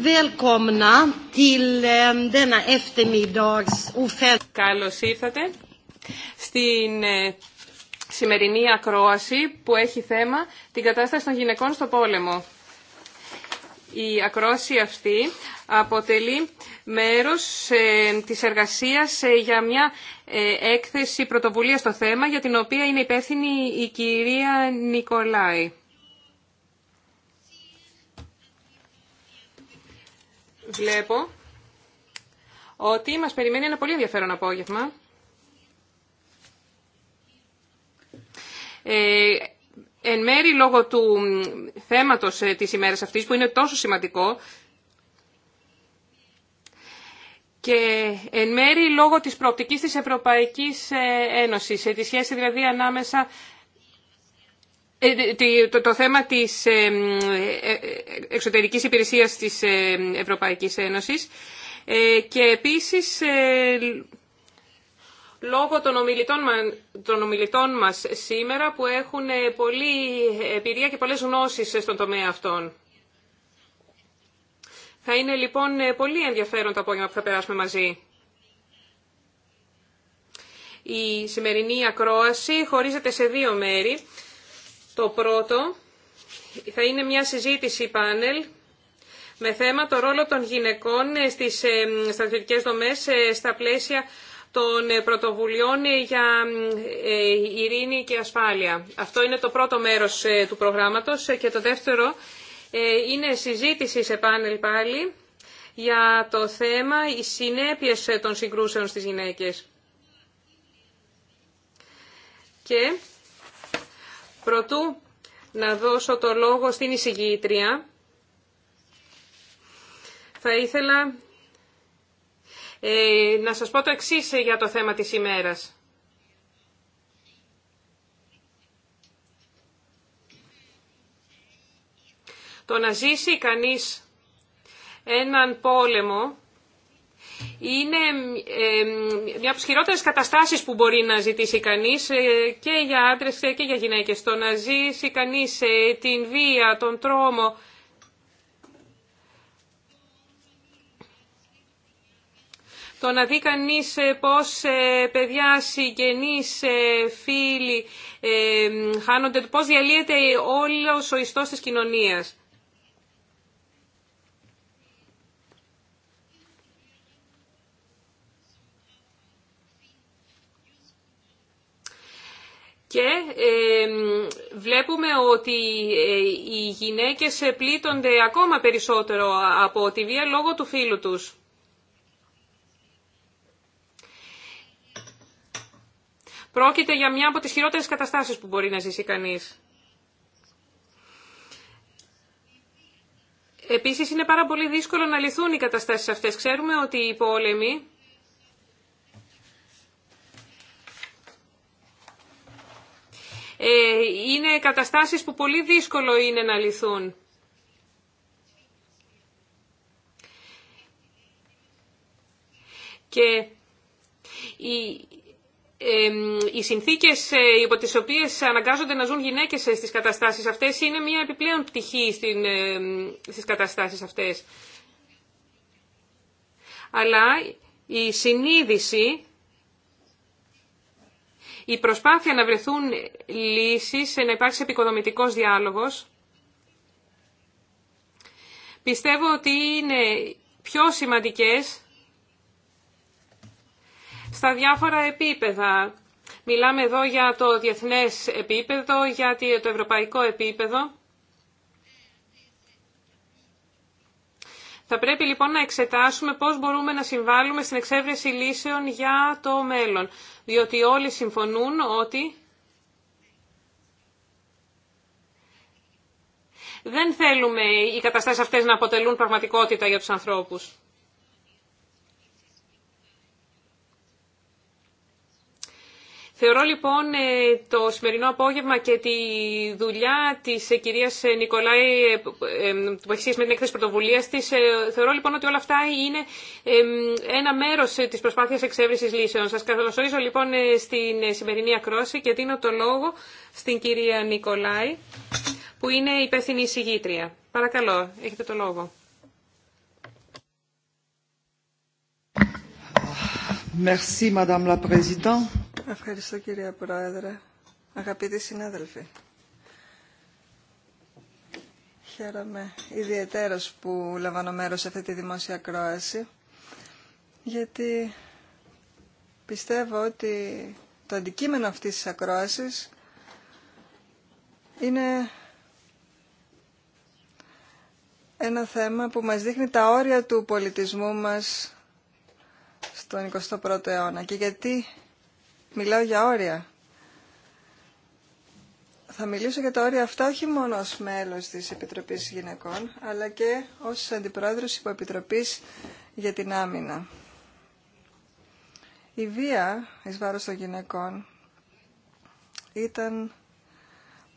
Καλώ eh, Καλώς ήρθατε στην ε, σημερινή ακρόαση που έχει θέμα την κατάσταση των γυναικών στο πόλεμο. Η ακρόαση αυτή αποτελεί μέρος ε, της εργασίας ε, για μια έκθεση πρωτοβουλία στο θέμα για την οποία είναι υπεύθυνη η κυρία Νικολάη. βλέπω ότι μας περιμένει ένα πολύ ενδιαφέρον απόγευμα. Ε, εν μέρη λόγω του θέματος ε, της ημέρας αυτής που είναι τόσο σημαντικό και εν μέρη λόγω της προοπτικής της Ευρωπαϊκής ε, Ένωσης, ε, τη σχέση δηλαδή ανάμεσα ε, το, το θέμα της ε, ε, εξωτερικής υπηρεσίας της Ευρωπαϊκής Ένωσης και επίσης λόγω των ομιλητών, των μας σήμερα που έχουν πολλή εμπειρία και πολλές γνώσεις στον τομέα αυτών. Θα είναι λοιπόν πολύ ενδιαφέρον το απόγευμα που θα περάσουμε μαζί. Η σημερινή ακρόαση χωρίζεται σε δύο μέρη. Το πρώτο θα είναι μια συζήτηση πάνελ με θέμα το ρόλο των γυναικών ε, στις ε, στρατιωτικές δομές ε, στα πλαίσια των πρωτοβουλειών για ειρήνη και ασφάλεια. Αυτό είναι το πρώτο μέρος του προγράμματος και το δεύτερο είναι συζήτηση σε πάνελ πάλι για το θέμα οι συνέπειες των συγκρούσεων στις γυναίκες. Και Πρωτού να δώσω το λόγο στην εισηγήτρια, θα ήθελα ε, να σας πω το εξής για το θέμα της ημέρας. Το να ζήσει κανείς έναν πόλεμο είναι μια από τι χειρότερε καταστάσει που μπορεί να ζητήσει κανείς ε, και για άντρες και για γυναίκες. Το να ζήσει κανείς ε, την βία, τον τρόμο, Το να δει κανείς ε, πώς παιδιά, συγγενείς, φίλοι χάνονται, πώς διαλύεται όλο ο ιστός της κοινωνίας. Και βλέπουμε ότι ε, οι γυναίκες πλήττονται ακόμα περισσότερο από τη βία λόγω του φίλου τους. Πρόκειται για μια από τις χειρότερες καταστάσεις που μπορεί να ζήσει κανείς. Επίσης είναι πάρα πολύ δύσκολο να λυθούν οι καταστάσεις αυτές. Ξέρουμε ότι οι πόλεμοι Ε, είναι καταστάσεις που πολύ δύσκολο είναι να λυθούν. Και οι, ε, οι συνθήκες ε, υπό τις οποίες αναγκάζονται να ζουν γυναίκες ε, στις καταστάσεις αυτές είναι μια επιπλέον πτυχή στην, στις καταστάσεις αυτές. Αλλά η συνείδηση η προσπάθεια να βρεθούν λύσεις, να υπάρξει επικοδομητικός διάλογος, πιστεύω ότι είναι πιο σημαντικές στα διάφορα επίπεδα. Μιλάμε εδώ για το διεθνές επίπεδο, για το ευρωπαϊκό επίπεδο. Θα πρέπει λοιπόν να εξετάσουμε πώς μπορούμε να συμβάλλουμε στην εξέβρεση λύσεων για το μέλλον. Διότι όλοι συμφωνούν ότι δεν θέλουμε οι καταστάσεις αυτές να αποτελούν πραγματικότητα για τους ανθρώπους. Θεωρώ λοιπόν ε, το σημερινό απόγευμα και τη δουλειά της ε, κυρίας ε, Νικολάη που έχει σχέση με την έκθεση πρωτοβουλίας της, θεωρώ λοιπόν ότι όλα αυτά είναι ένα μέρος της προσπάθειας εξέβρισης λύσεων. Σας καλωσορίζω λοιπόν στην σημερινή ακρόση και δίνω το λόγο στην κυρία Νικολάη που είναι υπεύθυνη εισηγήτρια. Παρακαλώ, έχετε το λόγο. Merci, Madame la Présidente. Ευχαριστώ κυρία Πρόεδρε. Αγαπητοί συνάδελφοι. Χαίρομαι ιδιαίτερα που λαμβάνω μέρος σε αυτή τη δημόσια κρόαση γιατί πιστεύω ότι το αντικείμενο αυτής της ακρόασης είναι ένα θέμα που μας δείχνει τα όρια του πολιτισμού μας στον 21ο αιώνα και γιατί μιλάω για όρια. Θα μιλήσω για τα όρια αυτά όχι μόνο ως μέλος της Επιτροπής Γυναικών, αλλά και ως Αντιπρόεδρος Υποεπιτροπής για την Άμυνα. Η βία εις βάρος των γυναικών ήταν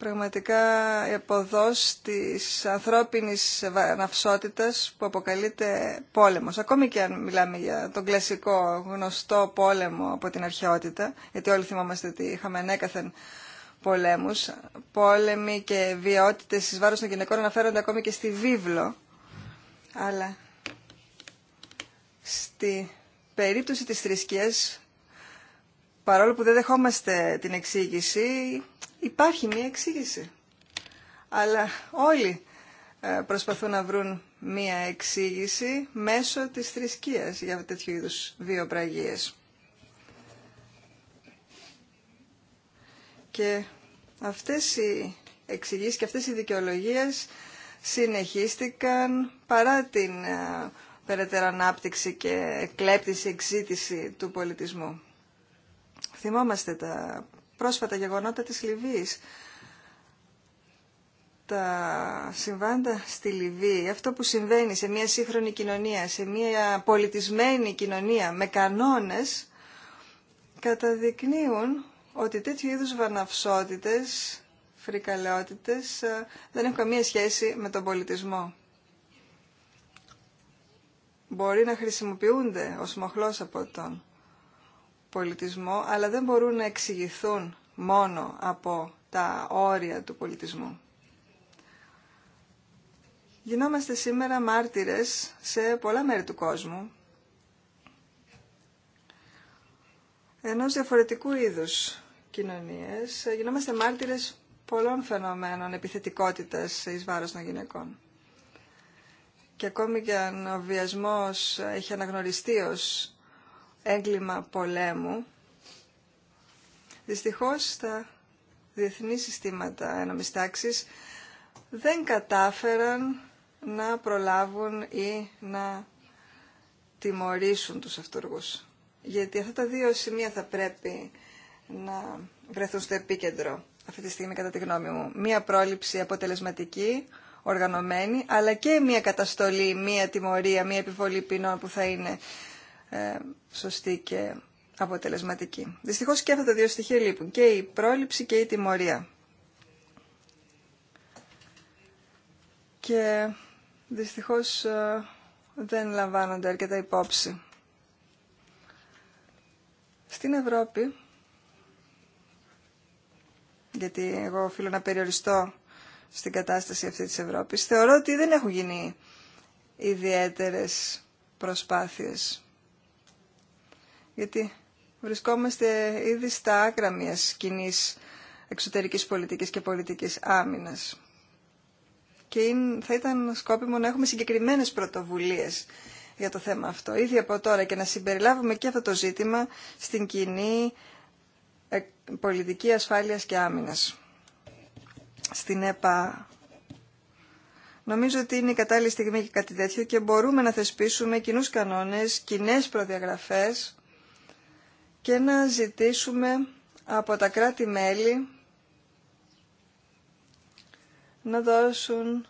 Πραγματικά η αποδός της ανθρώπινης ναυσότητας που αποκαλείται πόλεμος, ακόμη και αν μιλάμε για τον κλασικό γνωστό πόλεμο από την αρχαιότητα, γιατί όλοι θυμόμαστε ότι είχαμε ανέκαθεν πολέμους, πόλεμοι και βιαιότητες στις βάρος των γυναικών αναφέρονται ακόμη και στη βίβλο, αλλά στη περίπτωση της θρησκείας παρόλο που δεν δεχόμαστε την εξήγηση, υπάρχει μία εξήγηση. Αλλά όλοι ε, προσπαθούν να βρουν μία εξήγηση μέσω της θρησκείας για τέτοιου είδους βιοπραγίες. Και αυτές οι εξηγήσεις και αυτές οι δικαιολογίες συνεχίστηκαν παρά την ε, περαιτέρω ανάπτυξη και εκλέπτηση, εξήτηση του πολιτισμού. Θυμόμαστε τα πρόσφατα γεγονότα της Λιβύης. Τα συμβάντα στη Λιβύη, αυτό που συμβαίνει σε μια σύγχρονη κοινωνία, σε μια πολιτισμένη κοινωνία με κανόνες, καταδεικνύουν ότι τέτοιου είδους βαναυσότητες, φρικαλαιότητες ε, δεν έχουν καμία σχέση με τον πολιτισμό. Μπορεί να χρησιμοποιούνται ως μοχλός από τον πολιτισμό, αλλά δεν μπορούν να εξηγηθούν μόνο από τα όρια του πολιτισμού. Γινόμαστε σήμερα μάρτυρες σε πολλά μέρη του κόσμου, ενός διαφορετικού είδους κοινωνίες, γινόμαστε μάρτυρες πολλών φαινομένων επιθετικότητας εις βάρος των γυναικών. Και ακόμη και αν ο βιασμός έχει αναγνωριστεί ως έγκλημα πολέμου, δυστυχώς τα διεθνή συστήματα ενώμης τάξης δεν κατάφεραν να προλάβουν ή να τιμωρήσουν τους αυτούργους. Γιατί αυτά τα δύο σημεία θα πρέπει να βρεθούν στο επίκεντρο αυτή τη στιγμή κατά τη γνώμη μου. Μία πρόληψη αποτελεσματική, οργανωμένη, αλλά και μία καταστολή, μία τιμωρία, μία επιβολή ποινών που θα είναι ε, σωστή και αποτελεσματική. Δυστυχώς και αυτά τα δύο στοιχεία λείπουν, και η πρόληψη και η τιμωρία. Και δυστυχώς ε, δεν λαμβάνονται αρκετά υπόψη. Στην Ευρώπη, γιατί εγώ οφείλω να περιοριστώ στην κατάσταση αυτή της Ευρώπης, θεωρώ ότι δεν έχουν γίνει ιδιαίτερες προσπάθειες γιατί βρισκόμαστε ήδη στα άκρα μιας κοινή εξωτερικής πολιτικής και πολιτικής άμυνας. Και θα ήταν σκόπιμο να έχουμε συγκεκριμένες πρωτοβουλίες για το θέμα αυτό, ήδη από τώρα και να συμπεριλάβουμε και αυτό το ζήτημα στην κοινή ε, πολιτική ασφάλειας και άμυνας, στην ΕΠΑ. Νομίζω ότι είναι η κατάλληλη στιγμή για κάτι τέτοιο και μπορούμε να θεσπίσουμε κοινούς κανόνες, κοινέ προδιαγραφές και να ζητήσουμε από τα κράτη-μέλη να δώσουν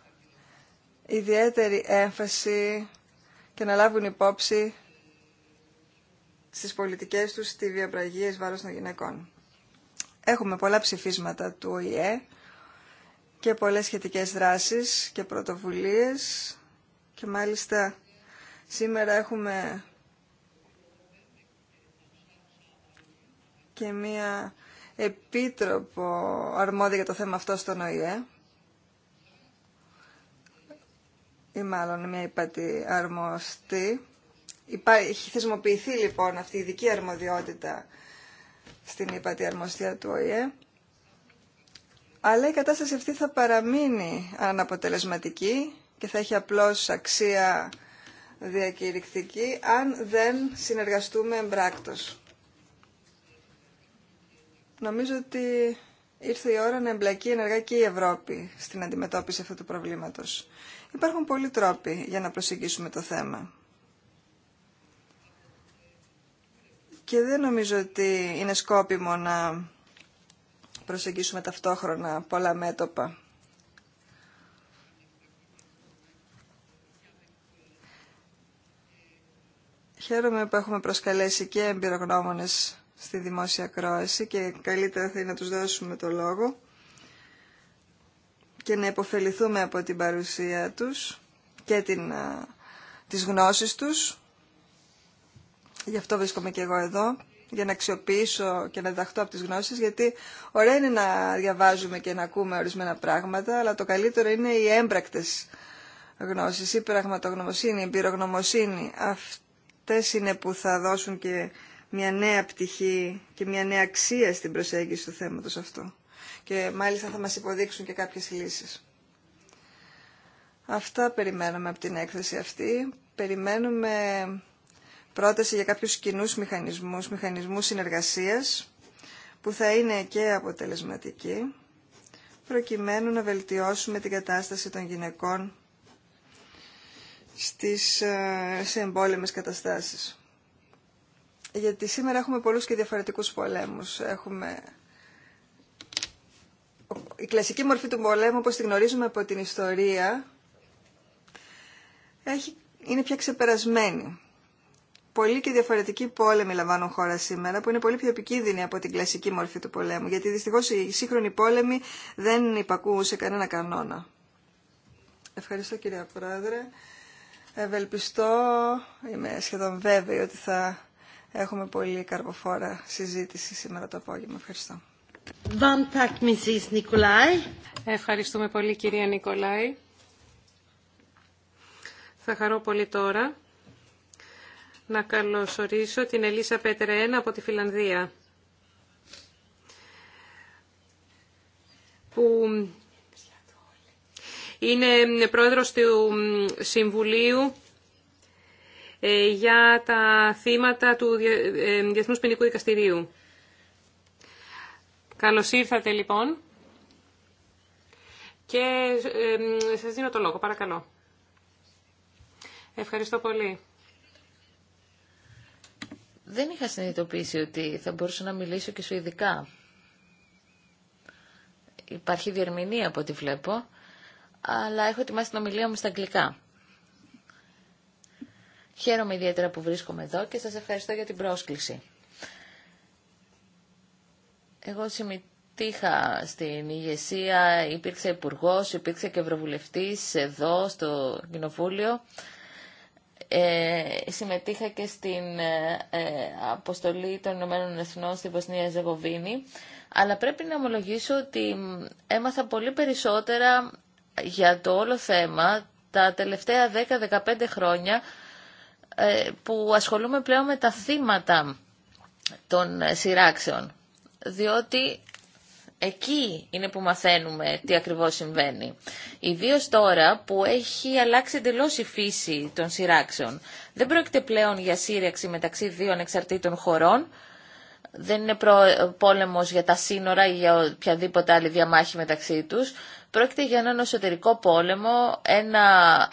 ιδιαίτερη έμφαση και να λάβουν υπόψη στις πολιτικές τους τη βιοπραγία εις βάρος των γυναικών. Έχουμε πολλά ψηφίσματα του ΟΗΕ και πολλές σχετικές δράσεις και πρωτοβουλίες και μάλιστα σήμερα έχουμε και μία επίτροπο αρμόδια για το θέμα αυτό στον ΟΗΕ ή μάλλον μια υπάτη αρμοστή. Υπάρχει, θεσμοποιηθεί λοιπόν αυτή η ειδική αρμοδιότητα στην υπάτη αρμοστία του ΟΗΕ. Αλλά η κατάσταση αυτή θα παραμείνει αναποτελεσματική και θα έχει απλώς αξία διακηρυκτική αν δεν συνεργαστούμε εμπράκτος. Νομίζω ότι ήρθε η ώρα να εμπλακεί ενεργά και η Ευρώπη στην αντιμετώπιση αυτού του προβλήματος. Υπάρχουν πολλοί τρόποι για να προσεγγίσουμε το θέμα. Και δεν νομίζω ότι είναι σκόπιμο να προσεγγίσουμε ταυτόχρονα πολλά μέτωπα. Χαίρομαι που έχουμε προσκαλέσει και εμπειρογνώμονες στη δημόσια κρόαση και καλύτερα θα είναι να τους δώσουμε το λόγο και να υποφεληθούμε από την παρουσία τους και την, τις γνώσεις τους. Γι' αυτό βρίσκομαι και εγώ εδώ, για να αξιοποιήσω και να διδαχτώ από τις γνώσεις, γιατί ωραία είναι να διαβάζουμε και να ακούμε ορισμένα πράγματα, αλλά το καλύτερο είναι οι έμπρακτες γνώσεις, η πραγματογνωμοσύνη, η εμπειρογνωμοσύνη. Αυτές είναι που θα δώσουν και μια νέα πτυχή και μια νέα αξία στην προσέγγιση του θέματος αυτό. Και μάλιστα θα μας υποδείξουν και κάποιες λύσεις. Αυτά περιμένουμε από την έκθεση αυτή. Περιμένουμε πρόταση για κάποιους κοινού μηχανισμούς, μηχανισμούς συνεργασίας, που θα είναι και αποτελεσματικοί, προκειμένου να βελτιώσουμε την κατάσταση των γυναικών στις, ε, σε εμπόλεμες καταστάσεις. Γιατί σήμερα έχουμε πολλούς και διαφορετικούς πολέμους. Έχουμε... Η κλασική μορφή του πολέμου, όπως τη γνωρίζουμε από την ιστορία, έχει... είναι πια ξεπερασμένη. Πολλοί και διαφορετικοί πόλεμοι λαμβάνουν χώρα σήμερα, που είναι πολύ πιο επικίνδυνοι από την κλασική μορφή του πολέμου, γιατί δυστυχώς οι σύγχρονοι πόλεμοι δεν υπακούουν σε κανένα κανόνα. Ευχαριστώ κυρία Πρόεδρε. Ευελπιστώ, είμαι σχεδόν βέβαιη ότι θα έχουμε πολύ καρποφόρα συζήτηση σήμερα το απόγευμα. Ευχαριστώ. Ευχαριστούμε πολύ κυρία Νικολάη. Θα χαρώ πολύ τώρα να καλωσορίσω την Ελίσα Πέτρεένα από τη Φιλανδία που είναι πρόεδρος του Συμβουλίου ε, για τα θύματα του ε, Διεθνούς Ποινικού Δικαστηρίου. Καλώς ήρθατε λοιπόν και ε, σας δίνω το λόγο, παρακαλώ. Ευχαριστώ πολύ. Δεν είχα συνειδητοποιήσει ότι θα μπορούσα να μιλήσω και σου ειδικά. Υπάρχει διερμηνία από ό,τι βλέπω, αλλά έχω ετοιμάσει την ομιλία μου στα αγγλικά. Χαίρομαι ιδιαίτερα που βρίσκομαι εδώ και σας ευχαριστώ για την πρόσκληση. Εγώ συμμετείχα στην ηγεσία, υπήρξε υπουργό, υπήρξε και ευρωβουλευτής εδώ στο Κοινοβούλιο. Ε, συμμετείχα και στην ε, ε, αποστολή των Ηνωμένων Εθνών στη Βοσνία Ζεγοβίνη, αλλά πρέπει να ομολογήσω ότι έμαθα πολύ περισσότερα για το όλο θέμα τα τελευταία 10-15 χρόνια ε, που ασχολούμαι πλέον με τα θύματα των ε, σειράξεων, διότι εκεί είναι που μαθαίνουμε τι ακριβώς συμβαίνει. Ιδίω τώρα που έχει αλλάξει εντελώ η φύση των σειράξεων. Δεν πρόκειται πλέον για σύριαξη μεταξύ δύο ανεξαρτήτων χωρών, δεν είναι ε, πόλεμος για τα σύνορα ή για οποιαδήποτε άλλη διαμάχη μεταξύ τους. Πρόκειται για έναν εσωτερικό πόλεμο, ένα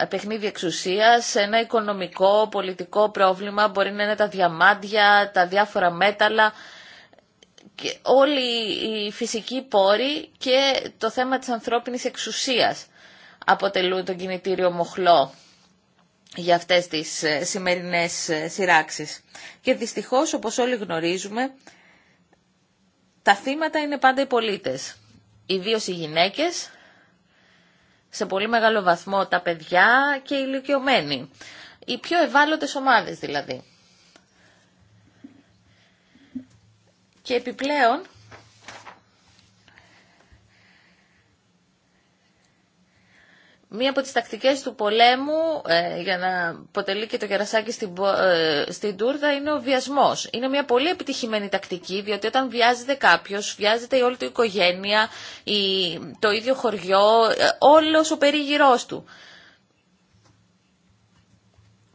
παιχνίδι εξουσία, ένα οικονομικό, πολιτικό πρόβλημα, μπορεί να είναι τα διαμάντια, τα διάφορα μέταλλα, και όλοι οι φυσικοί πόροι και το θέμα της ανθρώπινης εξουσίας αποτελούν τον κινητήριο μοχλό για αυτές τις ε, σημερινές ε, σειράξεις. Και δυστυχώς, όπως όλοι γνωρίζουμε, τα θύματα είναι πάντα οι πολίτες, ιδίως οι γυναίκες σε πολύ μεγάλο βαθμό τα παιδιά και οι ηλικιωμένοι. Οι πιο ευάλωτες ομάδες δηλαδή. Και επιπλέον Μία από τις τακτικές του πολέμου, ε, για να αποτελεί και το κερασάκι στην, ε, είναι ο βιασμός. Είναι μια πολύ επιτυχημένη τακτική, διότι όταν βιάζεται κάποιος, βιάζεται η όλη του οικογένεια, το ίδιο χωριό, ε, όλος ο περίγυρός του.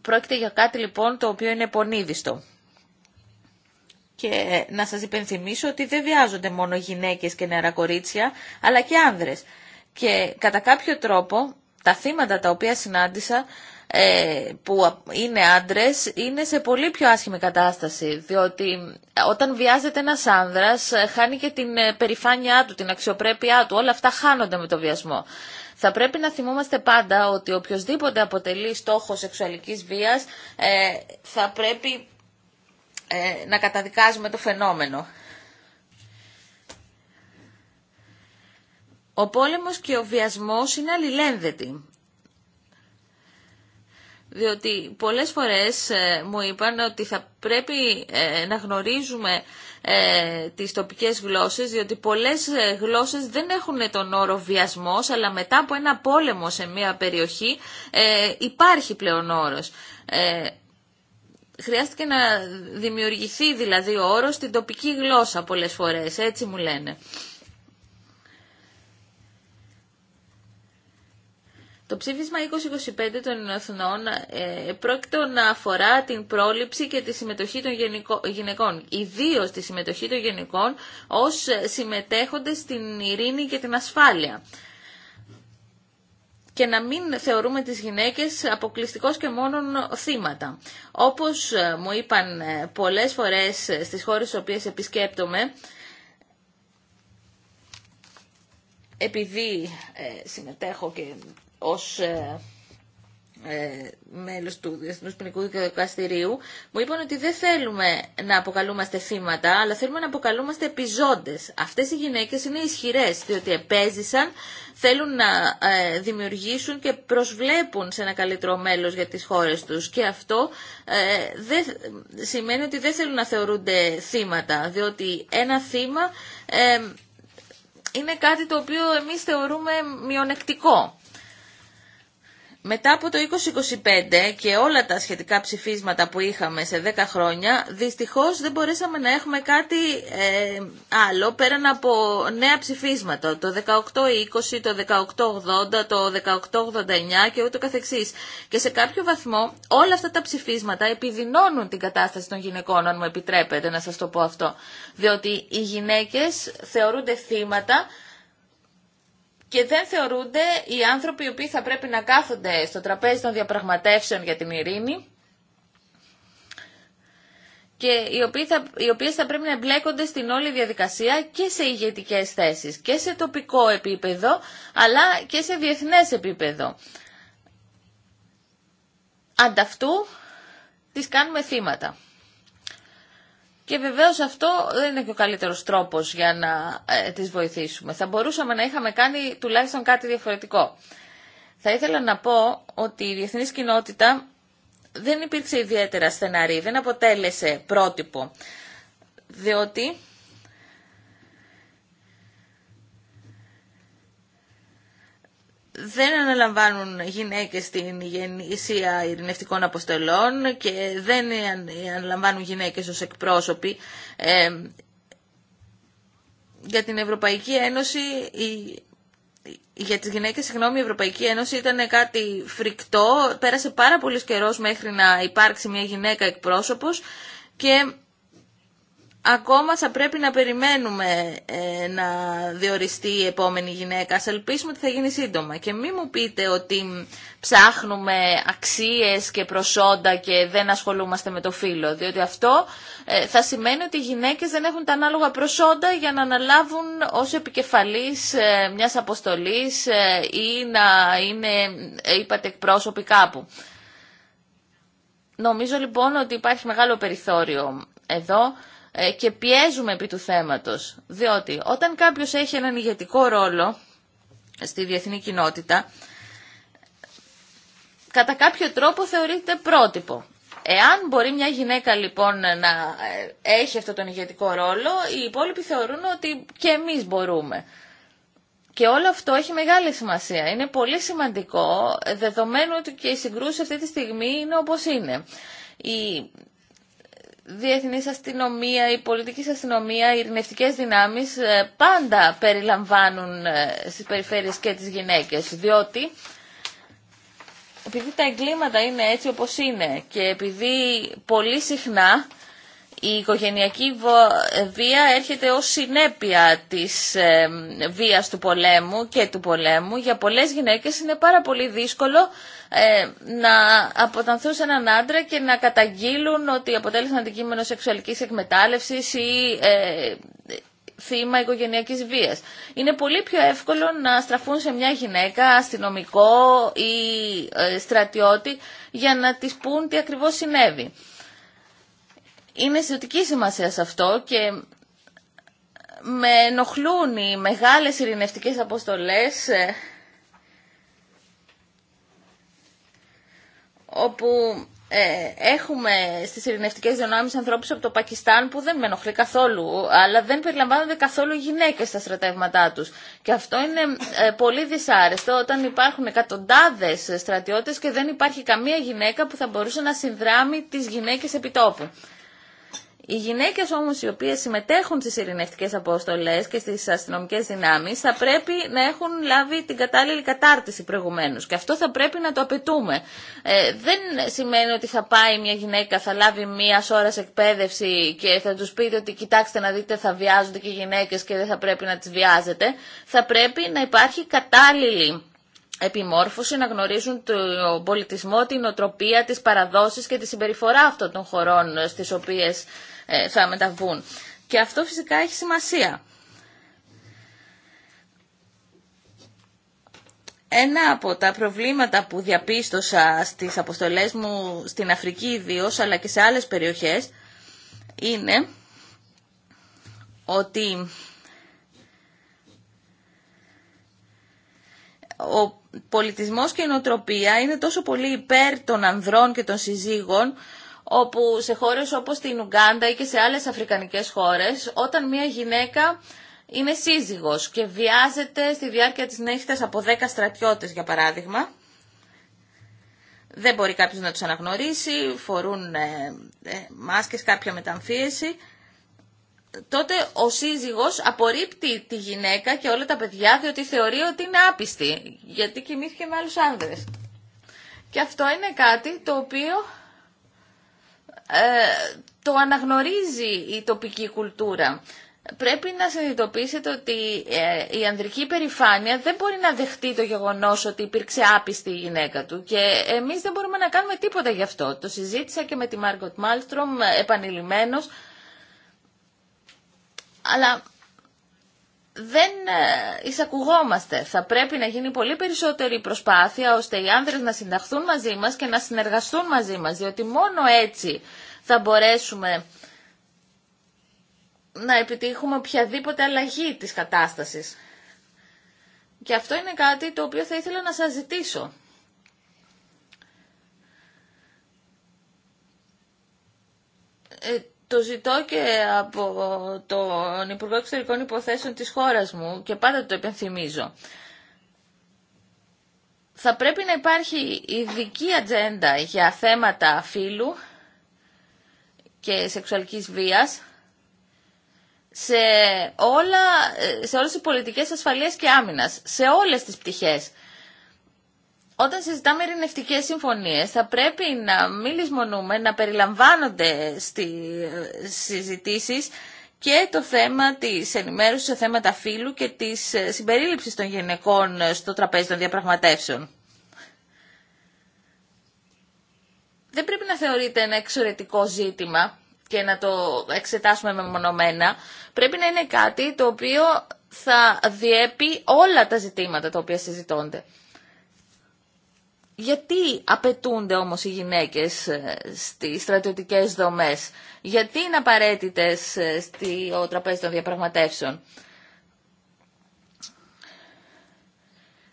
Πρόκειται για κάτι λοιπόν το οποίο είναι πονίδιστο. Και ε, να σας υπενθυμίσω ότι δεν βιάζονται μόνο γυναίκες και νεαρά κορίτσια, αλλά και άνδρες. Και κατά κάποιο τρόπο τα θύματα τα οποία συνάντησα ε, που είναι άντρες είναι σε πολύ πιο άσχημη κατάσταση διότι ε, όταν βιάζεται ένας άνδρας ε, χάνει και την περηφάνειά του, την αξιοπρέπειά του όλα αυτά χάνονται με το βιασμό θα πρέπει να θυμόμαστε πάντα ότι οποιοδήποτε αποτελεί στόχο σεξουαλικής βίας θα πρέπει να καταδικάζουμε το φαινόμενο Ο πόλεμος και ο βιασμός είναι αλληλένδετοι. Διότι πολλές φορές ε, μου είπαν ότι θα πρέπει ε, να γνωρίζουμε ε, τις τοπικές γλώσσες, διότι πολλές γλώσσες δεν έχουν τον όρο βιασμός, αλλά μετά από ένα πόλεμο σε μια περιοχή υπάρχει πλέον όρος. Χρειάστηκε να δημιουργηθεί δηλαδή ο όρος στην τοπική γλώσσα πολλές φορές, έτσι μου λένε. Το ψήφισμα 2025 των Εθνών ε, πρόκειται να αφορά την πρόληψη και τη συμμετοχή των γυναικών, ιδίω τη συμμετοχή των γυναικών ως συμμετέχοντες στην ειρήνη και την ασφάλεια. Και να μην θεωρούμε τις γυναίκες αποκλειστικώς και μόνον θύματα. Όπως ε, μου είπαν ε, πολλές φορές στις χώρες στις οποίες επισκέπτομαι, επειδή συμμετέχω και ως ε, ε, μέλος του Διεθνούς Ποινικού Δικαστηρίου, μου είπαν ότι δεν θέλουμε να αποκαλούμαστε θύματα, αλλά θέλουμε να αποκαλούμαστε επιζώντες. Αυτές οι γυναίκες είναι ισχυρές, διότι επέζησαν, θέλουν να ε, δημιουργήσουν και προσβλέπουν σε ένα καλύτερο μέλος για τις χώρες τους. Και αυτό δε, σημαίνει ότι δεν θέλουν να θεωρούνται θύματα, διότι ένα θύμα είναι κάτι το οποίο εμείς θεωρούμε μειονεκτικό. Μετά από το 2025 και όλα τα σχετικά ψηφίσματα που είχαμε σε 10 χρόνια, δυστυχώς δεν μπορέσαμε να έχουμε κάτι ε, άλλο πέραν από νέα ψηφίσματα. Το 1820, το 1880, το 1889 και ούτω καθεξής. Και σε κάποιο βαθμό όλα αυτά τα ψηφίσματα επιδεινώνουν την κατάσταση των γυναικών, αν μου επιτρέπετε να σας το πω αυτό. Διότι οι γυναίκες θεωρούνται θύματα και δεν θεωρούνται οι άνθρωποι οι οποίοι θα πρέπει να κάθονται στο τραπέζι των διαπραγματεύσεων για την ειρήνη και οι, οποίοι θα, οι οποίες θα πρέπει να εμπλέκονται στην όλη διαδικασία και σε ηγετικέ θέσεις και σε τοπικό επίπεδο αλλά και σε διεθνές επίπεδο. Ανταυτού τις κάνουμε θύματα. Και βεβαίω αυτό δεν είναι και ο καλύτερος τρόπος για να ε, τις βοηθήσουμε. Θα μπορούσαμε να είχαμε κάνει τουλάχιστον κάτι διαφορετικό. Θα ήθελα να πω ότι η διεθνή κοινότητα δεν υπήρξε ιδιαίτερα στεναρή, δεν αποτέλεσε πρότυπο, διότι δεν αναλαμβάνουν γυναίκες την γεννησία ειρηνευτικών αποστολών και δεν αναλαμβάνουν γυναίκες ως εκπρόσωποι. Ε, για την Ευρωπαϊκή Ένωση, η, για τις γυναίκες, συγγνώμη, η Ευρωπαϊκή Ένωση ήταν κάτι φρικτό. Πέρασε πάρα πολύ καιρός μέχρι να υπάρξει μια γυναίκα εκπρόσωπος και ακόμα θα πρέπει να περιμένουμε ε, να διοριστεί η επόμενη γυναίκα. Ας ελπίσουμε ότι θα γίνει σύντομα. Και μην μου πείτε ότι ψάχνουμε αξίες και προσόντα και δεν ασχολούμαστε με το φύλλο. Διότι αυτό ε, θα σημαίνει ότι οι γυναίκες δεν έχουν τα ανάλογα προσόντα για να αναλάβουν ως επικεφαλής ε, μιας αποστολής ή να είναι, είπατε, εκπρόσωποι κάπου. Νομίζω λοιπόν ότι υπάρχει μεγάλο περιθώριο εδώ ε, και πιέζουμε επί του θέματος. Διότι όταν κάποιος έχει έναν ηγετικό ρόλο στη διεθνή κοινότητα, κατά κάποιο τρόπο θεωρείται πρότυπο. Εάν μπορεί μια γυναίκα λοιπόν να ε, έχει αυτόν τον ηγετικό ρόλο, οι υπόλοιποι θεωρούν ότι και εμείς μπορούμε. Και όλο αυτό έχει μεγάλη σημασία. Είναι πολύ σημαντικό, δεδομένου ότι και οι συγκρούσεις αυτή τη στιγμή είναι όπως είναι. Η διεθνής αστυνομία, η πολιτική αστυνομία, οι ειρηνευτικές δυνάμεις ε, πάντα περιλαμβάνουν ε, στις περιφέρειες και τις γυναίκες, διότι επειδή τα εγκλήματα είναι έτσι όπως είναι και επειδή πολύ συχνά η οικογενειακή βία έρχεται ως συνέπεια της βίας του πολέμου και του πολέμου. Για πολλές γυναίκες είναι πάρα πολύ δύσκολο ε, να αποτανθούν σε έναν άντρα και να καταγγείλουν ότι αποτέλεσαν αντικείμενο σεξουαλικής εκμετάλλευσης ή ε, θύμα οικογενειακής βίας. Είναι πολύ πιο εύκολο να στραφούν σε μια γυναίκα, αστυνομικό ή ε, στρατιώτη για να της πούν τι ακριβώς συνέβη. Είναι ζωτική σημασία σε αυτό και με ενοχλούν οι μεγάλες ειρηνευτικές αποστολές ε, όπου ε, έχουμε στις ειρηνευτικές δυνάμεις ανθρώπους από το Πακιστάν που δεν με ενοχλεί καθόλου, αλλά δεν περιλαμβάνονται καθόλου γυναίκες στα στρατεύματά τους. Και αυτό είναι ε, πολύ δυσάρεστο όταν υπάρχουν εκατοντάδες στρατιώτες και δεν υπάρχει καμία γυναίκα που θα μπορούσε να συνδράμει τις γυναίκες επιτόπου. Οι γυναίκε όμω, οι οποίε συμμετέχουν στι ειρηνευτικέ αποστολέ και στι αστυνομικέ δυνάμει, θα πρέπει να έχουν λάβει την κατάλληλη κατάρτιση προηγουμένω. και αυτό θα πρέπει να το απαιτούμε. Ε, δεν σημαίνει ότι θα πάει μια γυναίκα, θα λάβει μία ώρα εκπαίδευση και θα του πείτε ότι κοιτάξτε να δείτε θα βιάζονται και οι γυναίκε και δεν θα πρέπει να τι βιάζετε. Θα πρέπει να υπάρχει κατάλληλη επιμόρφωση, να γνωρίζουν τον πολιτισμό, την οτροπία, τι παραδόσεις και τη συμπεριφορά αυτών των χωρών στις οποίες ε, θα μεταβούν. Και αυτό φυσικά έχει σημασία. Ένα από τα προβλήματα που διαπίστωσα στις αποστολές μου στην Αφρική ιδίω, αλλά και σε άλλες περιοχές είναι ότι ο πολιτισμός και η νοοτροπία είναι τόσο πολύ υπέρ των ανδρών και των συζύγων όπου σε χώρες όπως την Ουγκάντα ή και σε άλλες αφρικανικές χώρες, όταν μια γυναίκα είναι σύζυγος και βιάζεται στη διάρκεια της νύχτας από 10 στρατιώτες, για παράδειγμα, δεν μπορεί κάποιος να τους αναγνωρίσει, φορούν ε, ε, μάσκες, κάποια μεταμφίεση, τότε ο σύζυγος απορρίπτει τη γυναίκα και όλα τα παιδιά διότι θεωρεί ότι είναι άπιστη, γιατί κοιμήθηκε με άλλους άνδρες. Και αυτό είναι κάτι το οποίο ε, το αναγνωρίζει η τοπική κουλτούρα. Πρέπει να συνειδητοποιήσετε ότι ε, η ανδρική περηφάνεια δεν μπορεί να δεχτεί το γεγονός ότι υπήρξε άπιστη η γυναίκα του και εμείς δεν μπορούμε να κάνουμε τίποτα γι' αυτό. Το συζήτησα και με τη Μάργκοτ Μάλστρομ, επανειλημμένος, αλλά δεν ε, εισακουγόμαστε. Θα πρέπει να γίνει πολύ περισσότερη προσπάθεια ώστε οι άνδρες να συνταχθούν μαζί μας και να συνεργαστούν μαζί μας, διότι μόνο έτσι θα μπορέσουμε να επιτύχουμε οποιαδήποτε αλλαγή της κατάστασης. Και αυτό είναι κάτι το οποίο θα ήθελα να σας ζητήσω. Ε, το ζητώ και από τον Υπουργό Εξωτερικών Υποθέσεων της χώρας μου και πάντα το επενθυμίζω. Θα πρέπει να υπάρχει ειδική ατζέντα για θέματα φύλου και σεξουαλικής βίας σε, όλα, σε όλες τις πολιτικές ασφαλείας και άμυνας, σε όλες τις πτυχές. Όταν συζητάμε ειρηνευτικέ συμφωνίες θα πρέπει να μην λησμονούμε, να περιλαμβάνονται στι ε, συζητήσει και το θέμα τη ενημέρωση σε θέματα φύλου και της ε, συμπερίληψη των γυναικών ε, στο τραπέζι των διαπραγματεύσεων. Δεν πρέπει να θεωρείται ένα εξωρετικό ζήτημα και να το εξετάσουμε μεμονωμένα. Πρέπει να είναι κάτι το οποίο θα διέπει όλα τα ζητήματα τα οποία συζητώνται. Γιατί απαιτούνται όμως οι γυναίκες ε, στις στρατιωτικές δομές, γιατί είναι απαραίτητες ε, στο τραπέζι των διαπραγματεύσεων.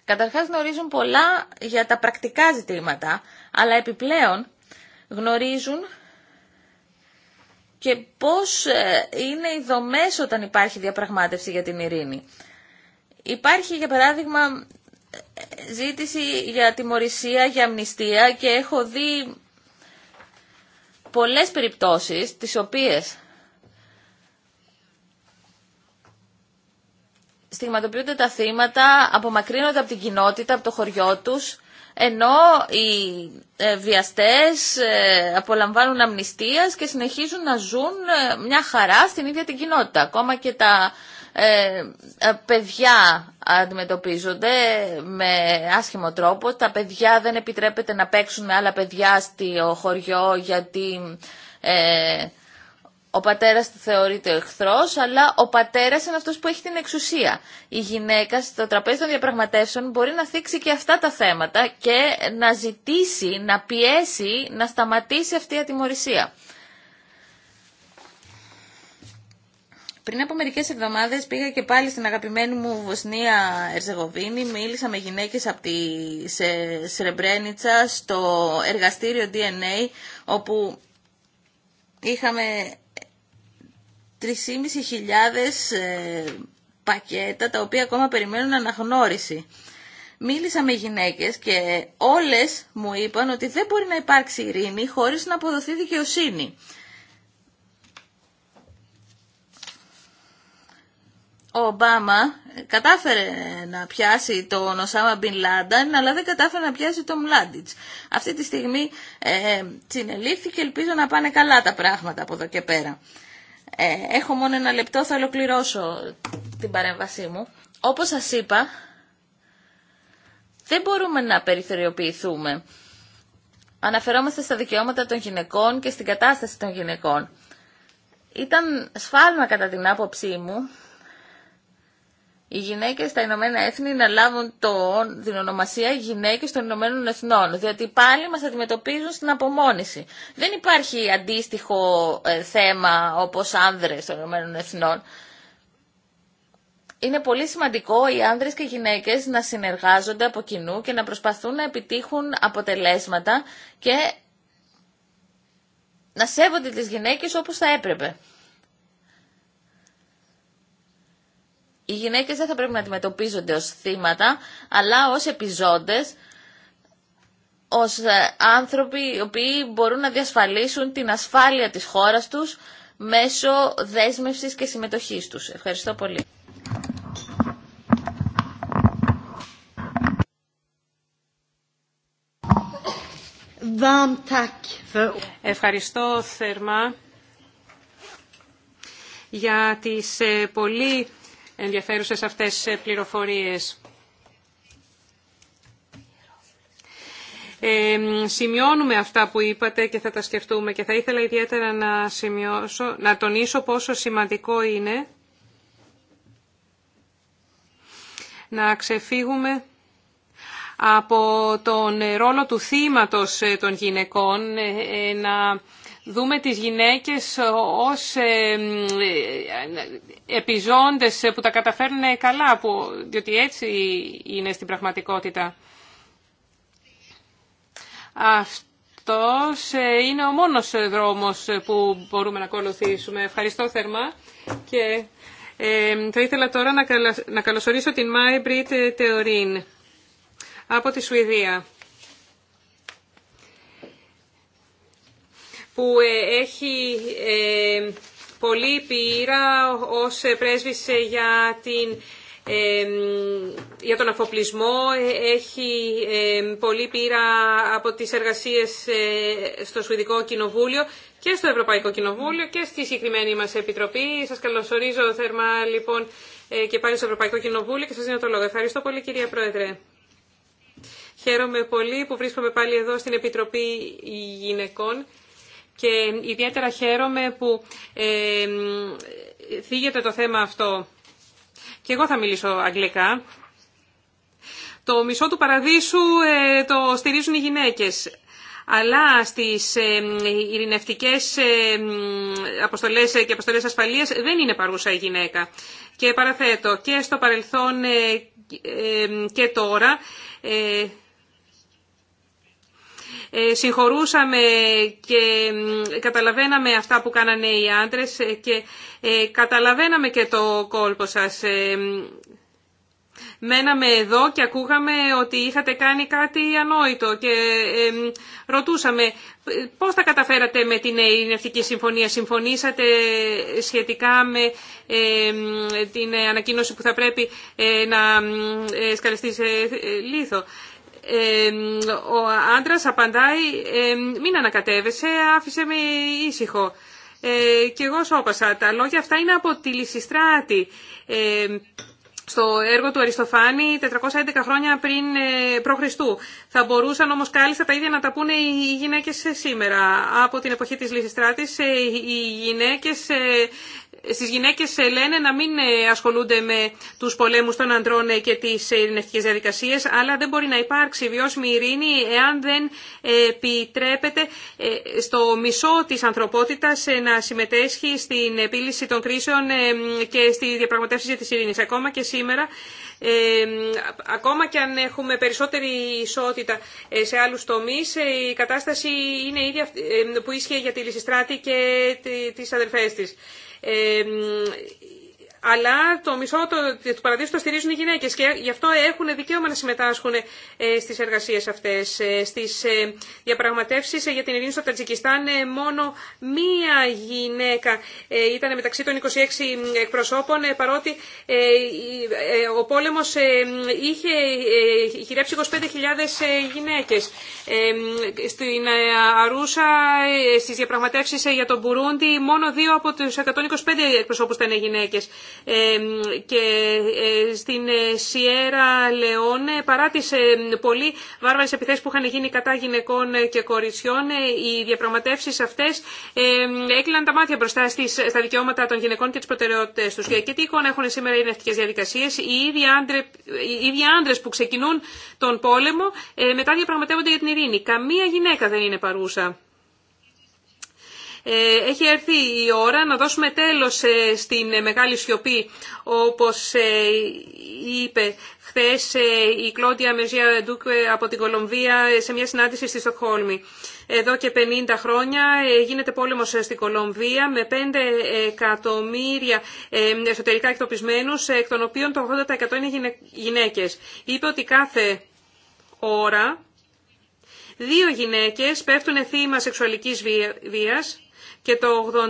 Καταρχάς γνωρίζουν πολλά για τα πρακτικά ζητήματα, αλλά επιπλέον γνωρίζουν και πώς ε, είναι οι δομές όταν υπάρχει διαπραγμάτευση για την ειρήνη. Υπάρχει για παράδειγμα ζήτηση για τιμωρησία, για αμνηστία και έχω δει πολλές περιπτώσεις τις οποίες στιγματοποιούνται τα θύματα, απομακρύνονται από την κοινότητα, από το χωριό τους, ενώ οι ε, βιαστές ε, απολαμβάνουν αμνηστίας και συνεχίζουν να ζουν ε, μια χαρά στην ίδια την κοινότητα. Ακόμα και τα ε, ε, παιδιά αντιμετωπίζονται με άσχημο τρόπο. Τα παιδιά δεν επιτρέπεται να παίξουν με άλλα παιδιά στο χωριό γιατί ε, ο πατέρας του θεωρείται ο εχθρός, αλλά ο πατέρας είναι αυτός που έχει την εξουσία. Η γυναίκα στο τραπέζι των διαπραγματεύσεων μπορεί να θίξει και αυτά τα θέματα και να ζητήσει, να πιέσει, να σταματήσει αυτή η ατιμορρησία. Πριν από μερικέ εβδομάδε πήγα και πάλι στην αγαπημένη μου Βοσνία Ερζεγοβίνη, μίλησα με γυναίκες από τη Σρεμπρένιτσα στο εργαστήριο DNA, όπου είχαμε 3.500 ε, πακέτα τα οποία ακόμα περιμένουν αναγνώριση. Μίλησα με γυναίκες και όλες μου είπαν ότι δεν μπορεί να υπάρξει ειρήνη χωρίς να αποδοθεί δικαιοσύνη. ο Ομπάμα κατάφερε να πιάσει τον Οσάμα Μπιν Λάνταν, αλλά δεν κατάφερε να πιάσει τον Μλάντιτς. Αυτή τη στιγμή ε, και ελπίζω να πάνε καλά τα πράγματα από εδώ και πέρα. Ε, έχω μόνο ένα λεπτό, θα ολοκληρώσω την παρέμβασή μου. Όπως σας είπα, δεν μπορούμε να περιθωριοποιηθούμε. Αναφερόμαστε στα δικαιώματα των γυναικών και στην κατάσταση των γυναικών. Ήταν σφάλμα κατά την άποψή μου οι γυναίκες στα Ηνωμένα Έθνη να λάβουν το, την ονομασία γυναίκες των Ηνωμένων Εθνών, διότι πάλι μας αντιμετωπίζουν στην απομόνηση. Δεν υπάρχει αντίστοιχο ε, θέμα όπως άνδρες των Ηνωμένων Εθνών. Είναι πολύ σημαντικό οι άνδρες και οι γυναίκες να συνεργάζονται από κοινού και να προσπαθούν να επιτύχουν αποτελέσματα και να σέβονται τις γυναίκες όπως θα έπρεπε. Οι γυναίκες δεν θα πρέπει να αντιμετωπίζονται ως θύματα, αλλά ως επιζώντες, ως ε, άνθρωποι οι οποίοι μπορούν να διασφαλίσουν την ασφάλεια της χώρας τους μέσω δέσμευσης και συμμετοχής τους. Ευχαριστώ πολύ. Ευχαριστώ θερμά για τις ε, πολύ ενδιαφέρουσες αυτές ε, πληροφορίες. Ε, σημειώνουμε αυτά που είπατε και θα τα σκεφτούμε και θα ήθελα ιδιαίτερα να, σημειώσω, να τονίσω πόσο σημαντικό είναι να ξεφύγουμε από τον ρόλο του θύματος ε, των γυναικών, ε, να δούμε τις γυναίκες ως ε, ε, επιζώντες που τα καταφέρνουν καλά, που, διότι έτσι είναι στην πραγματικότητα. Αυτός ε, είναι ο μόνος δρόμος που μπορούμε να ακολουθήσουμε. Ευχαριστώ θερμά και θα ήθελα τώρα να καλωσορίσω την Μάιμπριτ Τεωρίν από τη Σουηδία. που ε, έχει ε, πολύ πείρα ως ε, πρέσβησε για, για τον αφοπλισμό, έχει πολύ πείρα από τις εργασίες στο Σουηδικό Κοινοβούλιο και στο Ευρωπαϊκό Κοινοβούλιο και στη συγκεκριμένη μας Επιτροπή. Σας καλωσορίζω θερμά λοιπόν και πάλι στο Ευρωπαϊκό Κοινοβούλιο και σας δίνω το λόγο. Ευχαριστώ πολύ κυρία Πρόεδρε. Χαίρομαι πολύ που βρίσκομαι πάλι εδώ στην Επιτροπή Γυναικών και ιδιαίτερα χαίρομαι που ε, θίγεται το θέμα αυτό. Και εγώ θα μιλήσω αγγλικά. Το μισό του παραδείσου ε, το στηρίζουν οι γυναίκες. Αλλά στις ε, ειρηνευτικές αποστολές και αποστολές ασφαλείας δεν είναι παρούσα η γυναίκα. Και παραθέτω και στο παρελθόν ε, ε, και τώρα... Ε, συγχωρούσαμε και καταλαβαίναμε αυτά που κάνανε οι άντρες ε, και ε, καταλαβαίναμε και το κόλπο σας. Μέναμε εδώ και ακούγαμε ότι είχατε κάνει κάτι ανόητο και ρωτούσαμε πώς τα καταφέρατε με την Ειρηνευτική Συμφωνία. Συμφωνήσατε σχετικά με την ανακοίνωση που θα πρέπει να σκαλιστεί σε λίθο ο άντρας απαντάει «Μην ανακατεύεσαι, άφησε με ήσυχο». Ε, και εγώ σώπασα. Τα λόγια αυτά είναι από τη Λυσιστράτη. Ε, στο έργο του Αριστοφάνη 411 χρόνια πριν ε, π.Χ. Θα μπορούσαν όμως κάλλιστα τα ίδια να τα πούνε οι γυναίκες σήμερα. Από την εποχή της Λυσιστράτης οι γυναίκες στις γυναίκες ε, λένε να μην ε, ασχολούνται με τους πολέμους των ανδρών ε, και τις ειρηνευτικές διαδικασίες, αλλά δεν μπορεί να υπάρξει βιώσιμη ειρήνη εάν δεν επιτρέπεται στο μισό της ανθρωπότητας να συμμετέσχει στην επίλυση των κρίσεων και στη διαπραγματεύση της ειρήνης. Ακόμα και σήμερα ακόμα και αν έχουμε περισσότερη ισότητα σε άλλους τομείς, η κατάσταση είναι ίδια που ίσχυε για τη Λυσιστράτη και τις αδερφές της. Εμ αλλά το μισό του παραδείσου το στηρίζουν οι γυναίκες και γι' αυτό έχουν δικαίωμα να συμμετάσχουν ε, στις εργασίες αυτές. Ε, στις ε, διαπραγματεύσεις για την ειρήνη στο Τατζικιστάν μόνο μία γυναίκα ήταν μεταξύ των 26 εκπροσώπων παρότι ο πόλεμος είχε χειρέψει 25.000 γυναίκες. Στην Αρούσα, στις διαπραγματεύσεις για τον Μπουρούντι, μόνο δύο από τους 125 εκπροσώπους ήταν γυναίκες και ε, στην ε, Σιέρα Λεόνε, παρά τις ε, πολύ βάρβαρες επιθέσεις που είχαν γίνει κατά γυναικών και κοριτσιών, οι διαπραγματεύσεις αυτές έκλειναν τα μάτια μπροστά στις, στα δικαιώματα των γυναικών και τις προτεραιότητες τους. Και τι εικόνα έχουν σήμερα οι νευτικές διαδικασίες, οι ίδιοι, άντρε, οι ίδιοι που ξεκινούν τον πόλεμο, μετά διαπραγματεύονται για την ειρήνη. Καμία γυναίκα δεν είναι παρούσα. Ε, έχει έρθει η ώρα να δώσουμε τέλος ε, στην ε, μεγάλη σιωπή, όπως είπε χθες η Κλόντια Μεζία Ντούκ από την Κολομβία σε μια συνάντηση στη Στοκχόλμη. Εδώ και 50 χρόνια γίνεται πόλεμος στην Κολομβία με 5 εκατομμύρια εσωτερικά εκτοπισμένους, εκ των οποίων το 80% είναι γυναίκες. Είπε ότι κάθε ώρα δύο γυναίκες πέφτουν θύμα σεξουαλικής βίας και το 84%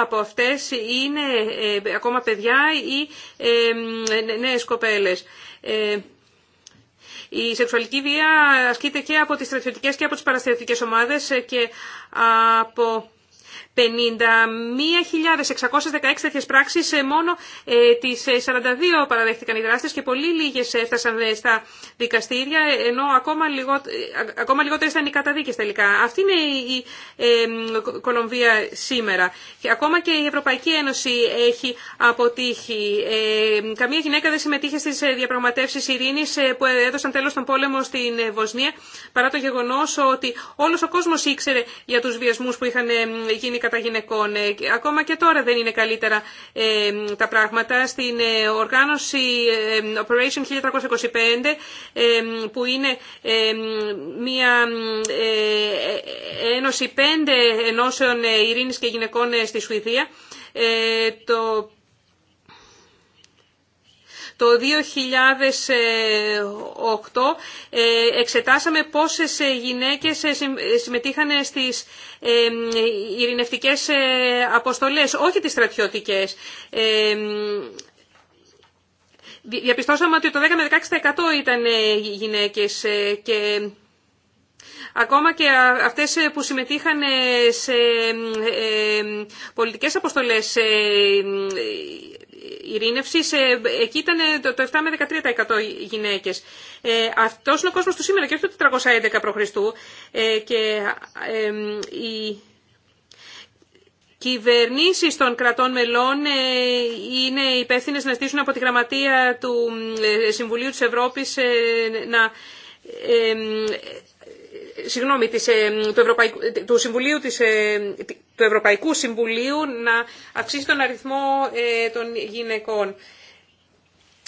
από αυτές είναι ε, ακόμα παιδιά ή ε, νέες κοπέλες. Ε, η σεξουαλική βία ασκείται και από τις στρατιωτικές και από τις παραστρατιωτικές ομάδες ε, και από 51.616 τέτοιε πράξει, μόνο ε, τι 42 ε, παραδέχτηκαν οι δράστε και πολύ λίγε ε, έφτασαν στα δικαστήρια, ενώ ακόμα, ακόμα λιγότερες ήταν οι καταδίκες τελικά. Αυτή είναι η Κολομβία σήμερα. Και ακόμα και η Ευρωπαϊκή Ένωση έχει αποτύχει. Καμία γυναίκα δεν συμμετείχε στις διαπραγματεύσεις ειρήνης που έδωσαν τέλο τον πόλεμο στην Βοσνία, παρά το γεγονό ότι όλο ο κόσμο ήξερε για του βιασμού που είχαν γίνει κατά γυναικών. Ε, ακόμα και τώρα δεν είναι καλύτερα ε, τα πράγματα. Στην ε, οργάνωση Operation 1325 που είναι μια ένωση πέντε ενώσεων ειρήνης και γυναικών στη Σουηδία το το 2008 ε, εξετάσαμε πόσες ε, γυναίκες ε, συμμετείχαν στις ειρηνευτικές αποστολές, όχι τις στρατιωτικές. Διαπιστώσαμε ότι το 10 με 16% ήταν γυναίκες και ακόμα και αυτές που συμμετείχαν σε πολιτικές αποστολές ε, εκεί ήταν το 7 με 13% γυναίκες. Ε, αυτός είναι ο κόσμο του σήμερα και όχι το 411 π.Χ. Ε, και οι κυβερνήσει των κρατών μελών ε, είναι υπεύθυνε να στήσουν από τη γραμματεία του Συμβουλίου της Ευρώπης να συγγνώμη, της, ε, του, Ευρωπαϊκού, του, Συμβουλίου, της, ε, του Ευρωπαϊκού Συμβουλίου να αυξήσει τον αριθμό ε, των γυναικών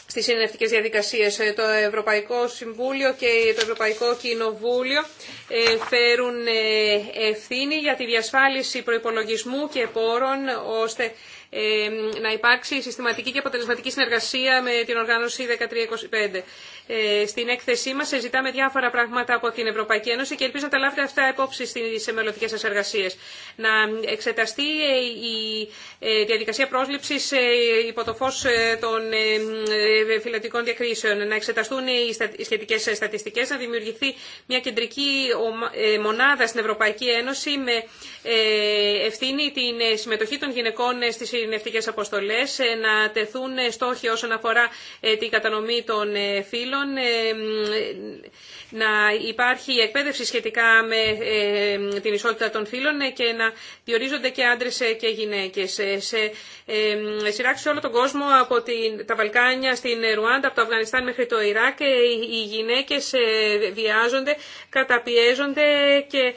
στις συνενευτικές διαδικασίες. Το Ευρωπαϊκό Συμβούλιο και το Ευρωπαϊκό Κοινοβούλιο φέρουν ευθύνη για τη διασφάλιση προϋπολογισμού και πόρων ώστε να υπάρξει συστηματική και αποτελεσματική συνεργασία με την οργάνωση 1325. Ε, στην έκθεσή μα, συζητάμε διάφορα πράγματα από την Ευρωπαϊκή Ένωση και ελπίζω να τα λάβετε αυτά υπόψη στις μελλοντικέ σα εργασίες. Να εξεταστεί ε, η ε, διαδικασία πρόσληψης υπό το φως των φυλατικών διακρίσεων, να εξεταστούν οι σχετικέ στατιστικέ, να δημιουργηθεί μια κεντρική μονάδα στην Ευρωπαϊκή Ένωση με ευθύνη την συμμετοχή των γυναικών στις ειρηνευτικές αποστολέ, να τεθούν στόχοι όσον αφορά την κατανομή των φύλων, ε, να υπάρχει εκπαίδευση σχετικά με ε, την ισότητα των φύλων ε, και να διορίζονται και άντρες και γυναίκες. Σε σειράξει όλο τον κόσμο από τα Βαλκάνια στην Ρουάντα, από το Αφγανιστάν μέχρι το Ιράκ οι γυναίκες βιάζονται, καταπιέζονται και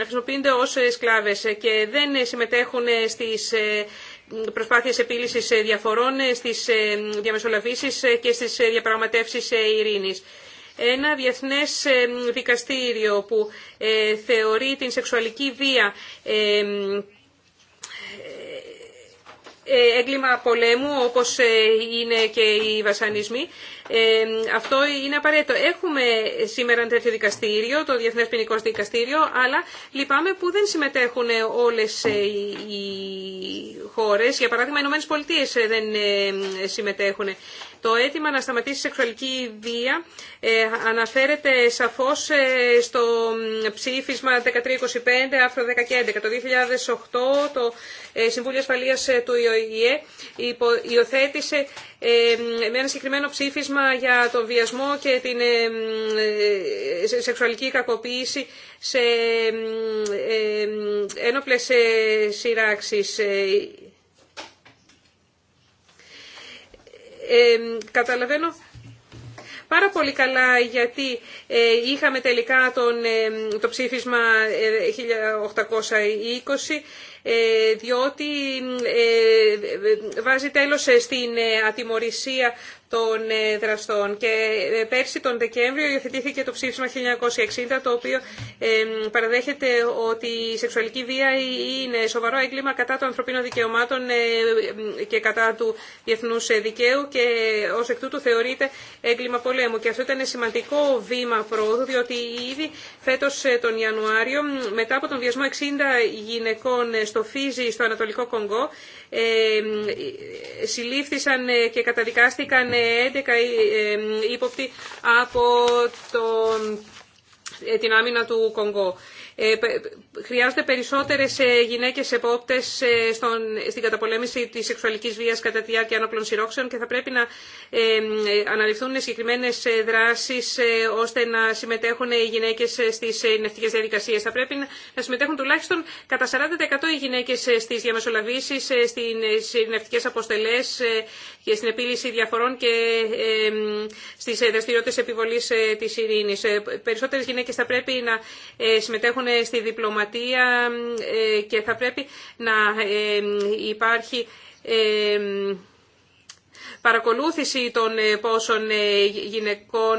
χρησιμοποιούνται ως σκλάβες και δεν συμμετέχουν στις προσπάθειες επίλυση διαφορών ε, στις ε, διαμεσολαβήσεις ε, και στις διαπραγματεύσεις ειρήνης. Ένα διεθνές δικαστήριο που θεωρεί την σεξουαλική βία ε, έγκλημα πολέμου όπως ε, είναι και οι βασανισμοί. Ε, αυτό είναι απαραίτητο. Έχουμε σήμερα ένα τέτοιο δικαστήριο, το Διεθνές Ποινικό Δικαστήριο, αλλά λυπάμαι που δεν συμμετέχουν όλες οι χώρες. Για παράδειγμα, οι Ηνωμένες Πολιτείες δεν συμμετέχουν. Το αίτημα να σταματήσει η σεξουαλική βία ε, αναφέρεται σαφώς ε, στο ψήφισμα 1325, άρθρο 10 και 11. Το 2008 το ε, Συμβούλιο Ασφαλείας του ΙΟΙΕ υιοθέτησε με ένα συγκεκριμένο ψήφισμα για τον βιασμό και την σεξουαλική κακοποίηση σε ένοπλες σειράξεις. καταλαβαίνω πάρα πολύ καλά γιατί ε, είχαμε τελικά τον, το ψήφισμα 1820 ε, ε, διότι βάζει τέλος στην ατιμορρησία των ε, δραστών. Και ε, πέρσι τον Δεκέμβριο υιοθετήθηκε το ψήφισμα 1960, το οποίο παραδέχεται ότι η σεξουαλική βία είναι σοβαρό έγκλημα κατά των ανθρωπίνων δικαιωμάτων ε, και κατά του διεθνού δικαίου και ω εκ τούτου θεωρείται έγκλημα πολέμου. Και αυτό ήταν σημαντικό βήμα πρόοδου, διότι ήδη φέτο τον Ιανουάριο, μετά από τον βιασμό 60 γυναικών στο Φίζι, στο Ανατολικό Κονγκό, συλλήφθησαν και καταδικάστηκαν 11 ε, ύποπτοι από το, ε, την άμυνα του Κονγκό. Ε, χρειάζονται περισσότερες ε, γυναίκες επόπτες ε, στην καταπολέμηση τη σεξουαλική βία κατά τη διάρκεια ανώπλων σειρώξεων και θα πρέπει να αναλυφθούν συγκεκριμένες δράσεις ώστε να συμμετέχουν οι γυναίκε στι ειρηνευτικέ διαδικασίε. Θα πρέπει να συμμετέχουν τουλάχιστον κατά 40% οι γυναίκες στις διαμεσολαβήσει, στις ειρηνευτικέ αποστελές και στην επίλυση διαφορών και στις δραστηριότητε επιβολής τη ειρήνη. Περισσότερε γυναίκε θα πρέπει να συμμετέχουν στη διπλωματία ε, και θα πρέπει να ε, υπάρχει ε, παρακολούθηση των πόσων γυναικών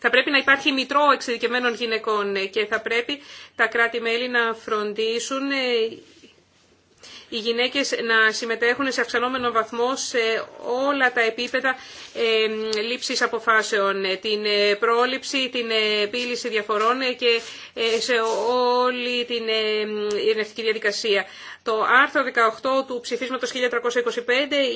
θα πρέπει να υπάρχει μητρό εξειδικευμένων γυναικών και θα πρέπει τα κράτη-μέλη να φροντίσουν οι γυναίκες να συμμετέχουν σε αυξανόμενο βαθμό σε όλα τα επίπεδα ε, λήψης αποφάσεων, ε, την ε, πρόληψη, την επίλυση διαφορών και σε όλη την ειρηνευτική διαδικασία. Το άρθρο 18 του ψηφίσματος 1325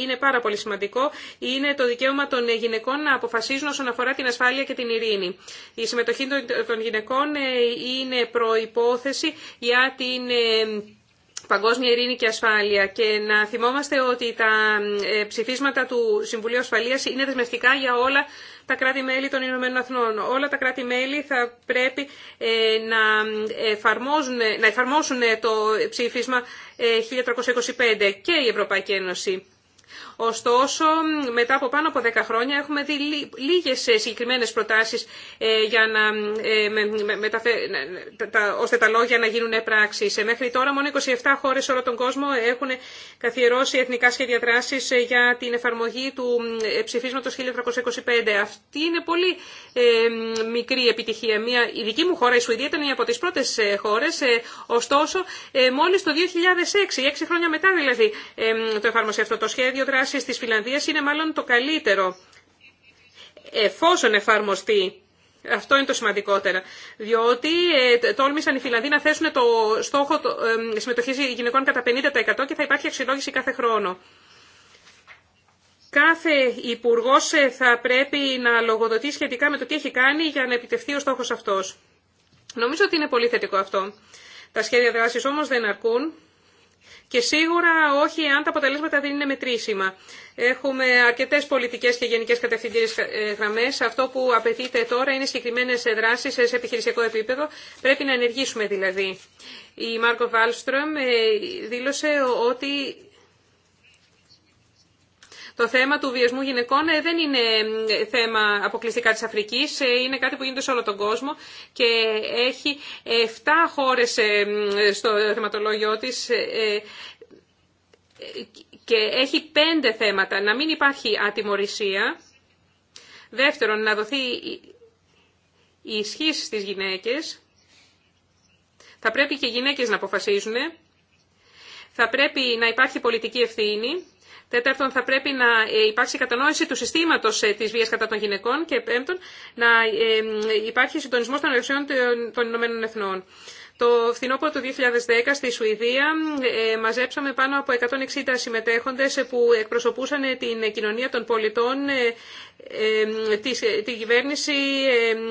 είναι πάρα πολύ σημαντικό. Είναι το δικαίωμα των γυναικών να αποφασίζουν όσον αφορά την ασφάλεια και την ειρήνη. Η συμμετοχή των γυναικών είναι προϋπόθεση για την παγκόσμια ειρήνη και ασφάλεια και να θυμόμαστε ότι τα ε, ψηφίσματα του Συμβουλίου Ασφαλείας είναι δεσμευτικά για όλα τα κράτη-μέλη των Ηνωμένων Αθνών. Όλα τα κράτη-μέλη θα πρέπει ε, να, εφαρμόζουν, να εφαρμόσουν το ψήφισμα 1325 ε, και η Ευρωπαϊκή Ένωση. Ωστόσο, μετά από πάνω από 10 χρόνια έχουμε δει λίγες ε, συγκεκριμένες προτάσεις ε, για να, ε, ώστε τα λόγια να γίνουν πράξεις. Μέχρι τώρα μόνο 27 χώρες σε όλο τον κόσμο έχουν καθιερώσει εθνικά σχέδια δράσης για την εφαρμογή του ψηφίσματος 1325. Αυτή είναι πολύ μικρή επιτυχία. Μια, η δική μου χώρα, η Σουηδία, ήταν μια από τις πρώτες χώρες. Ωστόσο, μόλις το 2006, 6 χρόνια μετά δηλαδή, το εφάρμοσε αυτό το σχέδιο δράση. Τη της Φιλανδίας είναι μάλλον το καλύτερο εφόσον εφαρμοστεί. Αυτό είναι το σημαντικότερο. Διότι ε, τόλμησαν οι Φιλανδοί να θέσουν το στόχο ε, συμμετοχής γυναικών κατά 50% και θα υπάρχει αξιολόγηση κάθε χρόνο. Κάθε υπουργό ε, θα πρέπει να λογοδοτεί σχετικά με το τι έχει κάνει για να επιτευχθεί ο στόχος αυτός. Νομίζω ότι είναι πολύ θετικό αυτό. Τα σχέδια δράσης όμως δεν αρκούν. Και σίγουρα όχι αν τα αποτελέσματα δεν είναι μετρήσιμα. Έχουμε αρκετέ πολιτικέ και γενικέ κατευθυντήριε ε, γραμμέ. Αυτό που απαιτείται τώρα είναι συγκεκριμένε δράσει σε επιχειρησιακό επίπεδο. Πρέπει να ενεργήσουμε δηλαδή. Η Μάρκο Βάλστρομ ε, δήλωσε ότι το θέμα του βιασμού γυναικών ε, δεν είναι θέμα αποκλειστικά της Αφρικής, ε, είναι κάτι που γίνεται σε όλο τον κόσμο και έχει 7 χώρες ε, στο θεματολόγιο της και έχει 5 θέματα. Να μην υπάρχει ατιμορρησία. Δεύτερον, να δοθεί η ισχύ στις γυναίκες. Θα πρέπει και οι γυναίκες να αποφασίζουν. Θα πρέπει να υπάρχει πολιτική ευθύνη. Τέταρτον, θα πρέπει να ε, υπάρξει κατανόηση του συστήματο ε, τη βία κατά των γυναικών. Και πέμπτον, να ε, υπάρχει συντονισμό των εργασιών των Ηνωμένων Εθνών. Το φθινόπωρο του 2010 στη Σουηδία ε, μαζέψαμε πάνω από 160 συμμετέχοντες που εκπροσωπούσαν την κοινωνία των πολιτών, ε, ε, τη κυβέρνηση,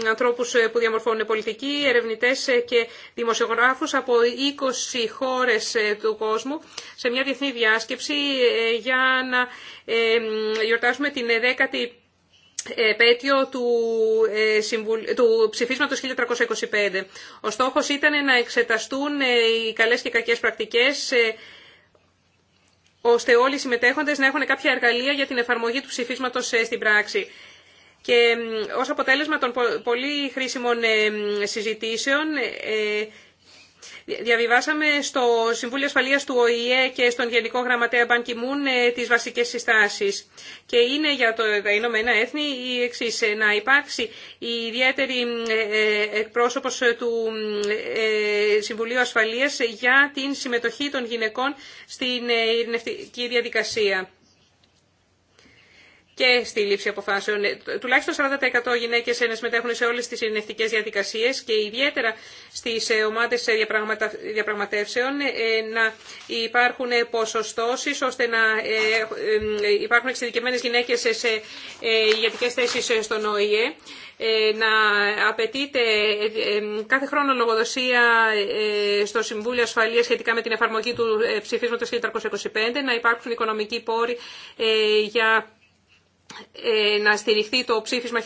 ανθρώπους που διαμορφώνουν πολιτική, ερευνητές και δημοσιογράφους από 20 χώρες του κόσμου σε μια διεθνή διάσκεψη για να γιορτάσουμε την 10η επέτειο του, ε, του ψηφίσματος 1325. Ο στόχος ήταν να εξεταστούν ε, οι καλές και κακές πρακτικές ε, ώστε όλοι οι συμμετέχοντες να έχουν κάποια εργαλεία για την εφαρμογή του ψηφίσματος στην πράξη. Και ως αποτέλεσμα των πολύ χρήσιμων συζητήσεων Διαβιβάσαμε στο Συμβούλιο Ασφαλεία του ΟΗΕ και στον Γενικό Γραμματέα της ε, τι βασικές συστάσεις. Και είναι για το, τα Ηνωμένα Έθνη η εξή ε, να υπάρξει η ιδιαίτερη ε, ε, εκπρόσωπος του Συμβουλίου Ασφαλεία για την συμμετοχή των γυναικών στην ειρηνευτική διαδικασία και στη λήψη αποφάσεων. Τουλάχιστον 40% γυναίκες συμμετέχουν σε όλε τι ειρηνευτικέ διαδικασίε και ιδιαίτερα στι ε, ομάδες ε, διαπραγματεύσεων ε, να υπάρχουν ποσοστώσεις ώστε να υπάρχουν εξειδικευμένε γυναίκε σε ηγετικέ θέσει στον ΟΗΕ να απαιτείται κάθε χρόνο λογοδοσία στο Συμβούλιο Ασφαλείας σχετικά με την εφαρμογή του ψηφίσματος 1425, να υπάρξουν οικονομικοί πόροι για ε, να στηριχθεί το ψήφισμα 1325.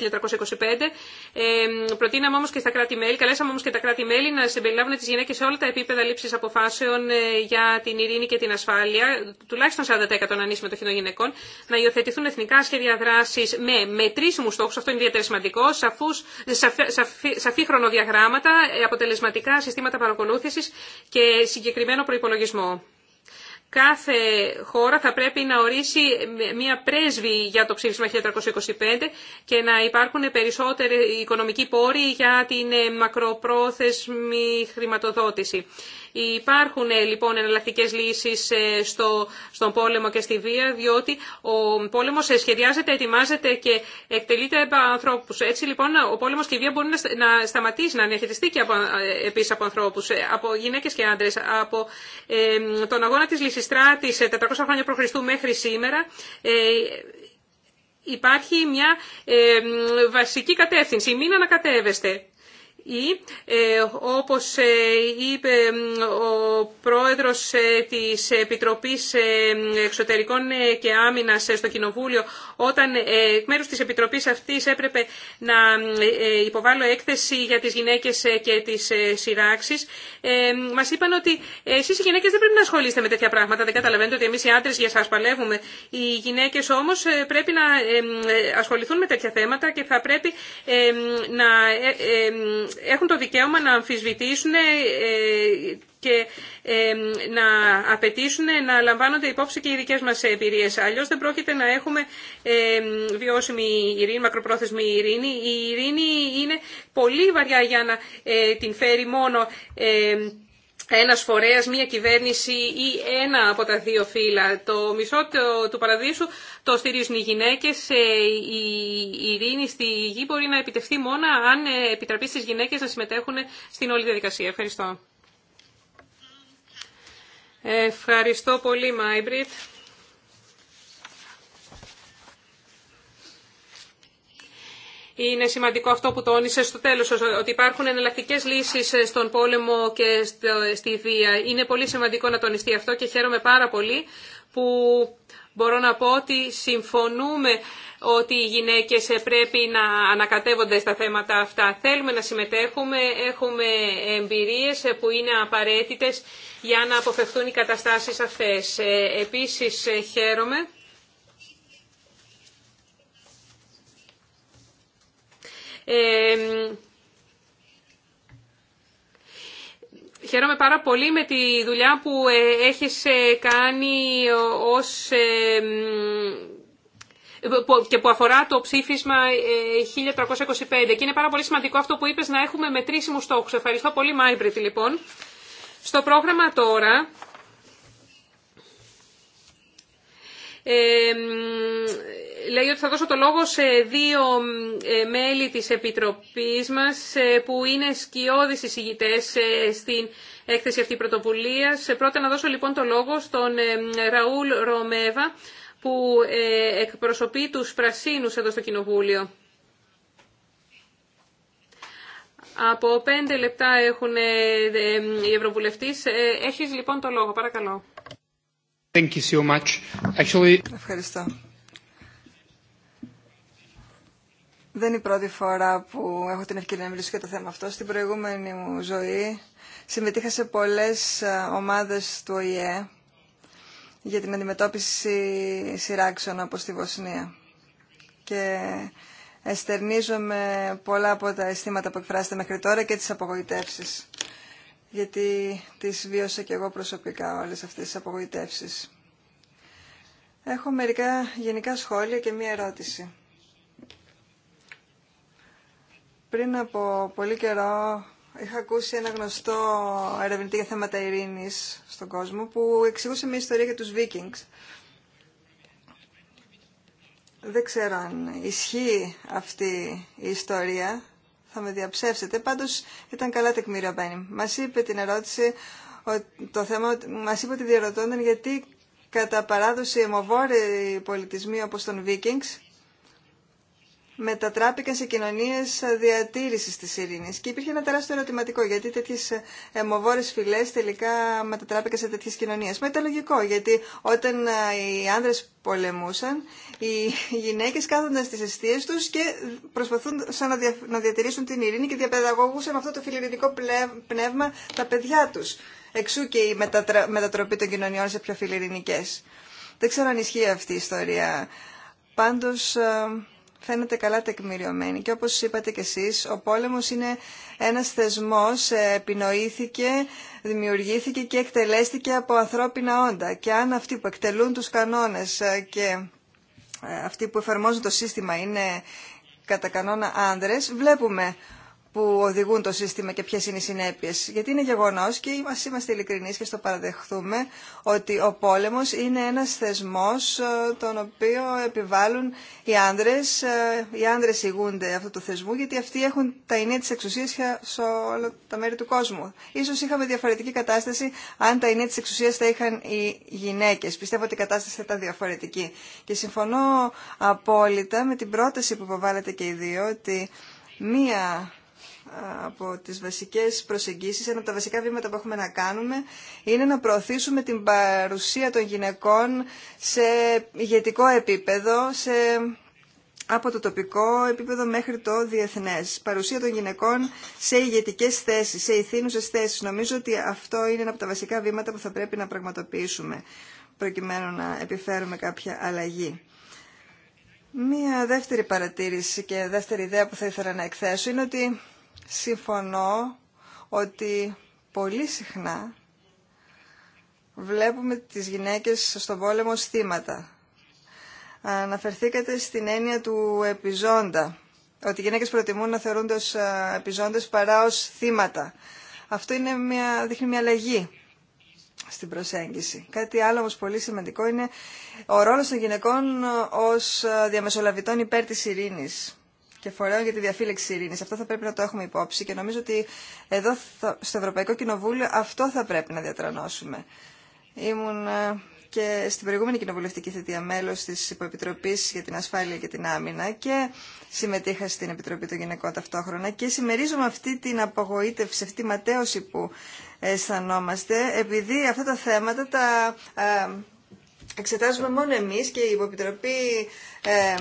προτείναμε όμως και στα κράτη-μέλη, καλέσαμε όμω και τα κράτη-μέλη να συμπεριλάβουν τι γυναίκε σε όλα τα επίπεδα λήψη αποφάσεων ε, για την ειρήνη και την ασφάλεια, τουλάχιστον 40% να είναι των γυναικών, να υιοθετηθούν εθνικά σχέδια δράση με μετρήσιμού στόχου, αυτό είναι ιδιαίτερα σημαντικό, σαφούς, σαφή, σαφή χρονοδιαγράμματα, ε, αποτελεσματικά συστήματα παρακολούθηση και συγκεκριμένο προπολογισμό κάθε χώρα θα πρέπει να ορίσει μία πρέσβη για το ψήφισμα 1325 και να υπάρχουν περισσότεροι οικονομικοί πόροι για την μακροπρόθεσμη χρηματοδότηση. Υπάρχουν ε, λοιπόν εναλλακτικέ λύσεις ε, στο, στον πόλεμο και στη βία, διότι ο πόλεμος ε, σχεδιάζεται, ετοιμάζεται και εκτελείται από ανθρώπους. Έτσι λοιπόν ο πόλεμος και η βία μπορεί να σταματήσει, να ανεχαιριστεί και από, επίσης από ανθρώπους, από γυναίκες και άντρε, από τον αγώνα τη Λυσιστράτη, 400 χρόνια π.Χ. μέχρι σήμερα. Υπάρχει μια βασική κατεύθυνση. Μην ανακατεύεστε ή ε, όπως ε, είπε ο πρόεδρος ε, της Επιτροπής Εξωτερικών και Άμυνας στο Κοινοβούλιο όταν εκ μέρους της Επιτροπής αυτής έπρεπε να υποβάλω έκθεση για τις γυναίκες και τις σειράξεις μας είπαν ότι εσείς οι γυναίκες δεν πρέπει να ασχολείστε με τέτοια πράγματα δεν καταλαβαίνετε ότι εμείς οι άντρες για σας παλεύουμε οι γυναίκες όμως πρέπει να ασχοληθούν με τέτοια θέματα και θα πρέπει να έχουν το δικαίωμα να αμφισβητήσουν ε, και ε, να απαιτήσουν να λαμβάνονται υπόψη και οι δικές μας εμπειρίες. Αλλιώς δεν πρόκειται να έχουμε ε, βιώσιμη ειρήνη, μακροπρόθεσμη ειρήνη. Η ειρήνη είναι πολύ βαριά για να την φέρει μόνο ένας φορέας, μία κυβέρνηση ή ένα από τα δύο φύλλα. Το μισό του παραδείσου το στηρίζουν οι γυναίκες. Ε, η ειρήνη στη γη μπορεί να επιτευχθεί μόνο αν ε, επιτραπεί στις γυναίκες να συμμετέχουν στην όλη διαδικασία. Ευχαριστώ. Ευχαριστώ πολύ, Μάιμπριτ. Είναι σημαντικό αυτό που τόνισε στο τέλος, ότι υπάρχουν εναλλακτικέ λύσεις ε, στον πόλεμο και στη βία. Είναι πολύ σημαντικό να τονιστεί αυτό και χαίρομαι πάρα πολύ που μπορώ να πω ότι συμφωνούμε ότι οι γυναίκες ε, πρέπει να ανακατεύονται στα θέματα αυτά. Θέλουμε να συμμετέχουμε, έχουμε εμπειρίες ε, που είναι απαραίτητες για να αποφευθούν οι καταστάσεις αυτές. Επίσης χαίρομαι Χαίρομαι πάρα πολύ με τη δουλειά που ε, έχεις ε, κάνει ε, ως, και που αφορά το ψήφισμα 1325. Και είναι πάρα πολύ σημαντικό αυτό που είπες να έχουμε μετρήσιμους στόχους. Ευχαριστώ πολύ Μάιμπριτ, λοιπόν. Στο πρόγραμμα τώρα λέει ότι θα δώσω το λόγο σε δύο ε, μέλη της Επιτροπής μας ε, που είναι σκιώδεις εισηγητές ε, στην έκθεση αυτή πρωτοβουλίας. Πρώτα να δώσω λοιπόν το λόγο στον Ραούλ Ρομέβα που εκπροσωπεί τους Πρασίνους εδώ στο Κοινοβούλιο. Από πέντε λεπτά έχουν οι Ευρωβουλευτές. Έχεις λοιπόν το λόγο, παρακαλώ. Thank you so much. Actually... Ευχαριστώ. Δεν είναι η πρώτη φορά που έχω την ευκαιρία να μιλήσω για το θέμα αυτό. Στην προηγούμενη μου ζωή συμμετείχα σε πολλές ε, ομάδες του ΟΗΕ για την αντιμετώπιση σειράξεων από στη Βοσνία. Και εστερνίζομαι πολλά από τα αισθήματα που εκφράσατε μέχρι τώρα και τις απογοητεύσεις. Γιατί τις βίωσα και εγώ προσωπικά όλες αυτές τις απογοητεύσεις. Έχω μερικά γενικά σχόλια και μία ερώτηση. Πριν από πολύ καιρό είχα ακούσει ένα γνωστό ερευνητή για θέματα ειρήνης στον κόσμο που εξηγούσε μια ιστορία για τους Βίκινγκς. Δεν ξέρω αν ισχύει αυτή η ιστορία, θα με διαψεύσετε. Πάντως ήταν καλά τεκμηριωμένη. Μας είπε την ερώτηση, το θέμα, μας είπε ότι διαρωτώνταν γιατί κατά παράδοση οι πολιτισμοί όπως των Βίκινγκς μετατράπηκαν σε κοινωνίε διατήρηση τη ειρήνη. Και υπήρχε ένα τεράστιο ερωτηματικό γιατί τέτοιε αιμοβόρε φυλέ τελικά μετατράπηκαν σε τέτοιε κοινωνίε. Μα ήταν λογικό γιατί όταν ε, οι άνδρε πολεμούσαν, οι γυναίκε κάθονταν στι αιστείε του και προσπαθούσαν να διατηρήσουν την ειρήνη και διαπαιδαγωγούσαν αυτό το φιλιρινικό πνεύμα τα παιδιά του. Εξού και η μετατροπή των κοινωνιών σε πιο φιλιρινικέ. Δεν ξέρω αν ισχύει αυτή η ιστορία. Πάντως, ε, φαίνεται καλά τεκμηριωμένη. Και όπως είπατε και εσείς, ο πόλεμος είναι ένας θεσμός, ε, επινοήθηκε, δημιουργήθηκε και εκτελέστηκε από ανθρώπινα όντα. Και αν αυτοί που εκτελούν τους κανόνες ε, και ε, αυτοί που εφαρμόζουν το σύστημα είναι κατά κανόνα άνδρες, βλέπουμε που οδηγούν το σύστημα και ποιε είναι οι συνέπειε. Γιατί είναι γεγονό και μας είμαστε ειλικρινεί και στο παραδεχθούμε ότι ο πόλεμο είναι ένα θεσμό ε, τον οποίο επιβάλλουν οι άνδρες. Ε, οι άνδρες ηγούνται αυτού του θεσμού γιατί αυτοί έχουν τα ενία τη εξουσία σε όλα τα μέρη του κόσμου. σω είχαμε διαφορετική κατάσταση αν τα ενία τη εξουσία τα είχαν οι γυναίκε. Πιστεύω ότι η κατάσταση θα ήταν διαφορετική. Και συμφωνώ απόλυτα με την πρόταση που υποβάλλατε και οι δύο ότι μία από τις βασικές προσεγγίσεις, ένα από τα βασικά βήματα που έχουμε να κάνουμε είναι να προωθήσουμε την παρουσία των γυναικών σε ηγετικό επίπεδο, σε από το τοπικό επίπεδο μέχρι το διεθνές. Παρουσία των γυναικών σε ηγετικέ θέσεις, σε ηθήνουσες θέσεις. Νομίζω ότι αυτό είναι ένα από τα βασικά βήματα που θα πρέπει να πραγματοποιήσουμε προκειμένου να επιφέρουμε κάποια αλλαγή. Μία δεύτερη παρατήρηση και δεύτερη ιδέα που θα ήθελα να εκθέσω είναι ότι συμφωνώ ότι πολύ συχνά βλέπουμε τις γυναίκες στον πόλεμο ως θύματα. Αναφερθήκατε στην έννοια του επιζώντα, ότι οι γυναίκες προτιμούν να θεωρούνται ως ε, επιζώντες παρά ως θύματα. Αυτό είναι μια, δείχνει μια αλλαγή στην προσέγγιση. Κάτι άλλο όμως πολύ σημαντικό είναι ο ρόλος των γυναικών ως ε, διαμεσολαβητών υπέρ της ειρήνης και φορέων για τη διαφύλαξη ειρήνη. Αυτό θα πρέπει να το έχουμε υπόψη και νομίζω ότι εδώ στο Ευρωπαϊκό Κοινοβούλιο αυτό θα πρέπει να διατρανώσουμε. Ήμουν ε, και στην προηγούμενη κοινοβουλευτική θητεία μέλο τη Υποεπιτροπή για την Ασφάλεια και την Άμυνα και συμμετείχα στην Επιτροπή των Γυναικών ταυτόχρονα και συμμερίζομαι αυτή την απογοήτευση, αυτή τη ματέωση που αισθανόμαστε, επειδή αυτά τα θέματα τα ε, εξετάζουμε μόνο εμείς και η Υποπιτροπή ε,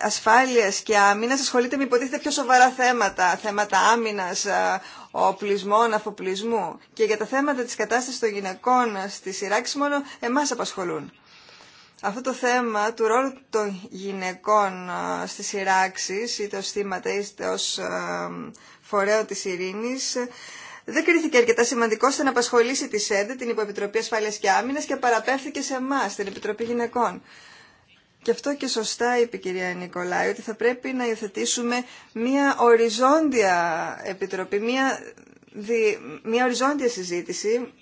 Ασφάλειας και Άμυνας ασχολείται με υποτίθεται πιο σοβαρά θέματα, θέματα άμυνας, ε, οπλισμών, αφοπλισμού. Και για τα θέματα της κατάστασης των γυναικών στη σειράξη μόνο εμάς απασχολούν. Αυτό το θέμα του ρόλου των γυναικών ε, στις σειράξεις, είτε ως θύματα είτε ως ε, φορέο της ειρήνης, δεν κρίθηκε αρκετά σημαντικό ώστε να απασχολήσει τη ΣΕΔΕ, την Υποεπιτροπή Ασφάλεια και Άμυνα και παραπέφθηκε σε εμά, την Επιτροπή Γυναικών. Και αυτό και σωστά είπε η κυρία Νικολάη, ότι θα πρέπει να υιοθετήσουμε μια οριζόντια επιτροπή, μια, μια οριζόντια συζήτηση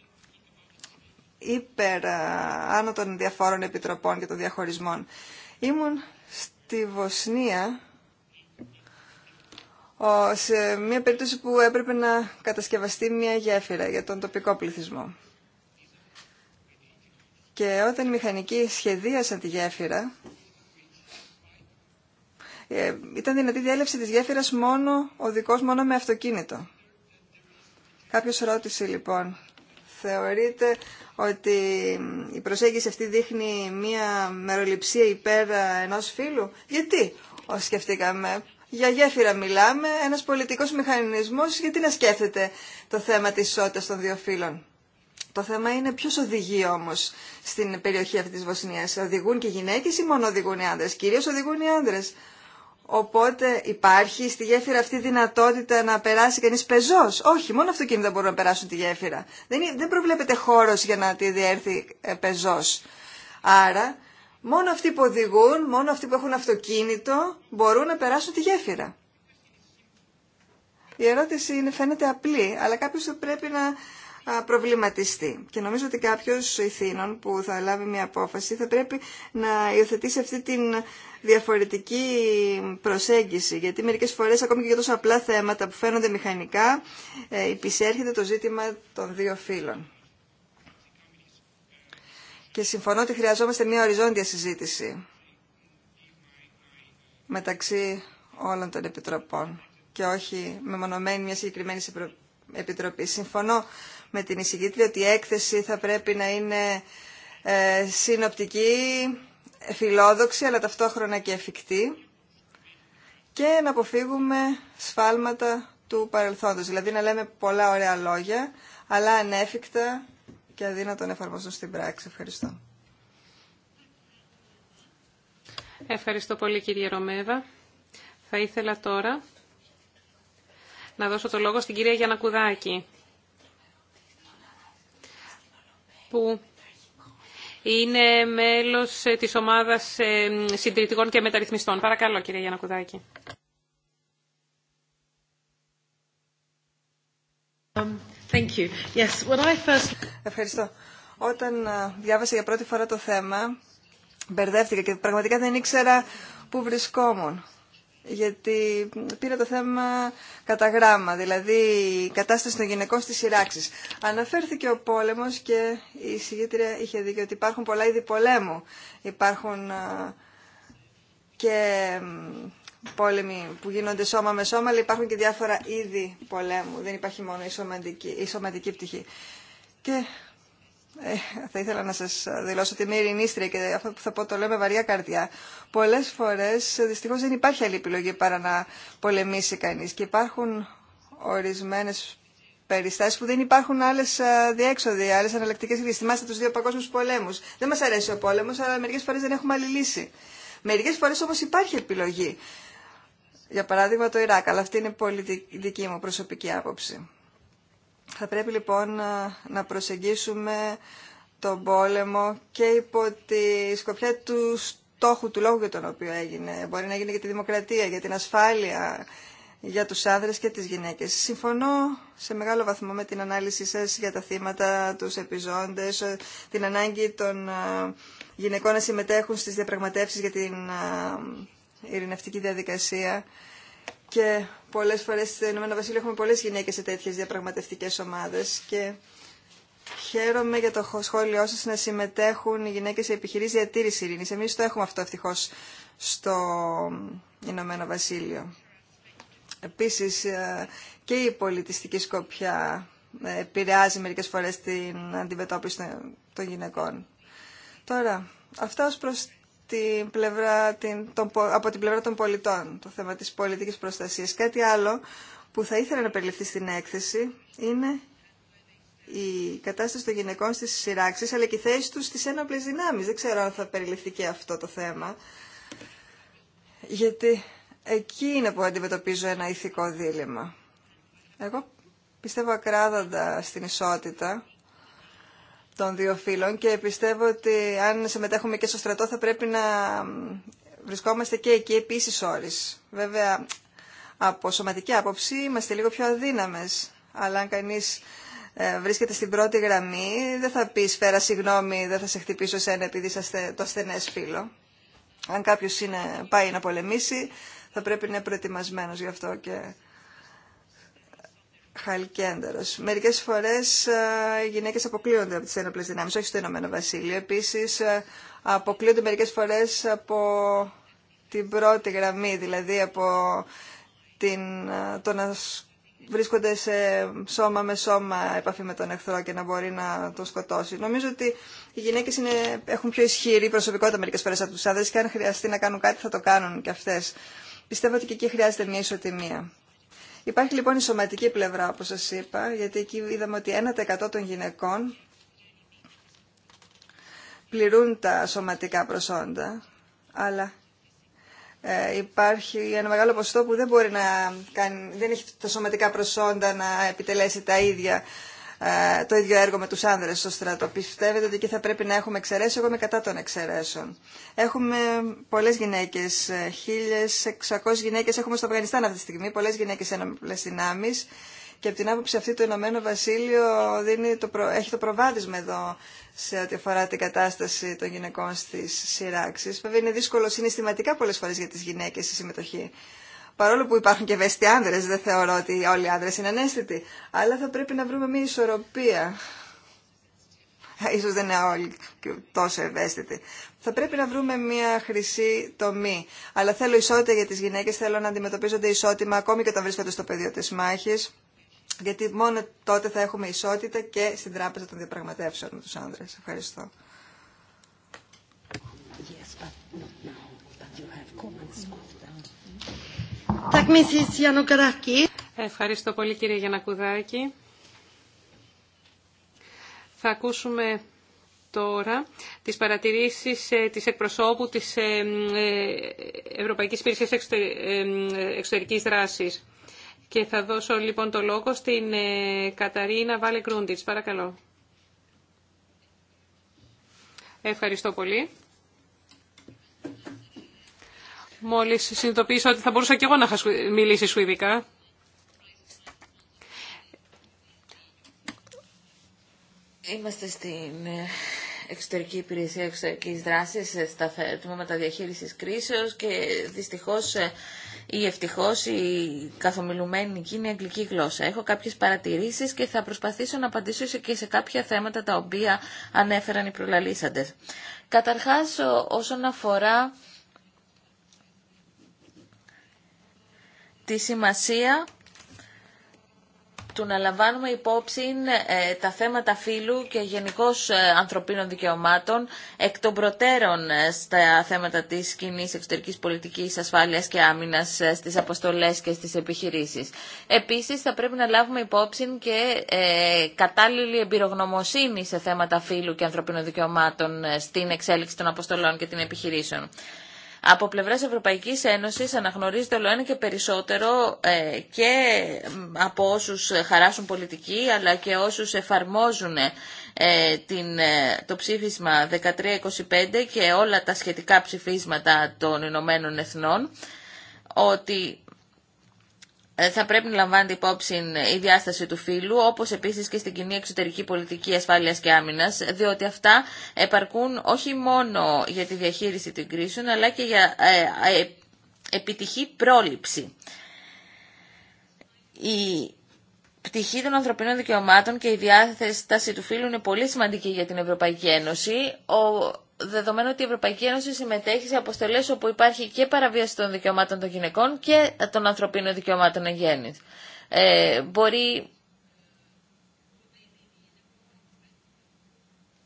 υπερ άνω των διαφόρων επιτροπών και των διαχωρισμών. Ήμουν στη Βοσνία σε μια περίπτωση που έπρεπε να κατασκευαστεί μια γέφυρα για τον τοπικό πληθυσμό. Και όταν οι μηχανικοί σχεδίασαν τη γέφυρα, ε, ήταν δυνατή διέλευση της γέφυρας μόνο οδικός, μόνο με αυτοκίνητο. Κάποιος ρώτησε λοιπόν, θεωρείτε ότι η προσέγγιση αυτή δείχνει μία μεροληψία υπέρ ενός φίλου. Γιατί, σκεφτήκαμε, για γέφυρα μιλάμε, ένας πολιτικός μηχανισμός, γιατί να σκέφτεται το θέμα της ισότητας των δύο φύλων. Το θέμα είναι ποιο οδηγεί όμω στην περιοχή αυτή τη Βοσνία. Οδηγούν και οι γυναίκε ή μόνο οδηγούν οι άνδρε. Κυρίω οδηγούν οι άνδρε. Οπότε υπάρχει στη γέφυρα αυτή η μονο οδηγουν οι άντρε. κυριω οδηγουν οι άντρε. οποτε υπαρχει στη γεφυρα αυτη η δυνατοτητα να περάσει κανεί πεζό. Όχι, μόνο αυτοκίνητα μπορούν να περάσουν τη γέφυρα. Δεν, προβλέπεται χώρο για να τη διέρθει ε, πεζό. Άρα Μόνο αυτοί που οδηγούν, μόνο αυτοί που έχουν αυτοκίνητο μπορούν να περάσουν τη γέφυρα. Η ερώτηση είναι, φαίνεται απλή, αλλά κάποιος θα πρέπει να προβληματιστεί. Και νομίζω ότι κάποιος ηθήνων που θα λάβει μια απόφαση θα πρέπει να υιοθετήσει αυτή την διαφορετική προσέγγιση. Γιατί μερικές φορές ακόμη και για τόσο απλά θέματα που φαίνονται μηχανικά ε, υπησέρχεται το ζήτημα των δύο φύλων. Και συμφωνώ ότι χρειαζόμαστε μια οριζόντια συζήτηση μεταξύ όλων των επιτροπών και όχι μεμονωμένη μια συγκεκριμένη επιτροπή. Συμφωνώ με την εισηγήτρια ότι η έκθεση θα πρέπει να είναι ε, συνοπτική, φιλόδοξη αλλά ταυτόχρονα και εφικτή και να αποφύγουμε σφάλματα του παρελθόντος. Δηλαδή να λέμε πολλά ωραία λόγια αλλά ανέφικτα και αδύνατον να εφαρμοστούν στην πράξη. Ευχαριστώ. Ευχαριστώ πολύ κύριε Ρωμέβα. Θα ήθελα τώρα να δώσω το λόγο στην κυρία Γιανακουδάκη που είναι μέλος ε, της ομάδας ε, συντηρητικών και μεταρρυθμιστών. Παρακαλώ κυρία Γιανακουδάκη. Um, Ευχαριστώ. Όταν διάβασα για πρώτη φορά το θέμα, μπερδεύτηκα και πραγματικά δεν ήξερα πού βρισκόμουν. Γιατί πήρα το θέμα κατά γράμμα, δηλαδή η κατάσταση των γυναικών στις σειράξεις. Αναφέρθηκε ο πόλεμος και η συγγήτρια είχε δίκιο ότι υπάρχουν πολλά είδη πολέμου. Υπάρχουν και πόλεμοι που γίνονται σώμα με σώμα, αλλά υπάρχουν και διάφορα είδη πολέμου. Δεν υπάρχει μόνο η σωματική, η πτυχή. Και ε, θα ήθελα να σας δηλώσω ότι είμαι ειρηνίστρια και αυτό που θα πω το λέω με βαριά καρδιά. Πολλές φορές δυστυχώς δεν υπάρχει άλλη επιλογή παρά να πολεμήσει κανείς και υπάρχουν ορισμένες περιστάσεις που δεν υπάρχουν άλλες ε, διέξοδοι, άλλες αναλλακτικές λύσεις. Θυμάστε τους δύο παγκόσμιους πολέμους. Δεν μας αρέσει ο πόλεμος, αλλά μερικές φορές δεν έχουμε άλλη λύση. Μερικές φορές όμως υπάρχει επιλογή για παράδειγμα το Ιράκ, αλλά αυτή είναι πολύ δική μου προσωπική άποψη. Θα πρέπει λοιπόν να προσεγγίσουμε τον πόλεμο και υπό τη σκοπιά του στόχου του λόγου για τον οποίο έγινε. Μπορεί να γίνει για τη δημοκρατία, για την ασφάλεια, για τους άνδρες και τις γυναίκες. Συμφωνώ σε μεγάλο βαθμό με την ανάλυση σας για τα θύματα, τους επιζώντες, ε, την ανάγκη των γυναικών να συμμετέχουν στις διαπραγματεύσεις για την ειρηνευτική διαδικασία και πολλές φορές στο Ηνωμένο Βασίλειο έχουμε πολλές γυναίκες σε τέτοιε διαπραγματευτικές ομάδες και χαίρομαι για το σχόλιο σα να συμμετέχουν οι γυναίκες σε επιχειρήσεις διατήρηση ειρήνη. Εμεί το έχουμε αυτό ευτυχώ στο Ηνωμένο Βασίλειο. Επίσης ε, και η πολιτιστική σκοπιά ε, επηρεάζει μερικέ φορέ την αντιμετώπιση των γυναικών. Τώρα, αυτά την πλευρά, την, τον, από την πλευρά των πολιτών, το θέμα της πολιτικής προστασίας. Κάτι άλλο που θα ήθελα να περιληφθεί στην έκθεση είναι η κατάσταση των γυναικών στις σειράξεις, αλλά και η θέση τους στις ένοπλες δυνάμεις. Δεν ξέρω αν θα περιληφθεί και αυτό το θέμα, γιατί εκεί είναι που αντιμετωπίζω ένα ηθικό δίλημα. Εγώ πιστεύω ακράδαντα στην ισότητα των δύο φύλων και πιστεύω ότι αν συμμετέχουμε και στο στρατό θα πρέπει να βρισκόμαστε και εκεί επίσης όρις. Βέβαια, από σωματική άποψη είμαστε λίγο πιο αδύναμες, αλλά αν κανείς ε, βρίσκεται στην πρώτη γραμμή δεν θα πει σφαίρα συγγνώμη, δεν θα σε χτυπήσω σένα επειδή είσαστε το ασθενέ φίλο. Αν κάποιος πάει να πολεμήσει θα πρέπει να είναι προετοιμασμένος γι' αυτό και χαλκέντερος. Μερικές φορές ε, οι γυναίκες αποκλείονται από τις ένοπλες δυνάμεις, όχι στο Ηνωμένο Βασίλειο. Επίσης ε, αποκλείονται μερικές φορές από την πρώτη γραμμή, δηλαδή από την, ε, το να βρίσκονται σε σώμα με σώμα επαφή με τον εχθρό και να μπορεί να τον σκοτώσει. Νομίζω ότι οι γυναίκες είναι, έχουν πιο ισχυρή προσωπικότητα μερικές φορές από τους άνδρες και αν χρειαστεί να κάνουν κάτι θα το κάνουν και αυτές. Πιστεύω ότι και εκεί χρειάζεται μια ισοτιμία. Υπάρχει λοιπόν η σωματική πλευρά, όπως σας είπα, γιατί εκεί είδαμε ότι 1% των γυναικών πληρούν τα σωματικά προσόντα, αλλά ε, υπάρχει ένα μεγάλο ποσοστό που δεν μπορεί να κάνει, δεν έχει τα σωματικά προσόντα να επιτελέσει τα ίδια ε, το ίδιο έργο με τους άνδρες στο στρατό. Πιστεύετε ότι εκεί θα πρέπει να έχουμε εξαιρέσει, εγώ είμαι κατά των εξαιρέσεων. Έχουμε πολλές γυναίκες, 1.600 ε, γυναίκες έχουμε στο Αφγανιστάν αυτή τη στιγμή, πολλές γυναίκες ένοπλες δυνάμεις και από την άποψη αυτή το Ηνωμένο Βασίλειο δίνει το έχει το προβάδισμα εδώ σε ό,τι αφορά την κατάσταση των γυναικών στις σειράξεις. Βέβαια είναι δύσκολο συναισθηματικά πολλές φορές για τις γυναίκες η συμμετοχή Παρόλο που υπάρχουν και ευαίσθητοι άνδρε, δεν θεωρώ ότι όλοι οι άνδρε είναι ανέστητοι. Αλλά θα πρέπει να βρούμε μια ισορροπία. Ίσως δεν είναι όλοι τόσο ευαίσθητοι. Θα πρέπει να βρούμε μια χρυσή τομή. Αλλά θέλω ισότητα για τι γυναίκε, θέλω να αντιμετωπίζονται ισότιμα ακόμη και όταν βρίσκονται στο πεδίο τη μάχη, Γιατί μόνο τότε θα έχουμε ισότητα και στην τράπεζα των διαπραγματεύσεων με του άνδρε. Ευχαριστώ. Yes, but But Ευχαριστώ πολύ κύριε Γιανακουδάκη. Θα ακούσουμε τώρα τις παρατηρήσεις ε, της εκπροσώπου της ε, ε, Ευρωπαϊκής Υπηρεσίας Εξωτερικής Δράσης. Και θα δώσω λοιπόν το λόγο στην Καταρίνα Βάλε Κρούντιτς. Παρακαλώ. Ευχαριστώ πολύ μόλις συνειδητοποίησα ότι θα μπορούσα και εγώ να μιλήσει σουηδικά. Είμαστε στην ε, εξωτερική υπηρεσία εξωτερικής δράσης ε, στα τμήματα διαχείρισης κρίσεως και δυστυχώς ε, ή ευτυχώς η καθομιλουμένη εκεί είναι η αγγλική γλώσσα. Έχω κάποιες παρατηρήσεις και θα προσπαθήσω να απαντήσω και σε κάποια θέματα τα οποία ανέφεραν οι προλαλήσαντες. Καταρχάς όσον αφορά τη σημασία του να λαμβάνουμε υπόψη ε, τα θέματα φύλου και γενικώ ε, ανθρωπίνων δικαιωμάτων εκ των προτέρων ε, στα θέματα της κοινή εξωτερικής πολιτικής ασφάλειας και άμυνας ε, στις αποστολές και στις επιχειρήσεις. Επίσης θα πρέπει να λάβουμε υπόψη και κατάλληλη εμπειρογνωμοσύνη σε θέματα φύλου και ανθρωπίνων δικαιωμάτων στην εξέλιξη των αποστολών και των επιχειρήσεων. Από πλευρά Ευρωπαϊκή Ένωση αναγνωρίζεται όλο και περισσότερο ε, και από όσου χαράσουν πολιτική αλλά και όσου εφαρμόζουν ε, την, ε, το ψήφισμα 1325 και όλα τα σχετικά ψηφίσματα των Ηνωμένων Εθνών ότι ε, θα πρέπει να λαμβάνεται υπόψη η διάσταση του φύλου, όπως επίσης και στην κοινή εξωτερική πολιτική ασφάλειας και άμυνας, διότι αυτά επαρκούν όχι μόνο για τη διαχείριση των κρίσεων, αλλά και για ε, ε, επιτυχή πρόληψη. Η πτυχή των ανθρωπίνων δικαιωμάτων και η διάθεση του φύλου είναι πολύ σημαντική για την Ευρωπαϊκή Ένωση. Ο δεδομένου ότι η Ευρωπαϊκή Ένωση συμμετέχει σε αποστολέ όπου υπάρχει και παραβίαση των δικαιωμάτων των γυναικών και των ανθρωπίνων δικαιωμάτων εν γέννη. Ε, μπορεί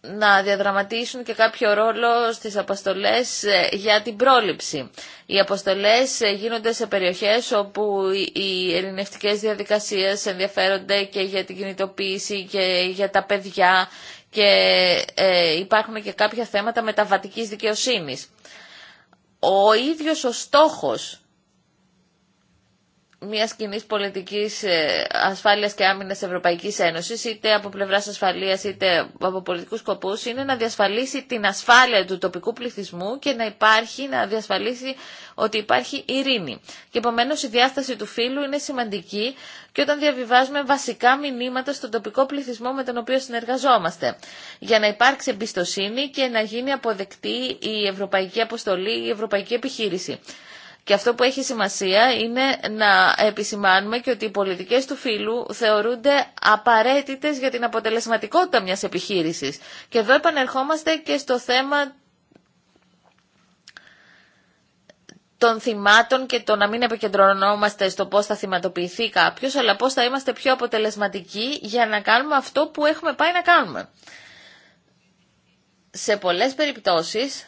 να διαδραματίσουν και κάποιο ρόλο στις αποστολές ε, για την πρόληψη. Οι αποστολές ε, γίνονται σε περιοχές όπου οι ειρηνευτικές διαδικασίες ενδιαφέρονται και για την κινητοποίηση και για τα παιδιά και ε, υπάρχουν και κάποια θέματα μεταβατικής δικαιοσύνης. Ο ίδιος ο στόχος μιας κοινή πολιτικής ε, ασφάλειας και άμυνας Ευρωπαϊκής Ένωσης, είτε από πλευράς ασφαλείας είτε από πολιτικούς σκοπούς, είναι να διασφαλίσει την ασφάλεια του τοπικού πληθυσμού και να υπάρχει, να διασφαλίσει ότι υπάρχει ειρήνη. Και επομένω η διάσταση του φύλου είναι σημαντική και όταν διαβιβάζουμε βασικά μηνύματα στον τοπικό πληθυσμό με τον οποίο συνεργαζόμαστε. Για να υπάρξει εμπιστοσύνη και να γίνει αποδεκτή η ευρωπαϊκή αποστολή, η ευρωπαϊκή επιχείρηση. Και αυτό που έχει σημασία είναι να επισημάνουμε και ότι οι πολιτικές του φύλου θεωρούνται απαραίτητες για την αποτελεσματικότητα μιας επιχείρησης. Και εδώ επανερχόμαστε και στο θέμα των θυμάτων και το να μην επικεντρωνόμαστε στο πώς θα θυματοποιηθεί κάποιος, αλλά πώς θα είμαστε πιο αποτελεσματικοί για να κάνουμε αυτό που έχουμε πάει να κάνουμε. Σε πολλές περιπτώσεις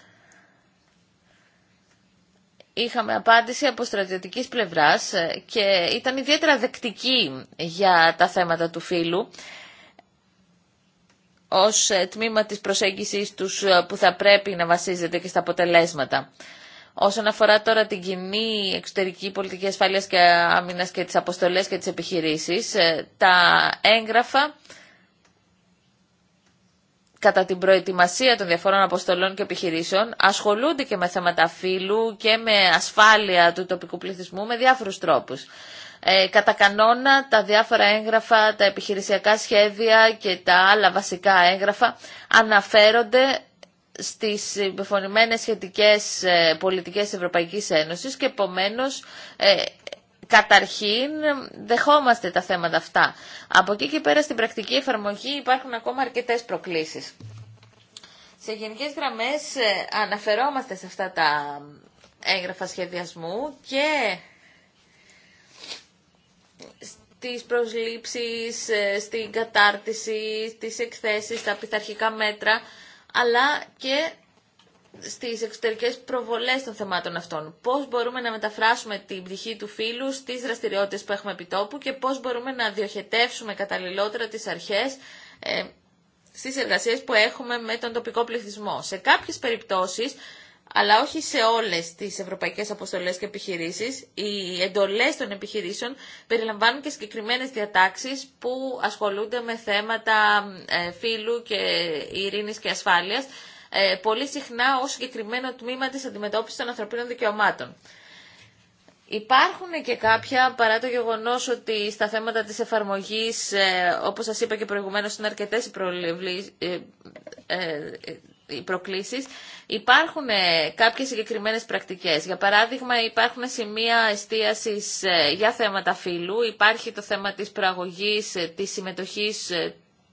είχαμε απάντηση από στρατιωτικής πλευράς ε, και ήταν ιδιαίτερα δεκτική για τα θέματα του φίλου ως ε, τμήμα της προσέγγισης τους ε, που θα πρέπει να βασίζεται και στα αποτελέσματα. Όσον αφορά τώρα την κοινή εξωτερική πολιτική ασφάλειας και άμυνας και τις αποστολές και τις επιχειρήσεις, τα έγγραφα κατά την προετοιμασία των διαφόρων αποστολών και επιχειρήσεων ασχολούνται και με θέματα φύλου και με ασφάλεια του τοπικού πληθυσμού με διάφορους τρόπους. Ε, κατά κανόνα τα διάφορα έγγραφα, τα επιχειρησιακά σχέδια και τα άλλα βασικά έγγραφα αναφέρονται στις υπεφωνημένες σχετικές ε, πολιτικές Ευρωπαϊκής Ένωσης και επομένως ε, Καταρχήν, δεχόμαστε τα θέματα αυτά. Από εκεί και πέρα στην πρακτική εφαρμογή υπάρχουν ακόμα αρκετές προκλήσεις. Σε γενικές γραμμές ε, αναφερόμαστε σε αυτά τα έγγραφα σχεδιασμού και στις προσλήψεις, ε, στην κατάρτιση, στις εκθέσεις, τα πειθαρχικά μέτρα, αλλά και στις εξωτερικές προβολές των θεμάτων αυτών. Πώς μπορούμε να μεταφράσουμε την πτυχή του φύλου στις δραστηριότητες που έχουμε επιτόπου και πώς μπορούμε να διοχετεύσουμε καταλληλότερα τις αρχές ε, στις εργασίες που έχουμε με τον τοπικό πληθυσμό. Σε κάποιες περιπτώσεις, αλλά όχι σε όλες τις ευρωπαϊκές αποστολές και επιχειρήσεις, οι εντολές των επιχειρήσεων περιλαμβάνουν και συγκεκριμένες διατάξεις που ασχολούνται με θέματα ε, φύλου και ειρήνης και ασφάλειας ε, πολύ συχνά ως συγκεκριμένο τμήμα τη αντιμετώπιση των ανθρωπίνων δικαιωμάτων. Υπάρχουν και κάποια, παρά το γεγονό ότι στα θέματα της εφαρμογής, ε, όπως σα είπα και προηγουμένω είναι αρκετέ ε, οι, προκλήσεις, υπάρχουν κάποιες συγκεκριμένες πρακτικές. Για παράδειγμα, υπάρχουν σημεία εστίασης για θέματα φύλου, υπάρχει το θέμα της προαγωγής, της συμμετοχής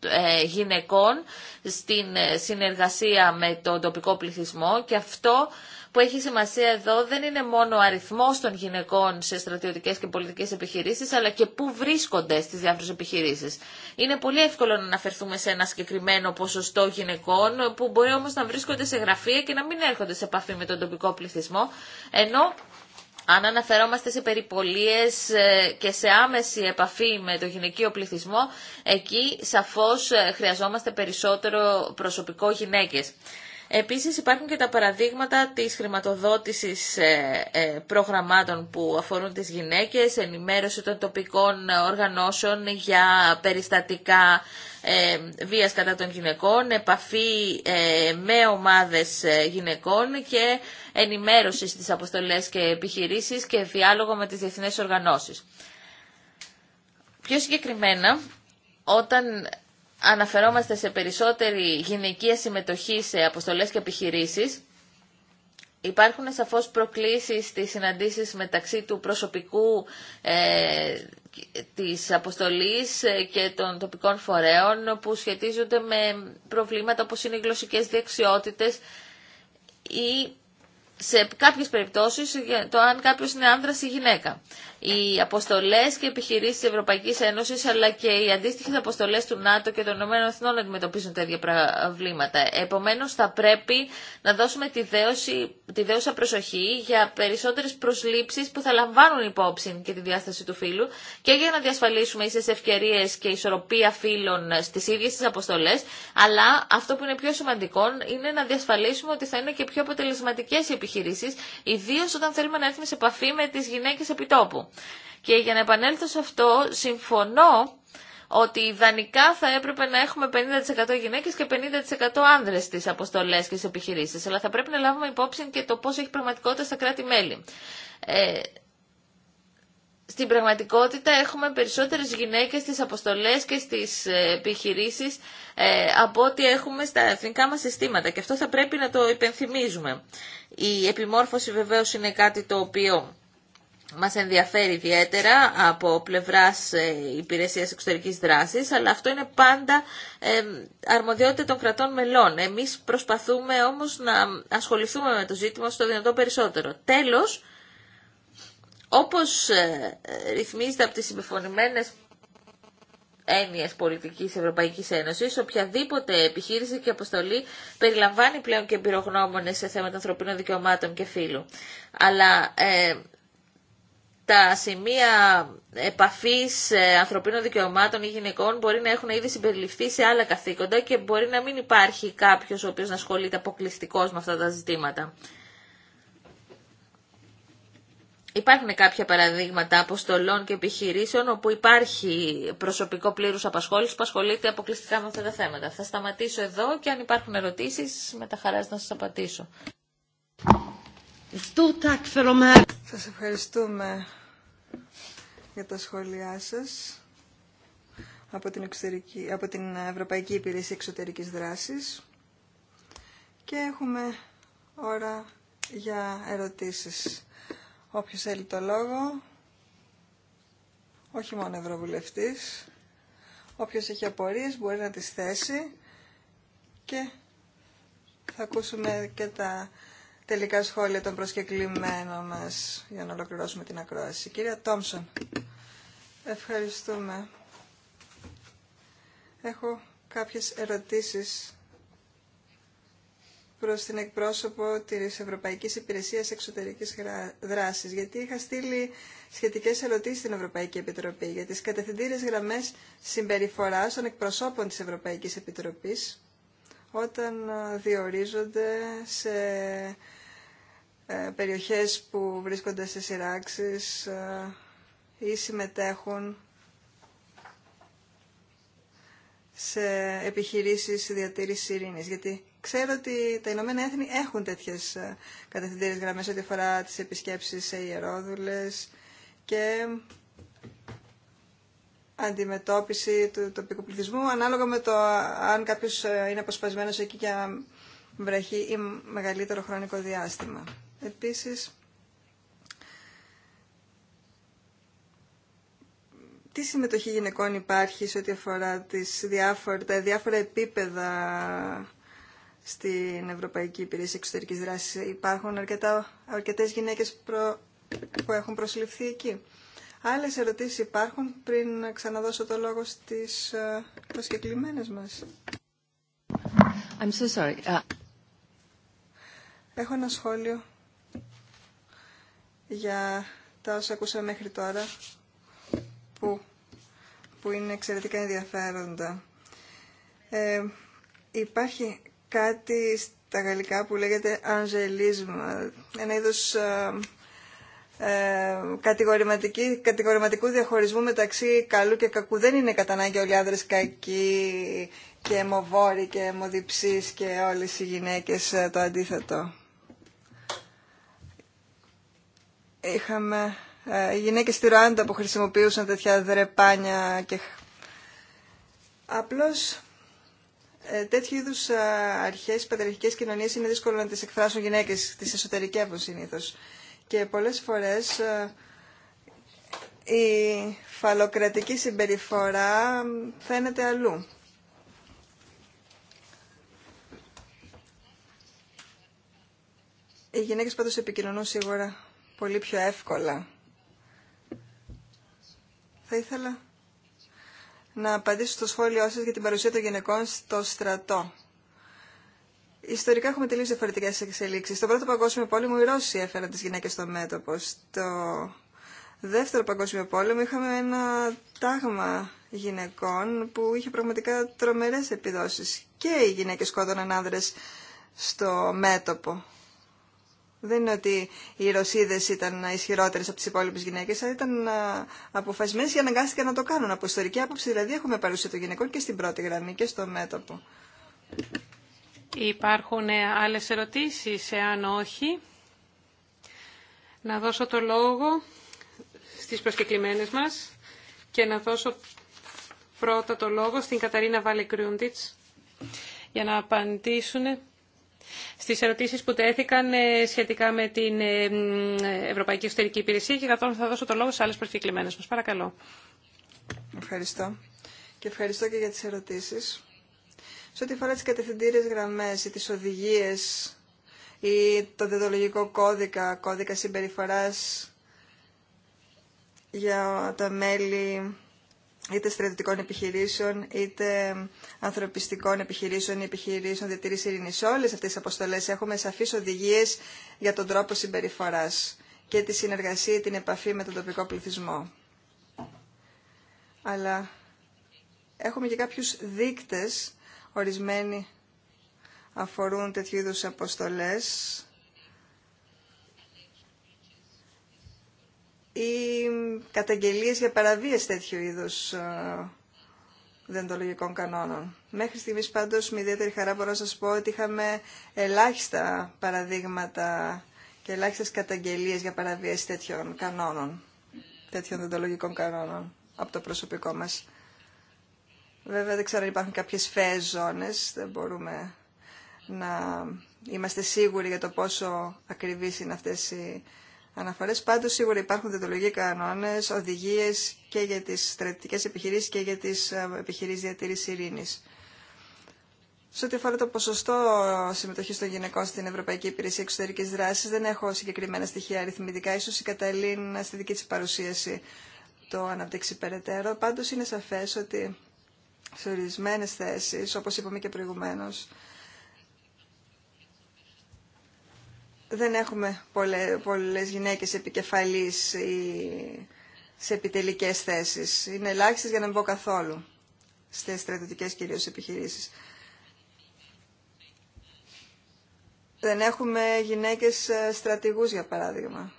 ε, γυναικών στην ε, συνεργασία με τον τοπικό πληθυσμό και αυτό που έχει σημασία εδώ δεν είναι μόνο ο αριθμός των γυναικών σε στρατιωτικές και πολιτικές επιχειρήσεις, αλλά και πού βρίσκονται στις διάφορες επιχειρήσεις. Είναι πολύ εύκολο να αναφερθούμε σε ένα συγκεκριμένο ποσοστό γυναικών, που μπορεί όμως να βρίσκονται σε γραφεία και να μην έρχονται σε επαφή με τον τοπικό πληθυσμό, ενώ αν αναφερόμαστε σε περιπολίες ε, και σε άμεση επαφή με το γυναικείο πληθυσμό, εκεί σαφώς ε, χρειαζόμαστε περισσότερο προσωπικό γυναίκες. Επίσης υπάρχουν και τα παραδείγματα της χρηματοδότησης ε, προγραμμάτων που αφορούν τις γυναίκες, ενημέρωση των τοπικών οργανώσεων για περιστατικά ε, βίας κατά των γυναικών, επαφή ε, με ομάδες ε, γυναικών και ενημέρωση στις αποστολές και επιχειρήσεις και διάλογο με τις διεθνές οργανώσεις. Πιο συγκεκριμένα, όταν αναφερόμαστε σε περισσότερη γυναικεία συμμετοχή σε αποστολές και επιχειρήσεις, υπάρχουν σαφώς προκλήσεις στις συναντήσεις μεταξύ του προσωπικού ε, της αποστολής ε, και των τοπικών φορέων που σχετίζονται με προβλήματα όπως είναι οι γλωσσικές δεξιότητες ή σε κάποιες περιπτώσεις το αν κάποιος είναι άνδρας ή γυναίκα οι αποστολέ και επιχειρήσει τη Ευρωπαϊκή Ένωση, αλλά και οι αντίστοιχε αποστολέ του ΝΑΤΟ και των ΗΠΑ αντιμετωπίζουν τέτοια προβλήματα. Επομένω, θα πρέπει να δώσουμε τη, δέωση, τη δέωσα προσοχή για περισσότερε προσλήψει που θα λαμβάνουν υπόψη και τη διάσταση του φύλου και για να διασφαλίσουμε ίσες ευκαιρίε και ισορροπία φύλων στι ίδιε τι αποστολέ, αλλά αυτό που είναι πιο σημαντικό είναι να διασφαλίσουμε ότι θα είναι και πιο αποτελεσματικέ οι επιχειρήσει, ιδίω όταν θέλουμε να έρθουμε σε επαφή με τι γυναίκε επιτόπου. Και για να επανέλθω σε αυτό, συμφωνώ ότι ιδανικά θα έπρεπε να έχουμε 50% γυναίκες και 50% άνδρες στις αποστολές και στις επιχειρήσεις. Αλλά θα πρέπει να λάβουμε υπόψη και το πώς έχει πραγματικότητα στα κράτη-μέλη. Ε, στην πραγματικότητα έχουμε περισσότερες γυναίκες στις αποστολές και στις ε, επιχειρήσεις ε, από ό,τι έχουμε στα εθνικά μας συστήματα και αυτό θα πρέπει να το υπενθυμίζουμε. Η επιμόρφωση βεβαίως είναι κάτι το οποίο μας ενδιαφέρει ιδιαίτερα από πλευράς ε, υπηρεσίας εξωτερικής δράσης, αλλά αυτό είναι πάντα ε, αρμοδιότητα των κρατών μελών. Εμείς προσπαθούμε όμως να ασχοληθούμε με το ζήτημα στο δυνατό περισσότερο. Τέλος, όπως ε, ρυθμίζεται από τις συμπεφωνημένες έννοιες πολιτικής Ευρωπαϊκής Ένωσης, οποιαδήποτε επιχείρηση και αποστολή περιλαμβάνει πλέον και εμπειρογνώμονες σε θέματα ανθρωπίνων δικαιωμάτων και φύλου. Αλλά τα σημεία επαφής ε, ανθρωπίνων δικαιωμάτων ή γυναικών μπορεί να έχουν ήδη συμπεριληφθεί σε άλλα καθήκοντα και μπορεί να μην υπάρχει κάποιος ο οποίος να ασχολείται αποκλειστικό με αυτά τα ζητήματα. Υπάρχουν κάποια παραδείγματα αποστολών και επιχειρήσεων όπου υπάρχει προσωπικό πλήρους απασχόληση που ασχολείται αποκλειστικά με αυτά τα θέματα. Θα σταματήσω εδώ και αν υπάρχουν ερωτήσεις με τα χαράς να σας απαντήσω. Σας ευχαριστούμε για τα σχόλιά σας από την, από την Ευρωπαϊκή Υπηρεσία Εξωτερικής Δράσης και έχουμε ώρα για ερωτήσεις. Όποιος θέλει το λόγο, όχι μόνο Ευρωβουλευτής, όποιος έχει απορίες μπορεί να τις θέσει και θα ακούσουμε και τα τελικά σχόλια των προσκεκλημένων μας για να ολοκληρώσουμε την ακρόαση. Κυρία Τόμσον, ευχαριστούμε. Έχω κάποιες ερωτήσεις προς την εκπρόσωπο της Ευρωπαϊκής Υπηρεσίας Εξωτερικής Δράσης, γιατί είχα στείλει σχετικές ερωτήσεις στην Ευρωπαϊκή Επιτροπή για τις κατευθυντήρες γραμμές συμπεριφοράς των εκπροσώπων της Ευρωπαϊκής Επιτροπής όταν ε, διορίζονται σε ε, περιοχές που βρίσκονται σε σειράξεις ε, ή συμμετέχουν σε επιχειρήσεις διατήρησης ειρήνης. Γιατί ξέρω ότι τα Ηνωμένα Έθνη έχουν τέτοιες ε, κατευθυντήριες γραμμές ό,τι αφορά τις επισκέψεις σε ιερόδουλες και αντιμετώπιση του τοπικού πληθυσμού ανάλογα με το αν κάποιος είναι αποσπασμένος εκεί για βραχή ή μεγαλύτερο χρονικό διάστημα. Επίσης, τι συμμετοχή γυναικών υπάρχει σε ό,τι αφορά τις διάφορα, τα διάφορα επίπεδα στην Ευρωπαϊκή Υπηρεσία Εξωτερικής Δράσης. Υπάρχουν αρκετά, αρκετές γυναίκες που έχουν προσληφθεί εκεί. Άλλες ερωτήσεις υπάρχουν πριν ξαναδώσω το λόγο στις ε, προσκεκλημένες μας. I'm so sorry. Uh, Έχω ένα σχόλιο για τα όσα ακούσαμε μέχρι τώρα που, που είναι εξαιρετικά ενδιαφέροντα. Ε, υπάρχει κάτι στα γαλλικά που λέγεται «angelisme», ένα είδος ε, ε κατηγορηματικού διαχωρισμού μεταξύ καλού και κακού. Δεν είναι κατά ανάγκη όλοι οι κακοί και αιμοβόροι και αιμοδιψείς και όλες οι γυναίκες ε, το αντίθετο. Είχαμε ε, γυναίκες στη Ρουάντα που χρησιμοποιούσαν τέτοια δρεπάνια και απλώς ε, τέτοιου είδους ε, αρχές πατριαρχικές κοινωνίες είναι δύσκολο να τις εκφράσουν γυναίκες, τις εσωτερικεύουν συνήθως. Και πολλές φορές η φαλοκρατική συμπεριφορά φαίνεται αλλού. Οι γυναίκες πάντως επικοινωνούν σίγουρα πολύ πιο εύκολα. Θα ήθελα να απαντήσω στο σχόλιο σας για την παρουσία των γυναικών στο στρατό. Ιστορικά έχουμε τελείω διαφορετικέ εξελίξεις. Στον πρώτο παγκόσμιο πόλεμο οι Ρώσοι έφεραν τι γυναίκε στο μέτωπο. Στο δεύτερο παγκόσμιο πόλεμο είχαμε ένα τάγμα γυναικών που είχε πραγματικά τρομερές επιδόσεις. Και οι γυναίκε σκότωναν άνδρες στο μέτωπο. Δεν είναι ότι οι Ρωσίδε ήταν ισχυρότερε από τι υπόλοιπε γυναίκε, αλλά ήταν ε, αποφασισμένε και αναγκάστηκαν να το κάνουν. Από ιστορική άποψη, δηλαδή, έχουμε παρουσία των γυναικών και στην πρώτη γραμμή και στο μέτωπο. Υπάρχουν ε, άλλε ερωτήσει, εάν όχι. Να δώσω το λόγο στις προσκεκλημένες μας και να δώσω πρώτα το λόγο στην Καταρίνα Βάλε για να απαντήσουν στις ερωτήσεις που τέθηκαν ε, σχετικά με την ε, Ευρωπαϊκή Εξωτερική Υπηρεσία και κατόπιν θα δώσω το λόγο σε άλλες προσκεκλημένες μας. Παρακαλώ. Ευχαριστώ. Και ευχαριστώ και για τις ερωτήσεις. Σε ό,τι αφορά τις κατευθυντήριες γραμμές ή τις οδηγίες ή το δεδολογικό κώδικα, κώδικα συμπεριφοράς για τα μέλη είτε στρατιωτικών επιχειρήσεων, είτε ανθρωπιστικών επιχειρήσεων ή επιχειρήσεων διατήρηση ειρήνη. Σε όλε αυτέ τι αποστολέ έχουμε σαφεί οδηγίε για τον τρόπο συμπεριφορά και τη συνεργασία την επαφή με τον τοπικό πληθυσμό. Αλλά έχουμε και κάποιους δείκτες, ορισμένοι αφορούν τέτοιου είδους αποστολές, ή καταγγελίες για παραβίες τέτοιου είδους ε, δεντολογικών κανόνων. Μέχρι στιγμής πάντως με ιδιαίτερη χαρά μπορώ να σας πω ότι είχαμε ελάχιστα παραδείγματα και ελάχιστες καταγγελίες για παραβίαση τέτοιων κανόνων, τέτοιων δεντολογικών κανόνων από το προσωπικό μας. Βέβαια δεν ξέρω αν υπάρχουν κάποιες φαίες ζώνες, δεν μπορούμε να είμαστε σίγουροι για το πόσο ακριβείς είναι αυτές οι Αναφορέ Πάντω σίγουρα υπάρχουν δεντολογικοί κανόνε, οδηγίε και για τι στρατιωτικέ επιχειρήσει και για τι ε, επιχειρήσει διατήρηση ειρήνης. Σε ό,τι αφορά το ποσοστό συμμετοχή των γυναικών στην Ευρωπαϊκή Υπηρεσία Εξωτερική Δράση, δεν έχω συγκεκριμένα στοιχεία αριθμητικά. σω η Καταλήν στη δική τη παρουσίαση το αναπτύξει περαιτέρω. Πάντω είναι σαφέ ότι σε ορισμένε θέσει, όπω είπαμε και προηγουμένω, δεν έχουμε πολλές, πολλές γυναίκες επικεφαλής ή σε επιτελικές θέσεις. Είναι ελάχιστες για να μην πω καθόλου στις στρατιωτικές κυρίως επιχειρήσεις. Δεν έχουμε γυναίκες ε, στρατηγούς, για παράδειγμα.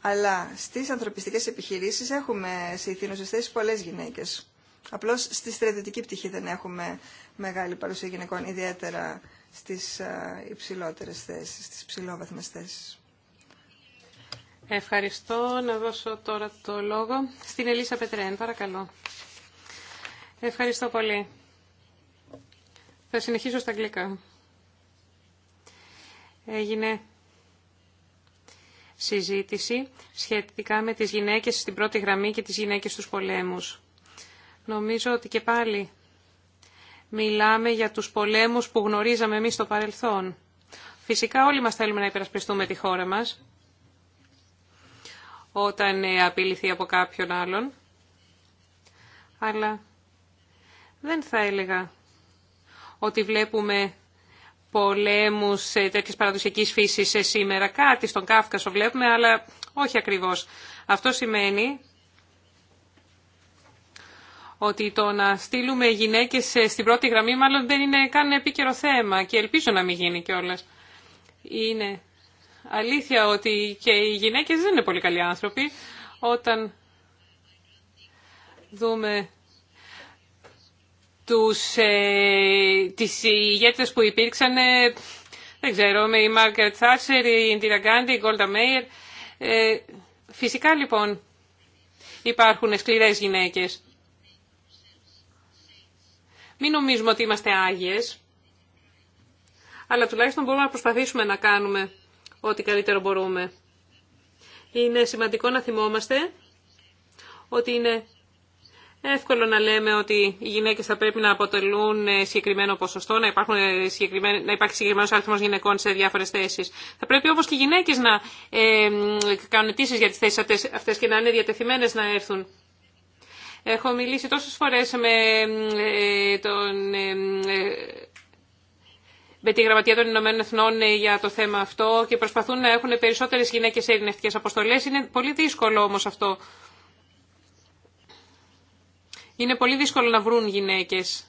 Αλλά στις ανθρωπιστικές επιχειρήσεις έχουμε σε ηθήνωσες θέσεις πολλές γυναίκες. Απλώς στη στρατιωτική πτυχή δεν έχουμε μεγάλη παρουσία γυναικών, ιδιαίτερα στις ε, υψηλότερες θέσεις, στις ψηλόβαθμες θέσεις. Ευχαριστώ. Να δώσω τώρα το λόγο στην Ελίσσα Πετρέν, παρακαλώ. Ευχαριστώ πολύ. Θα συνεχίσω στα αγγλικά. Έγινε συζήτηση σχετικά με τις γυναίκες στην πρώτη γραμμή και τις γυναίκες στους πολέμους. Νομίζω ότι και πάλι Μιλάμε για τους πολέμους που γνωρίζαμε εμείς στο παρελθόν. Φυσικά όλοι μας θέλουμε να υπερασπιστούμε τη χώρα μας όταν ε, απειληθεί από κάποιον άλλον. Αλλά δεν θα έλεγα ότι βλέπουμε πολέμους ε, τέτοιες παραδοσιακής φύσης ε, σήμερα. Κάτι στον Κάφκασο βλέπουμε, αλλά όχι ακριβώς. Αυτό σημαίνει ότι το να στείλουμε γυναίκες στην πρώτη γραμμή μάλλον δεν είναι καν επίκαιρο θέμα και ελπίζω να μην γίνει κιόλα. Είναι αλήθεια ότι και οι γυναίκες δεν είναι πολύ καλοί άνθρωποι όταν δούμε τους, ε, τις που υπήρξαν, ε, δεν ξέρω, με η Μάρκετ Θάτσερ, η Ιντιρα Γκάντι, η Γκόλτα Μέιερ. Φυσικά λοιπόν υπάρχουν σκληρές γυναίκες. Μην νομίζουμε ότι είμαστε άγιες, αλλά τουλάχιστον μπορούμε να προσπαθήσουμε να κάνουμε ό,τι καλύτερο μπορούμε. Είναι σημαντικό να θυμόμαστε ότι είναι εύκολο να λέμε ότι οι γυναίκες θα πρέπει να αποτελούν συγκεκριμένο ποσοστό, να, υπάρχουν να υπάρχει συγκεκριμένο αριθμός γυναικών σε διάφορες θέσεις. Θα πρέπει όμως και οι γυναίκες να ε, κάνουν αιτήσει για τις θέσεις αυτές και να είναι διατεθειμένες να έρθουν. Έχω μιλήσει τόσες φορές με ε, τον... Ε, ε, με τη Γραμματεία των Ηνωμένων Εθνών για το θέμα αυτό και προσπαθούν να έχουν περισσότερες γυναίκες σε ειρηνευτικές αποστολές. Είναι πολύ δύσκολο όμως αυτό. Είναι πολύ δύσκολο να βρουν γυναίκες.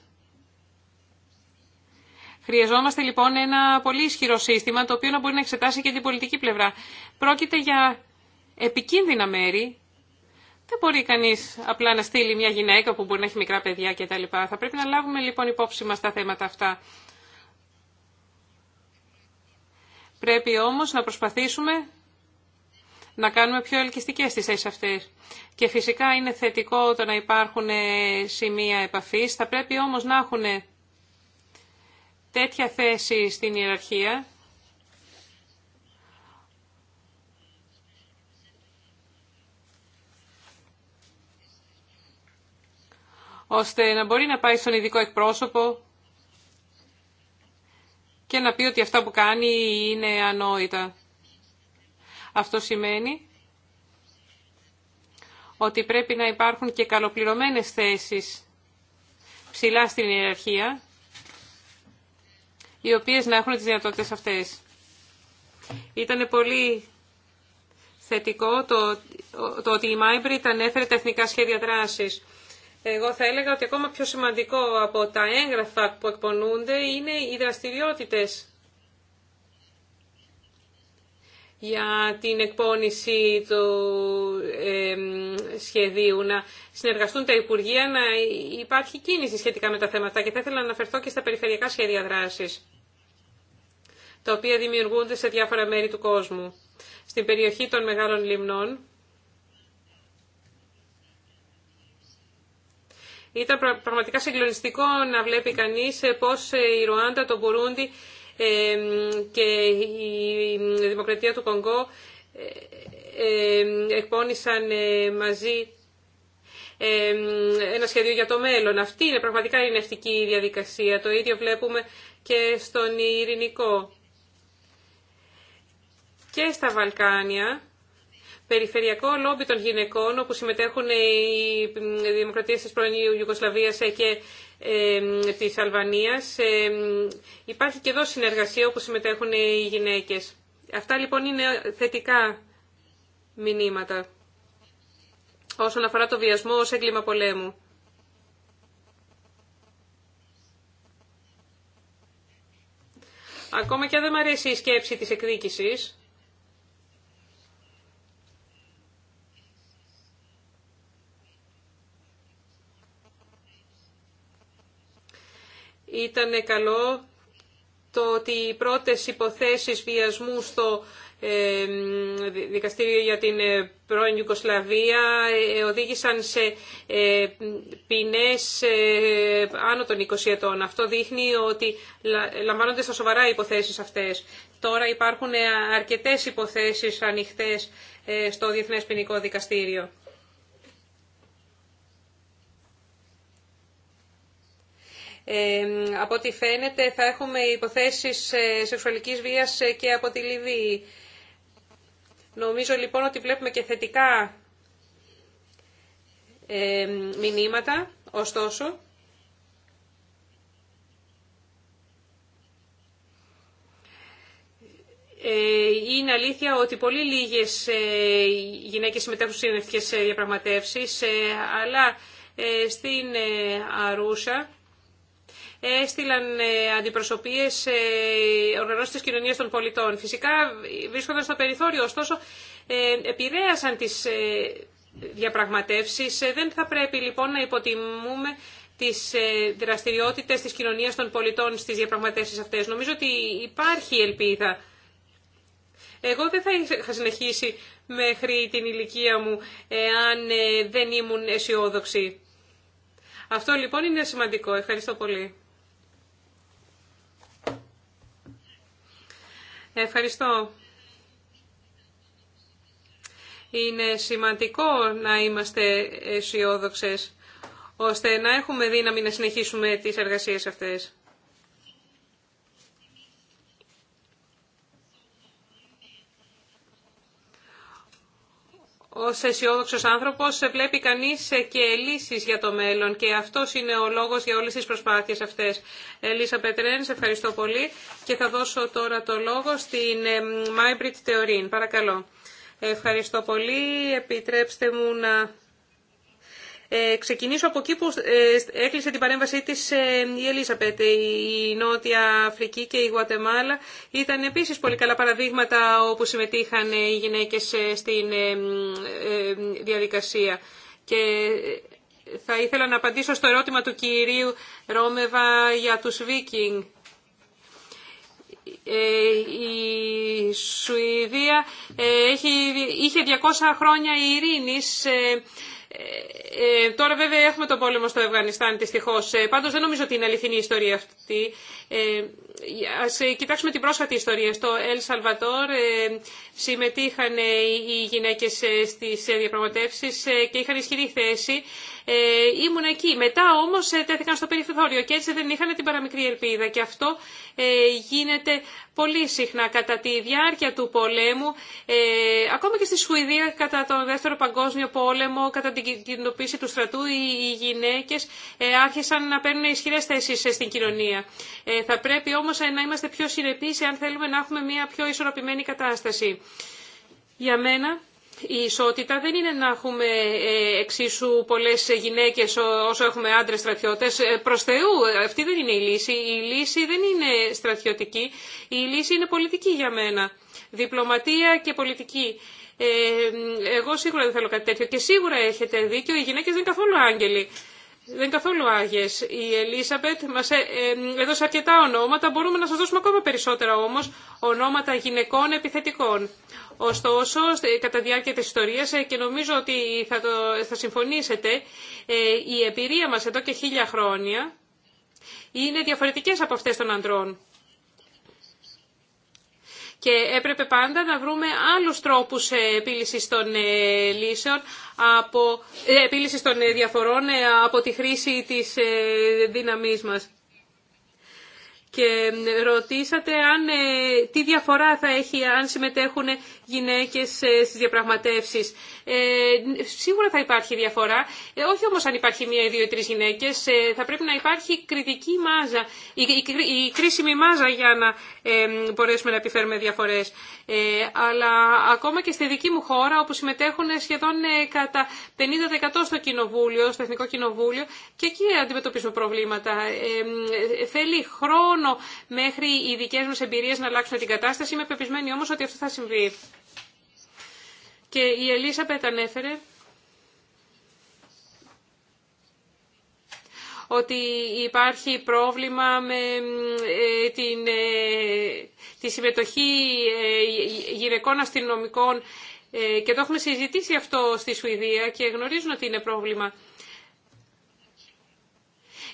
Χρειαζόμαστε λοιπόν ένα πολύ ισχυρό σύστημα το οποίο να μπορεί να εξετάσει και την πολιτική πλευρά. Πρόκειται για επικίνδυνα μέρη δεν μπορεί κανείς απλά να στείλει μια γυναίκα που μπορεί να έχει μικρά παιδιά κτλ. Θα πρέπει να λάβουμε λοιπόν υπόψη μα τα θέματα αυτά. Πρέπει όμως να προσπαθήσουμε να κάνουμε πιο ελκυστικές τις θέσεις αυτές. Και φυσικά είναι θετικό το να υπάρχουν ε, σημεία επαφής. Θα πρέπει όμως να έχουν τέτοια θέση στην ιεραρχία ώστε να μπορεί να πάει στον ειδικό εκπρόσωπο και να πει ότι αυτά που κάνει είναι ανόητα. Αυτό σημαίνει ότι πρέπει να υπάρχουν και καλοπληρωμένες θέσεις ψηλά στην ιεραρχία, οι οποίες να έχουν τις δυνατότητες αυτές. Ήταν πολύ θετικό το, το ότι η Μάιμπρη ήταν ανέφερε τα εθνικά σχέδια δράσης. Εγώ θα έλεγα ότι ακόμα πιο σημαντικό από τα έγγραφα που εκπονούνται είναι οι δραστηριότητες για την εκπόνηση του σχεδίου, να συνεργαστούν τα Υπουργεία, να υπάρχει κίνηση σχετικά με τα θέματα. Και θα ήθελα να αναφερθώ και στα περιφερειακά σχέδια δράσης, τα οποία δημιουργούνται σε διάφορα μέρη του κόσμου. Στην περιοχή των Μεγάλων Λιμνών, Ήταν πραγματικά συγκλονιστικό να βλέπει κανείς ε, πώς ε, η Ρουάντα, το Μπουρούντι ε, και η Δημοκρατία του Κονγκό εκπώνησαν μαζί ένα σχέδιο για το μέλλον. Αυτή είναι πραγματικά η ειρηνευτική διαδικασία. Το ίδιο βλέπουμε και στον ειρηνικό. Και στα Βαλκάνια περιφερειακό λόμπι των γυναικών όπου συμμετέχουν οι δημοκρατίες της πρώην Ιουγκοσλαβία ε, και ε, της Αλβανίας. Ε, υπάρχει και εδώ συνεργασία όπου συμμετέχουν οι γυναίκες. Αυτά λοιπόν είναι θετικά μηνύματα όσον αφορά το βιασμό ως έγκλημα πολέμου. Ακόμα και αν δεν μου αρέσει η σκέψη της εκδίκησης, Ήταν καλό το ότι οι πρώτες υποθέσεις βιασμού στο ε, δικαστήριο για την ε, πρώην Ιουκοσλαβία ε, οδήγησαν σε ποινές άνω των 20 ετών. Αυτό δείχνει ότι λαμβάνονται στα σοβαρά υποθέσεις αυτές. Τώρα υπάρχουν αρκετές υποθέσεις ανοιχτές στο Διεθνές Ποινικό Δικαστήριο. από ό,τι φαίνεται θα έχουμε υποθέσεις ε, σεξουαλικής βίας ε, και από τη Λιβύη. Νομίζω λοιπόν ότι βλέπουμε και θετικά μηνύματα, ωστόσο. Ε, είναι αλήθεια ότι πολύ λίγες γυναίκες συμμετέχουν στις διαπραγματεύσεις, αλλά στην Αρούσα έστειλαν ε, αντιπροσωπείες ε, οργανώσει τη κοινωνία των πολιτών. Φυσικά βρίσκονταν στο περιθώριο, ωστόσο ε, επηρέασαν τις διαπραγματεύσεις. Δεν θα πρέπει λοιπόν να υποτιμούμε τις δραστηριότητες της κοινωνία των πολιτών στις διαπραγματεύσεις αυτές. Νομίζω ότι υπάρχει ελπίδα. Εγώ δεν θα είχα συνεχίσει μέχρι την ηλικία μου αν δεν ήμουν αισιόδοξη. Αυτό λοιπόν είναι σημαντικό. Ευχαριστώ πολύ. Ευχαριστώ. Είναι σημαντικό να είμαστε αισιόδοξε ώστε να έχουμε δύναμη να συνεχίσουμε τις εργασίες αυτές. ως αισιόδοξο άνθρωπος βλέπει κανείς και λύσει για το μέλλον και αυτό είναι ο λόγο για όλες τις προσπάθειες αυτές. Ελίσα Πετρέν, ευχαριστώ πολύ και θα δώσω τώρα το λόγο στην ε, Μάιμπριτ Θεωρήν. Παρακαλώ. Ευχαριστώ πολύ. Επιτρέψτε μου να ε, ξεκινήσω από εκεί που ε, έκλεισε την παρέμβασή της ε, η Ελίζαπετ. Η Νότια Αφρική και η Γουατεμάλα ήταν επίσης πολύ καλά παραδείγματα όπου συμμετείχαν οι γυναίκες στην διαδικασία. Και θα ήθελα να απαντήσω στο ερώτημα του κυρίου Ρόμεβα για τους Βίκινγκ. Η Σουηδία είχε 200 χρόνια ειρήνης ε, ε, τώρα βέβαια έχουμε τον πόλεμο στο Αφγανιστάν δυστυχώ. Ε, Πάντω δεν νομίζω ότι είναι αληθινή η ιστορία αυτή. Ε, Α ε, κοιτάξουμε την πρόσφατη ιστορία. Στο Ελ Σαλβατόρ ε, συμμετείχαν οι γυναίκες στις διαπραγματεύσεις και είχαν ισχυρή θέση. Ήμουν εκεί. Μετά όμως τέθηκαν στο περιθώριο και έτσι δεν είχαν την παραμικρή ελπίδα. Και αυτό γίνεται πολύ συχνά κατά τη διάρκεια του πολέμου. Ακόμα και στη Σουηδία κατά τον Δεύτερο Παγκόσμιο Πόλεμο, κατά την κινητοποίηση του στρατού, οι γυναίκες άρχισαν να παίρνουν ισχυρέ θέσει στην κοινωνία. Θα πρέπει όμως να είμαστε πιο συνεπείς αν θέλουμε να έχουμε μια πιο ισορροπημένη κατάσταση. Για μένα η ισότητα δεν είναι να έχουμε ε, εξίσου πολλές γυναίκες όσο έχουμε άντρες στρατιώτες. Ε, προς Θεού, αυτή δεν είναι η λύση. Η λύση δεν είναι στρατιωτική. Η λύση είναι πολιτική για μένα. Διπλωματία και πολιτική. Ε, εγώ σίγουρα δεν θέλω κάτι τέτοιο. Και σίγουρα έχετε δίκιο, οι γυναίκες δεν είναι καθόλου άγγελοι. Δεν καθόλου άγιες. Η Ελίζαμπετ μας ε, ε, έδωσε αρκετά ονόματα, μπορούμε να σα δώσουμε ακόμα περισσότερα όμως, ονόματα γυναικών επιθετικών. Ωστόσο, κατά διάρκεια της ιστορίας, ε, και νομίζω ότι θα, θα συμφωνήσετε, η εμπειρία μας εδώ και χίλια χρόνια είναι διαφορετικές από αυτές των ανδρών και έπρεπε πάντα να βρούμε άλλους τρόπους ε, επίλυσης των ε, λύσεων, από, ε, επίλυσης των διαφορών από τη χρήση της δύναμής μας. Και ρωτήσατε αν, τι διαφορά θα έχει αν συμμετέχουν γυναίκες ε, στις διαπραγματεύσεις. Ε, σίγουρα θα υπάρχει διαφορά, ε, όχι όμως αν υπάρχει μία ή δύο ή τρεις γυναίκες. Θα πρέπει να υπάρχει κριτική μάζα, η κρίσιμη μάζα για να μπορέσουμε να επιφέρουμε διαφορές. Αλλά ακόμα και στη δική μου χώρα, όπου συμμετέχουν σχεδόν κατά 50% στο κοινοβούλιο, στο Εθνικό Κοινοβούλιο, και εκεί αντιμετωπίζουμε προβλήματα. Θέλει χρόνο μέχρι οι δικές μας εμπειρίες να αλλάξουν την κατάσταση. Είμαι πεπισμένη όμως ότι αυτό θα συμβεί. Και η Ελίσα ανέφερε ότι υπάρχει πρόβλημα με ε, την, ε, τη συμμετοχή ε, γυναικών αστυνομικών και το έχουμε συζητήσει αυτό στη Σουηδία και γνωρίζουν ότι είναι πρόβλημα.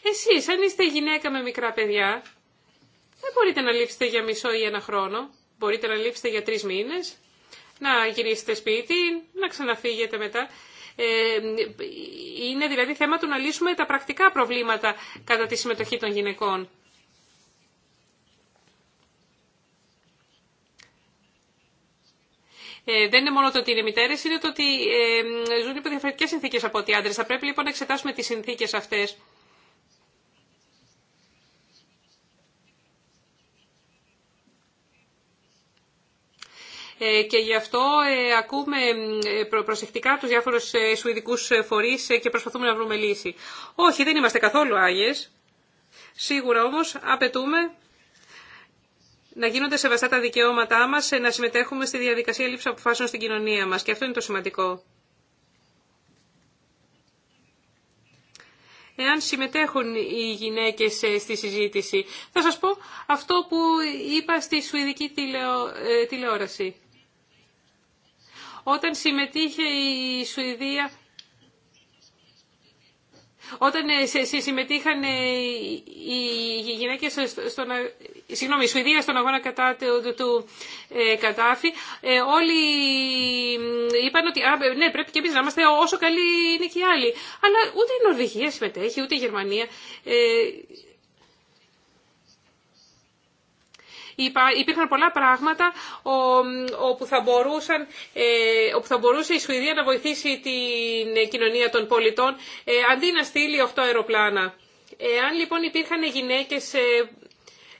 Εσείς, αν είστε γυναίκα με μικρά παιδιά, δεν μπορείτε να λείψετε για μισό ή ένα χρόνο. Μπορείτε να λείψετε για τρεις μήνες να γυρίσετε σπίτι, να ξαναφύγετε μετά. Ε, είναι δηλαδή θέμα του να λύσουμε τα πρακτικά προβλήματα κατά τη συμμετοχή των γυναικών. Ε, δεν είναι μόνο το ότι είναι μητέρε, είναι το ότι ε, ζουν υπό διαφορετικέ συνθήκε από ότι άντρε. Θα πρέπει λοιπόν να εξετάσουμε τι συνθήκε αυτέ. Ε, και γι' αυτό ε, ακούμε ε, προσεκτικά τους διάφορους σουηδικούς φορείς και προσπαθούμε να βρούμε λύση. Όχι, δεν είμαστε καθόλου άγιες. Σίγουρα όμως απαιτούμε να γίνονται σεβαστά τα δικαιώματά μας, να συμμετέχουμε στη διαδικασία λήψη αποφάσεων στην κοινωνία μας. Και αυτό είναι το σημαντικό. εάν συμμετέχουν οι γυναίκες στη συζήτηση. Θα σας πω αυτό που είπα στη Σουηδική τηλεο... τηλεόραση όταν συμμετείχε η Σουηδία όταν ε, συμμετείχαν ε, οι γυναίκες στον, συγγνώμη, η Σουηδία στον αγώνα κατά του, του ε, Κατάφη, ε, όλοι είπαν ότι ναι, πρέπει και εμείς να είμαστε όσο καλοί είναι και οι άλλοι. Αλλά ούτε η Νορβηγία συμμετέχει, ούτε η Γερμανία. Ε, Υπήρχαν πολλά πράγματα όπου θα, μπορούσαν, ε, όπου θα μπορούσε η Σουηδία να βοηθήσει την κοινωνία των πολιτών ε, αντί να στείλει 8 αεροπλάνα. Αν λοιπόν υπήρχαν γυναίκες ε,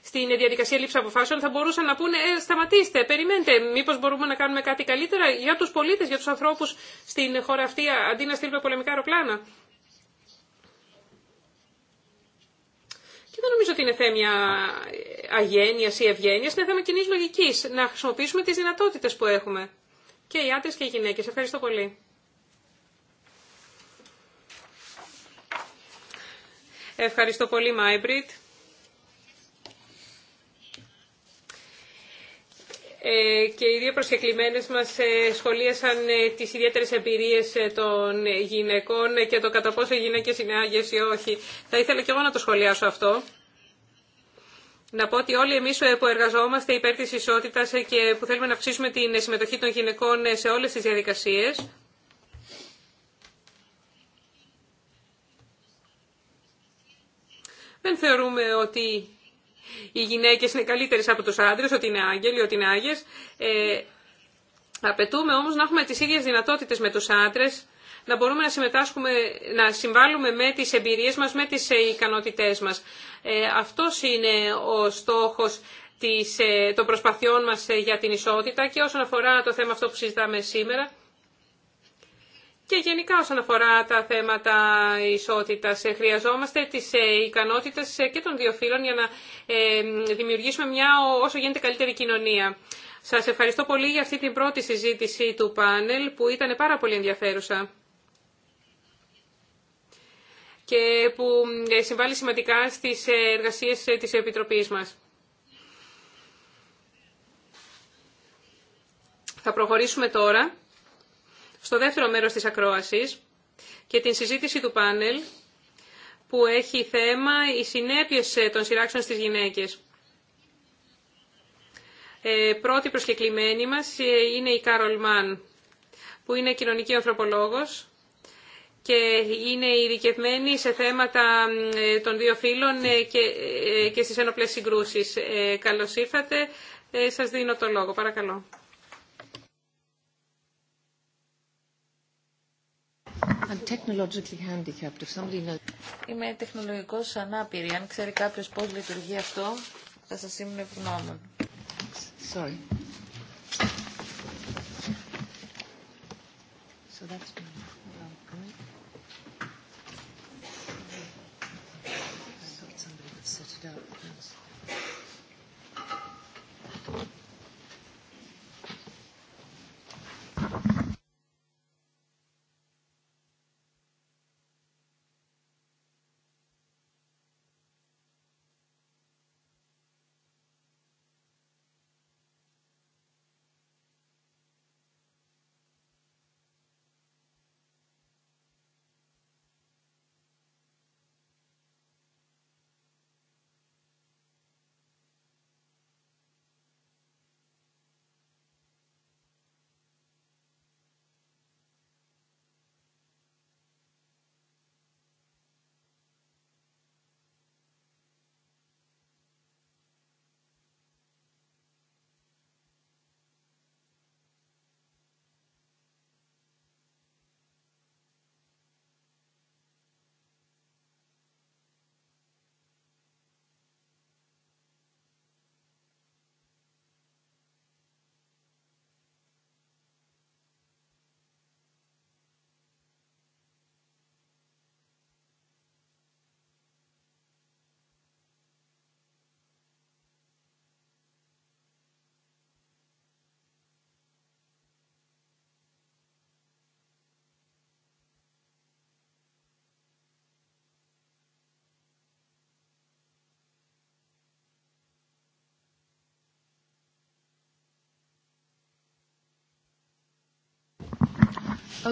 στην διαδικασία λήψη αποφάσεων θα μπορούσαν να πούνε σταματήστε, περιμένετε, μήπως μπορούμε να κάνουμε κάτι καλύτερα για τους πολίτες, για τους ανθρώπους στην χώρα αυτή αντί να στείλουμε πολεμικά αεροπλάνα. Και δεν νομίζω ότι είναι θέμα αγένεια ή ευγένεια, είναι θέμα κοινή λογικής, να χρησιμοποιήσουμε τις δυνατότητες που έχουμε. Και οι άντρες και οι γυναίκες. Ευχαριστώ πολύ. Ευχαριστώ πολύ, Μάιμπριτ. Ε, και οι δύο προσκεκλημένες μας ε, σχολίασαν ε, τις ιδιαίτερες εμπειρίες των γυναικών και το κατά πόσο οι γυναίκες είναι άγιες ή όχι. Θα ήθελα και εγώ να το σχολιάσω αυτό να πω ότι όλοι εμείς ε, που εργαζόμαστε υπέρ τη ισότητα ε, και που θέλουμε να αυξήσουμε την ε, συμμετοχή των γυναικών σε όλες τις διαδικασίες, δεν θεωρούμε ότι οι γυναίκες είναι καλύτερες από τους άντρες, ότι είναι άγγελοι, ότι είναι άγιε. απαιτούμε όμως να έχουμε τις ίδιες δυνατότητες με τους άντρες να μπορούμε να συμμετάσχουμε, να συμβάλλουμε με τις εμπειρίες μας, με τις ε, ικανότητές μας. Ε, αυτός είναι ο στόχος της, ε, των προσπαθειών μας για την ισότητα και όσον αφορά το θέμα αυτό που συζητάμε σήμερα και γενικά όσον αφορά τα θέματα ισότητας. Χρειαζόμαστε τις ικανότητες και των δύο φύλων για να δημιουργήσουμε μια όσο γίνεται καλύτερη κοινωνία. Σας ευχαριστώ πολύ για αυτή την πρώτη συζήτηση του πάνελ που ήταν πάρα πολύ ενδιαφέρουσα και που ε, συμβάλλει σημαντικά στις ε, εργασίες ε, της Επιτροπής μας. Θα προχωρήσουμε τώρα στο δεύτερο μέρος της ακρόασης και την συζήτηση του πάνελ που έχει θέμα οι συνέπειες των σειράξεων στις γυναίκες. πρώτη προσκεκλημένη μας είναι η Κάρολ Μαν, που είναι κοινωνική ανθρωπολόγος και είναι ειδικευμένη σε θέματα ε, των δύο φύλων ε, και, ε, και στις ενοπλές συγκρούσεις. Καλώς ήρθατε. Σας δίνω το λόγο. Παρακαλώ. Είμαι τεχνολογικός ανάπηρη. Αν ξέρει κάποιος πώς λειτουργεί αυτό, θα σας ήμουν ευγνώμων. Sorry. So that's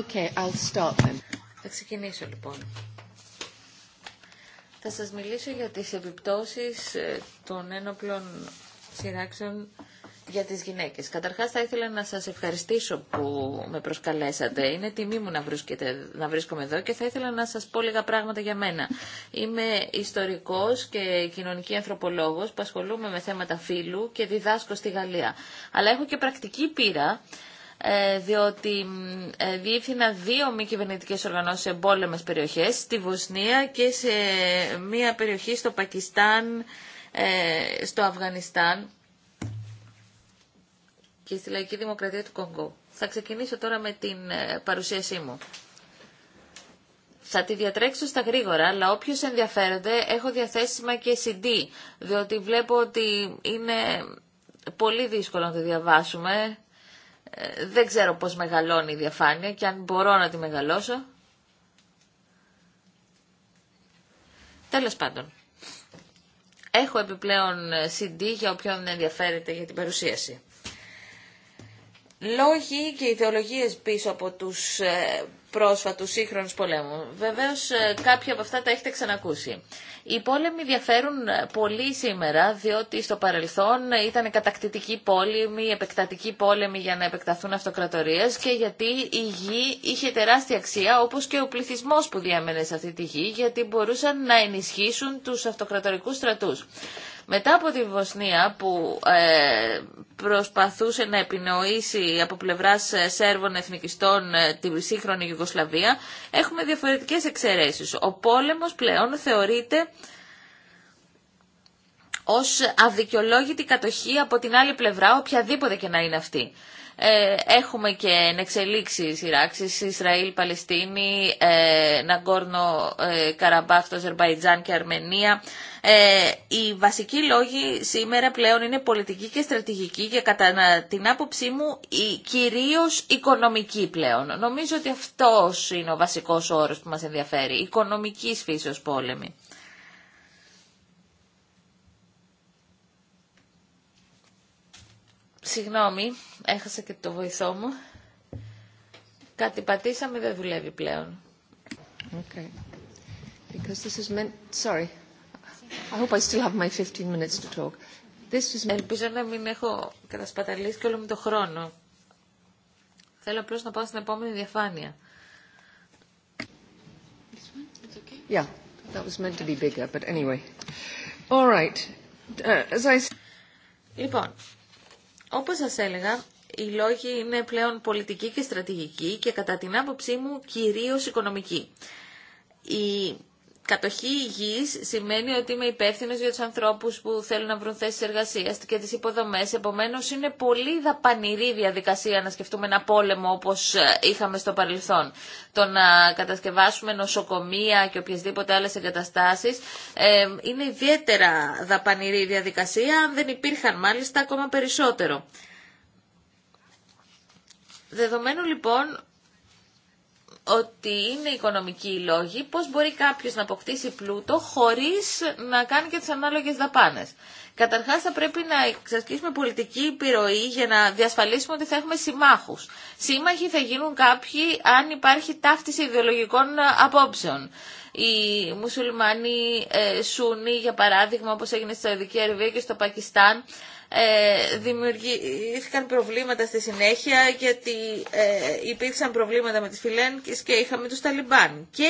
Okay, I'll start Θα ξεκινήσω λοιπόν. Θα σας μιλήσω για τις επιπτώσεις ε, των ένοπλων σειράξεων για τις γυναίκες. Καταρχάς θα ήθελα να σας ευχαριστήσω που με προσκαλέσατε. Είναι τιμή μου να, βρίσκετε, να βρίσκομαι εδώ και θα ήθελα να σας πω λίγα πράγματα για μένα. Είμαι ιστορικός και κοινωνική ανθρωπολόγος που ασχολούμαι με θέματα φύλου και διδάσκω στη Γαλλία. Αλλά έχω και πρακτική πείρα ε, διότι ε, διεύθυνα δύο μη κυβερνητικέ οργανώσεις σε πόλεμες περιοχές, στη Βοσνία και σε μία περιοχή στο Πακιστάν, ε, στο Αφγανιστάν και στη Λαϊκή Δημοκρατία του Κονγκό. Θα ξεκινήσω τώρα με την παρουσίασή μου. Θα τη διατρέξω στα γρήγορα, αλλά όποιο ενδιαφέρονται έχω διαθέσιμα και CD, διότι βλέπω ότι είναι πολύ δύσκολο να το διαβάσουμε δεν ξέρω πώς μεγαλώνει η διαφάνεια και αν μπορώ να τη μεγαλώσω. Τέλος πάντων, έχω επιπλέον ε, CD για όποιον ενδιαφέρεται για την παρουσίαση λόγοι και ιδεολογίες πίσω από τους ε, πρόσφατους σύγχρονους πολέμους. Βεβαίως ε, κάποια από αυτά τα έχετε ξανακούσει. Οι πόλεμοι διαφέρουν ε, πολύ σήμερα, διότι στο παρελθόν ήταν κατακτητικοί πόλεμοι, επεκτατικοί πόλεμοι για να επεκταθούν αυτοκρατορίες και γιατί η γη είχε τεράστια αξία, όπως και ο πληθυσμός που διέμενε σε αυτή τη γη, γιατί μπορούσαν να ενισχύσουν τους αυτοκρατορικούς στρατούς. Μετά από τη Βοσνία που ε, προσπαθούσε να επινοήσει από πλευράς ε, Σέρβων εθνικιστών ε, τη σύγχρονη Ιουγκοσλαβία, έχουμε διαφορετικές εξαιρέσεις. Ο πόλεμος πλέον θεωρείται ως αδικαιολόγητη κατοχή από την άλλη πλευρά, οποιαδήποτε και να είναι αυτή. Ε, έχουμε και εξελίξει σειράξει Ισραήλ, Παλαιστίνη, ε, Ναγκόρνο, ε, Καραμπάχ, το και Αρμενία. Ε, οι βασικοί λόγοι σήμερα πλέον είναι πολιτική και στρατηγική και κατά την άποψή μου η, κυρίως οικονομική πλέον. Νομίζω ότι αυτός είναι ο βασικός όρος που μας ενδιαφέρει, οικονομικής φύσεως πόλεμη. Συγγνώμη, έχασα και το βοηθό μου. Κάτι πατήσαμε, δεν δουλεύει πλέον. Okay. Because this is meant... Sorry. I hope I still have my 15 minutes to talk. This is... Ελπίζω να μην έχω κατασπαταλήσει και όλο μου το χρόνο. Θέλω απλώς να πάω στην επόμενη διαφάνεια. This one? It's okay? Yeah, that was meant to be bigger, but anyway. All right. Uh, as I... Λοιπόν, όπως σας έλεγα, οι λόγοι είναι πλέον πολιτικοί και στρατηγικοί και κατά την άποψή μου κυρίως οικονομικοί. Η κατοχή γης σημαίνει ότι είμαι υπεύθυνο για του ανθρώπου που θέλουν να βρουν θέσεις εργασία και τις υποδομές. Επομένω, είναι πολύ δαπανηρή διαδικασία να σκεφτούμε ένα πόλεμο όπως ε, είχαμε στο παρελθόν. Το να κατασκευάσουμε νοσοκομεία και οποιασδήποτε άλλες εγκαταστάσεις ε, είναι ιδιαίτερα δαπανηρή διαδικασία, αν δεν υπήρχαν μάλιστα ακόμα περισσότερο. Δεδομένου λοιπόν ότι είναι οικονομικοί οι λόγοι πώς μπορεί κάποιος να αποκτήσει πλούτο χωρίς να κάνει και τις ανάλογες δαπάνες. Καταρχάς θα πρέπει να εξασκήσουμε πολιτική επιρροή για να διασφαλίσουμε ότι θα έχουμε συμμάχους. Σύμμαχοι θα γίνουν κάποιοι αν υπάρχει ταύτιση ιδεολογικών απόψεων. Οι μουσουλμάνοι ε, Σούνοι, για παράδειγμα, όπως έγινε στη Σαουδική Αραβία και στο Πακιστάν, ε, δημιουργήθηκαν προβλήματα στη συνέχεια γιατί ε, υπήρξαν προβλήματα με τις Φιλένκες και είχαμε τους Ταλιμπάν. Και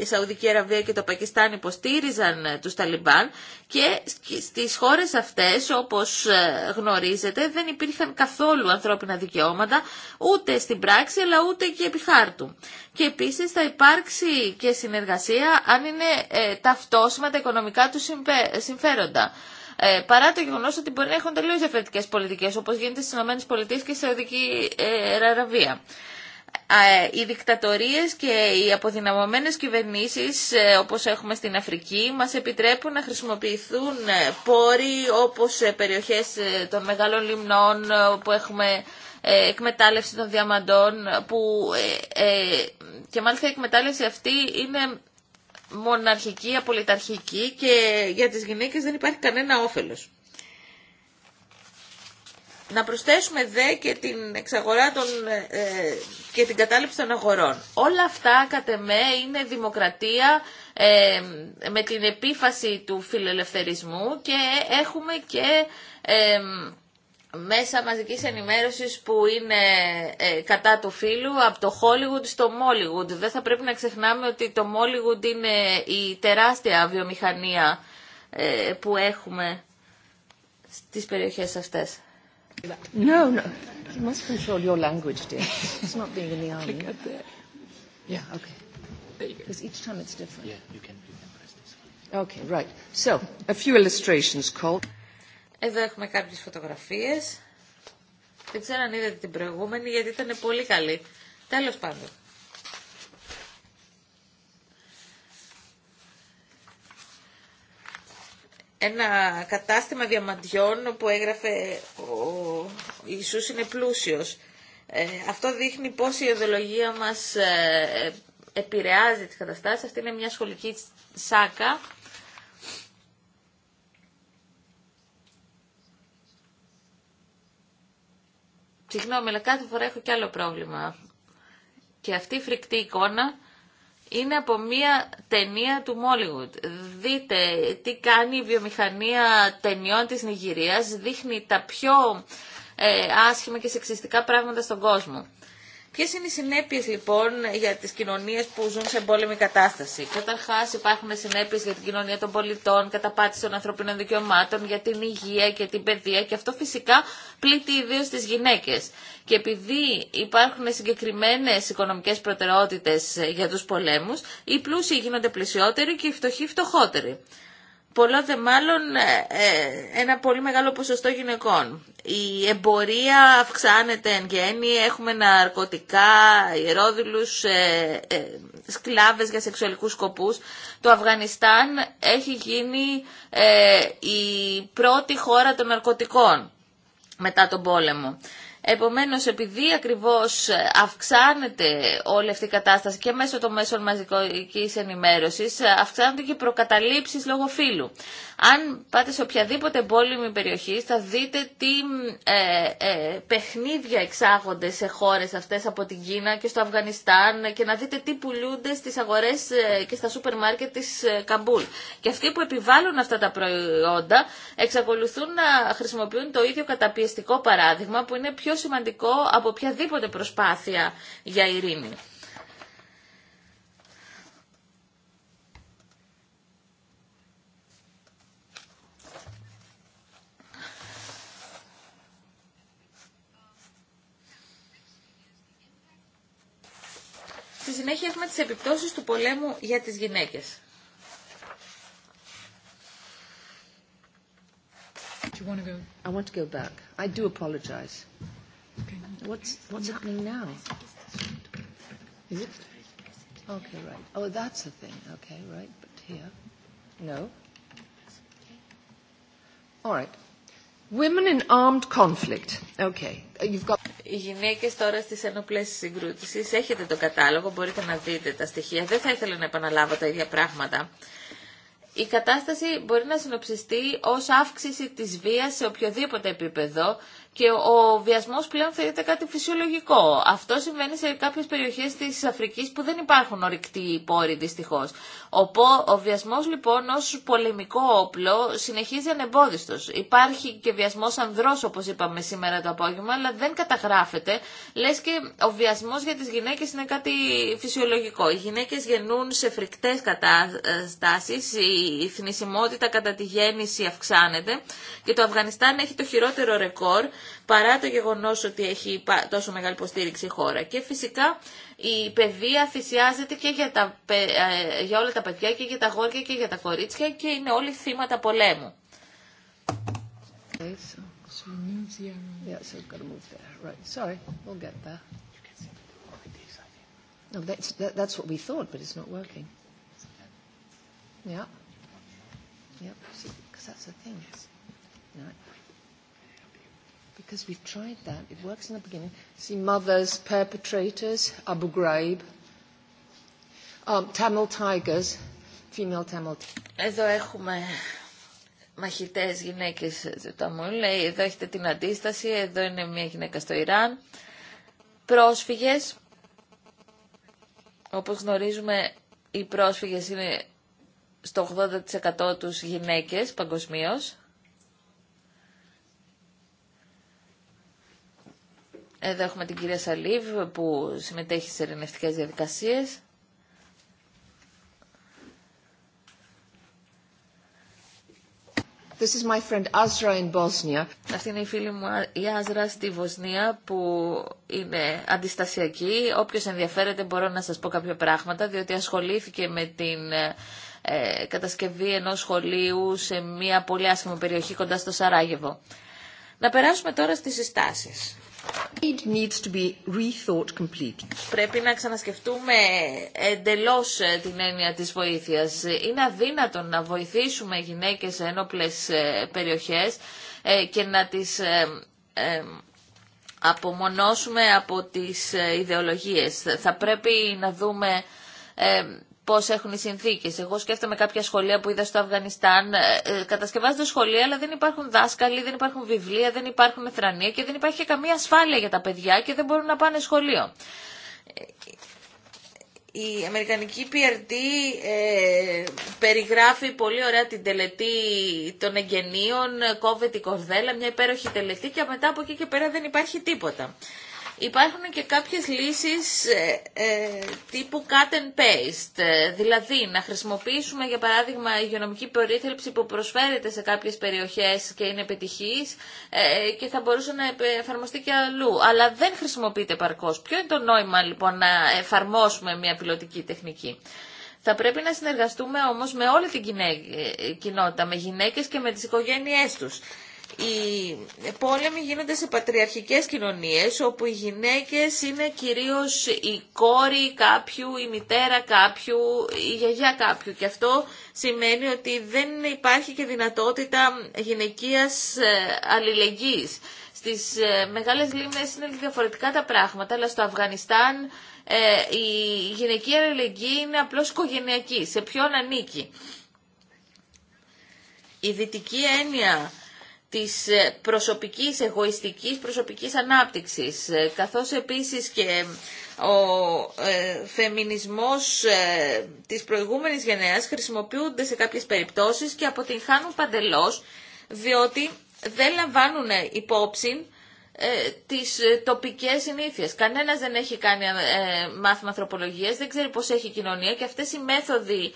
η Σαουδική Αραβία και το Πακιστάν υποστήριζαν ε, τους Ταλιμπάν και στις χώρες αυτές όπως γνωρίζετε δεν υπήρχαν καθόλου ανθρώπινα δικαιώματα ούτε στην πράξη αλλά ούτε και επί χάρτου. Και επίσης θα υπάρξει και συνεργασία αν είναι ταυτόσιμα τα οικονομικά του συμφέροντα. Ε, παρά το γεγονό ότι μπορεί να έχουν τελείω διαφορετικέ πολιτικέ, όπω γίνεται στι ΗΠΑ και στη Σαουδική ε, Αραβία. Ε, οι δικτατορίες και οι αποδυναμωμένες κυβερνήσεις όπως έχουμε στην Αφρική μας επιτρέπουν να χρησιμοποιηθούν πόροι όπως περιοχέ περιοχές των μεγάλων λιμνών που έχουμε εκμετάλλευση των διαμαντών που, και μάλιστα η εκμετάλλευση αυτή είναι μοναρχική, απολυταρχική και για τις γυναίκες δεν υπάρχει κανένα όφελος. Να προσθέσουμε δε και την εξαγορά των, ε, ε, και την κατάληψη των αγορών. Όλα αυτά κατ' εμέ είναι δημοκρατία ε, με την επίφαση του φιλελευθερισμού και έχουμε και μέσα μαζικής ενημέρωσης που είναι ε, κατά του φίλου από το Hollywood στο Mollywood. Δεν θα πρέπει να ξεχνάμε ότι το Mollywood είναι η τεράστια βιομηχανία ε, που έχουμε στις περιοχές αυτές. No, no. You must control your language, dear. It's not being in the army. Yeah, okay. Because each time it's different. Yeah, you can, you can press this. Okay, right. So, a few illustrations called. Εδώ έχουμε κάποιες φωτογραφίες. Δεν ξέρω αν είδατε την προηγούμενη γιατί ήταν πολύ καλή. Τέλος πάντων. Ένα κατάστημα διαμαντιών που έγραφε ο Ιησούς είναι πλούσιος. Ε, αυτό δείχνει πώς η ιδεολογία μας ε, επηρεάζει τις καταστάσεις. Αυτή είναι μια σχολική σάκα Συγγνώμη, αλλά κάθε φορά έχω κι άλλο πρόβλημα. Και αυτή η φρικτή εικόνα είναι από μία ταινία του Μόλιγουτ. Δείτε τι κάνει η βιομηχανία ταινιών της Νιγηρίας. Δείχνει τα πιο ε, άσχημα και σεξιστικά πράγματα στον κόσμο. Ποιε είναι οι συνέπειε λοιπόν για τι κοινωνίε που ζουν σε εμπόλεμη κατάσταση. Καταρχά υπάρχουν συνέπειε για την κοινωνία των πολιτών, καταπάτηση των ανθρωπίνων δικαιωμάτων, για την υγεία και την παιδεία και αυτό φυσικά πλήττει ιδίω τι γυναίκε. Και επειδή υπάρχουν συγκεκριμένε οικονομικέ προτεραιότητε για του πολέμου, οι πλούσιοι γίνονται πλησιότεροι και οι φτωχοί φτωχότεροι. Πολλό δε μάλλον ε, ε, ένα πολύ μεγάλο ποσοστό γυναικών. Η εμπορία αυξάνεται εν γέννη, έχουμε ναρκωτικά, ιερόδουλους, ε, σκλάβες για σεξουαλικούς σκοπούς. Το Αφγανιστάν έχει γίνει η πρώτη χώρα των ναρκωτικών μετά τον πόλεμο. Επομένως, επειδή ακριβώς ε, αυξάνεται όλη αυτή η κατάσταση και μέσω των μέσων μαζικής ενημέρωσης, ε, αυξάνονται και οι προκαταλήψεις λόγω φύλου. Αν πάτε σε οποιαδήποτε πόλεμη περιοχή, θα δείτε τι ε, ε, παιχνίδια εξάγονται σε χώρες αυτές από την Κίνα και στο Αφγανιστάν και να δείτε τι πουλούνται στις αγορές και στα σούπερ μάρκετ της Καμπούλ. Και αυτοί που επιβάλλουν αυτά τα προϊόντα εξακολουθούν να χρησιμοποιούν το ίδιο καταπιεστικό παράδειγμα που είναι πιο πιο σημαντικό από οποιαδήποτε προσπάθεια για ειρήνη. Στη συνέχεια έχουμε τις επιπτώσεις του πολέμου για τις γυναίκες. I want to go back. I do apologize. What's what's happening now? Is it? Okay, right. Oh, that's the thing. Okay, right. But here, no. All right. Women in armed conflict. Okay. You've got... Οι γυναίκε τώρα στι ενοπλέ συγκρούσεις, έχετε το κατάλογο, μπορείτε να δείτε τα στοιχεία. Δεν θα ήθελα να επαναλάβω τα ίδια πράγματα. Η κατάσταση μπορεί να συνοψιστεί ω αύξηση τη βία σε οποιοδήποτε επίπεδο, και ο βιασμό πλέον θεωρείται κάτι φυσιολογικό. Αυτό συμβαίνει σε κάποιε περιοχέ τη Αφρική που δεν υπάρχουν ορυκτοί πόροι δυστυχώ. Ο, ο λοιπόν ω πολεμικό όπλο συνεχίζει ανεμπόδιστο. Υπάρχει και βιασμό ανδρό, όπω είπαμε σήμερα το απόγευμα, αλλά δεν καταγράφεται. Λε και ο βιασμό για τι γυναίκε είναι κάτι φυσιολογικό. Οι γυναίκε γεννούν σε φρικτές καταστάσεις, η θνησιμότητα κατά τη γέννηση αυξάνεται και το Αφγανιστάν έχει το χειρότερο ρεκόρ παρά το γεγονός ότι έχει τόσο μεγάλη υποστήριξη η χώρα. Και φυσικά η παιδεία θυσιάζεται και για, τα, ε, για όλα τα παιδιά και για τα γόρια και για τα κορίτσια και είναι όλοι θύματα πολέμου. Εδώ έχουμε μαχητές γυναίκες του Ταμούλ. εδώ έχετε την αντίσταση, εδώ είναι μια γυναίκα στο Ιράν. Πρόσφυγες, όπως γνωρίζουμε, οι πρόσφυγες είναι στο 80% τους γυναίκες παγκοσμίως. Εδώ έχουμε την κυρία Σαλίβ που συμμετέχει σε ερευνητικέ διαδικασίες. This is my friend Azra in Bosnia. Αυτή είναι η φίλη μου η Άζρα στη Βοσνία που είναι αντιστασιακή. Όποιος ενδιαφέρεται μπορώ να σας πω κάποια πράγματα διότι ασχολήθηκε με την ε, ε, κατασκευή ενός σχολείου σε μια πολύ άσχημη περιοχή κοντά στο Σαράγεβο. Να περάσουμε τώρα στις συστάσεις. Πρέπει να ξανασκεφτούμε εντελώς ε, την έννοια της βοήθειας. Είναι αδύνατο να βοηθήσουμε γυναίκες σε ένοπλες ε, περιοχές ε, και να τις απομονώσουμε από τις ιδεολογίες. Θα πρέπει να δούμε Πώ έχουν οι συνθήκε. Εγώ σκέφτομαι κάποια σχολεία που είδα στο Αφγανιστάν. Ε, ε, κατασκευάζονται σχολεία, αλλά δεν υπάρχουν δάσκαλοι, δεν υπάρχουν βιβλία, δεν υπάρχουν θρανία και δεν υπάρχει καμία ασφάλεια για τα παιδιά και δεν μπορούν να πάνε σχολείο. Η Αμερικανική PRD ε, περιγράφει πολύ ωραία την τελετή των εγγενείων, κόβεται η κορδέλα, μια υπέροχη τελετή και μετά από εκεί και πέρα δεν υπάρχει τίποτα. Υπάρχουν και κάποιες λύσεις ε, ε, τύπου cut and paste, ε, δηλαδή να χρησιμοποιήσουμε για παράδειγμα υγειονομική περίθαλψη που προσφέρεται σε κάποιες περιοχές και είναι επιτυχής και θα μπορούσε να εφαρμοστεί και αλλού, αλλά δεν χρησιμοποιείται παρκώς. Ποιο είναι το νόημα λοιπόν να εφαρμόσουμε μια πιλωτική τεχνική. Θα πρέπει να συνεργαστούμε όμως με όλη την κοινότητα, με γυναίκες και με τις οικογένειές τους οι πόλεμοι γίνονται σε πατριαρχικές κοινωνίες όπου οι γυναίκες είναι κυρίως η κόρη κάποιου, η μητέρα κάποιου, η γιαγιά κάποιου και αυτό σημαίνει ότι δεν υπάρχει και δυνατότητα γυναικείας ε, αλληλεγγύης. Στις ε, μεγάλες λίμνες είναι διαφορετικά τα πράγματα, αλλά στο Αφγανιστάν ε, η γυναική αλληλεγγύη είναι απλώς οικογενειακή, σε ποιον ανήκει. Η δυτική έννοια της ε, προσωπικής, εγωιστικής προσωπικής ανάπτυξης, ε, καθώς επίσης και ε, ο φεμινισμός της προηγούμενης γενναίας χρησιμοποιούνται σε κάποιες περιπτώσεις και αποτυγχάνουν παντελώς, διότι δεν λαμβάνουν υπόψη ε, τις ε, τοπικές συνήθειες. Κανένας δεν έχει κάνει ε, μάθημα ανθρωπολογίας, δεν ξέρει πώς έχει κοινωνία και αυτές οι μέθοδοι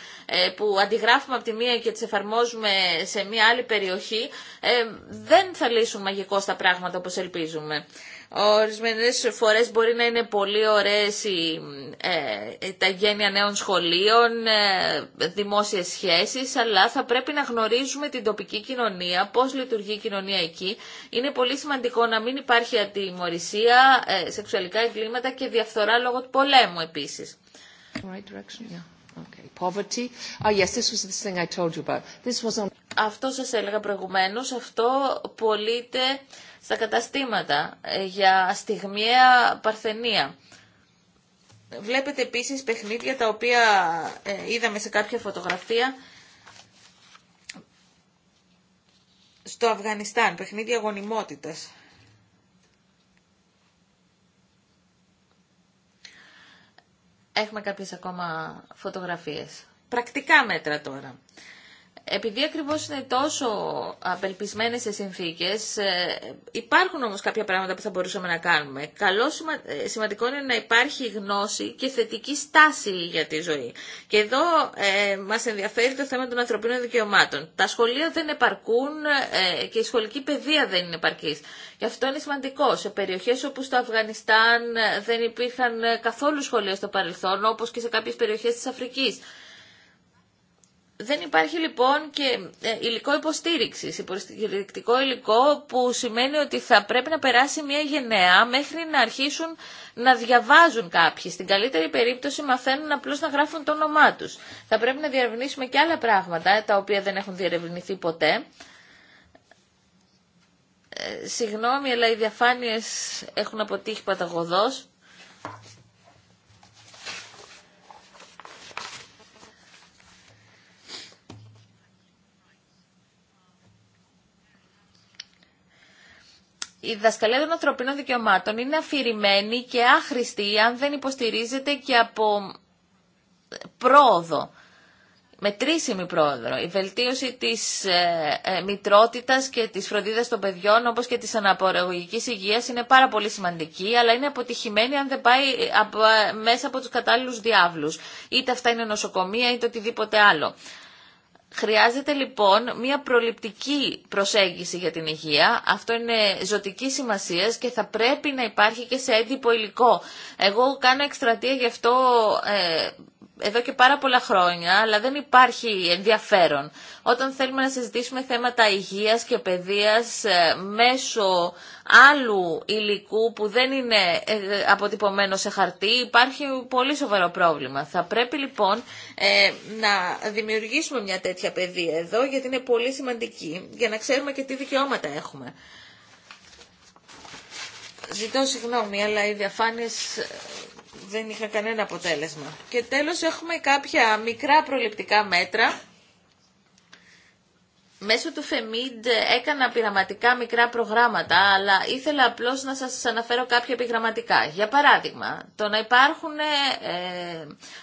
που αντιγράφουμε από τη μία και τις εφαρμόζουμε σε μία άλλη περιοχή δεν θα λύσουν μαγικώς τα πράγματα όπως ελπίζουμε. Ορισμένε φορέ μπορεί να είναι πολύ ωραίε ε, τα γένεια νέων σχολείων, ε, δημόσιες σχέσεις, αλλά θα πρέπει να γνωρίζουμε την τοπική κοινωνία, πώ λειτουργεί η κοινωνία εκεί. Είναι πολύ σημαντικό να μην υπάρχει ατιμορρησία, ε, σεξουαλικά εγκλήματα και διαφθορά λόγω του πολέμου επίσης. Αυτό σας έλεγα προηγουμένως, αυτό πωλείται στα καταστήματα ε, για στιγμιαία παρθενία. Βλέπετε επίσης παιχνίδια τα οποία ε, είδαμε σε κάποια φωτογραφία στο Αφγανιστάν, παιχνίδια γονιμότητας. Έχουμε κάποιες ακόμα φωτογραφίες. Πρακτικά μέτρα τώρα. Επειδή ακριβώς είναι τόσο απελπισμένες οι συνθήκες, ε, υπάρχουν όμως κάποια πράγματα που θα μπορούσαμε να κάνουμε. Καλό ε, σημαντικό είναι να υπάρχει γνώση και θετική στάση για τη ζωή. Και εδώ ε, μας ενδιαφέρει το θέμα των ανθρωπίνων δικαιωμάτων. Τα σχολεία δεν επαρκούν ε, και η σχολική παιδεία δεν είναι επαρκής. Γι' αυτό είναι σημαντικό. Σε περιοχές όπως το Αφγανιστάν δεν υπήρχαν καθόλου σχολεία στο παρελθόν, όπως και σε κάποιες περιοχές της Αφρικής. Δεν υπάρχει λοιπόν και ε, υλικό υποστήριξη, υποστηρικτικό υλικό που σημαίνει ότι θα πρέπει να περάσει μια γενναία μέχρι να αρχίσουν να διαβάζουν κάποιοι. Στην καλύτερη περίπτωση μαθαίνουν απλώς να γράφουν το όνομά τους. Θα πρέπει να διερευνήσουμε και άλλα πράγματα ε, τα οποία δεν έχουν διερευνηθεί ποτέ. Ε, συγγνώμη, αλλά οι διαφάνειες έχουν αποτύχει παταγωδός. η δασκαλία των ανθρωπίνων δικαιωμάτων είναι αφηρημένη και άχρηστη αν δεν υποστηρίζεται και από πρόοδο, μετρήσιμη πρόοδο. Η βελτίωση της ε, ε μητρότητας και της φροντίδας των παιδιών όπως και της αναπορεγωγικής υγείας είναι πάρα πολύ σημαντική, αλλά είναι αποτυχημένη αν δεν πάει ε, ε, μέσα από τους κατάλληλους διάβλους. Είτε αυτά είναι νοσοκομεία είτε οτιδήποτε άλλο. Χρειάζεται λοιπόν μια προληπτική προσέγγιση για την υγεία. Αυτό είναι ζωτική σημασία και θα πρέπει να υπάρχει και σε έντυπο υλικό. Εγώ κάνω εκστρατεία γι' αυτό ε, εδώ και πάρα πολλά χρόνια, αλλά δεν υπάρχει ενδιαφέρον. Όταν θέλουμε να συζητήσουμε θέματα υγείας και παιδείας ε, μέσω άλλου υλικού που δεν είναι ε, αποτυπωμένο σε χαρτί, υπάρχει πολύ σοβαρό πρόβλημα. Θα πρέπει λοιπόν ε, να δημιουργήσουμε μια τέτοια παιδεία εδώ, γιατί είναι πολύ σημαντική, για να ξέρουμε και τι δικαιώματα έχουμε. Ζητώ συγγνώμη, αλλά οι διαφάνειες δεν είχα κανένα αποτέλεσμα. Και τέλος έχουμε κάποια μικρά προληπτικά μέτρα Μέσω του ΦΕΜΙΝΤ έκανα πειραματικά μικρά προγράμματα, αλλά ήθελα απλώς να σας αναφέρω κάποια επιγραμματικά. Για παράδειγμα, το να υπάρχουν ε,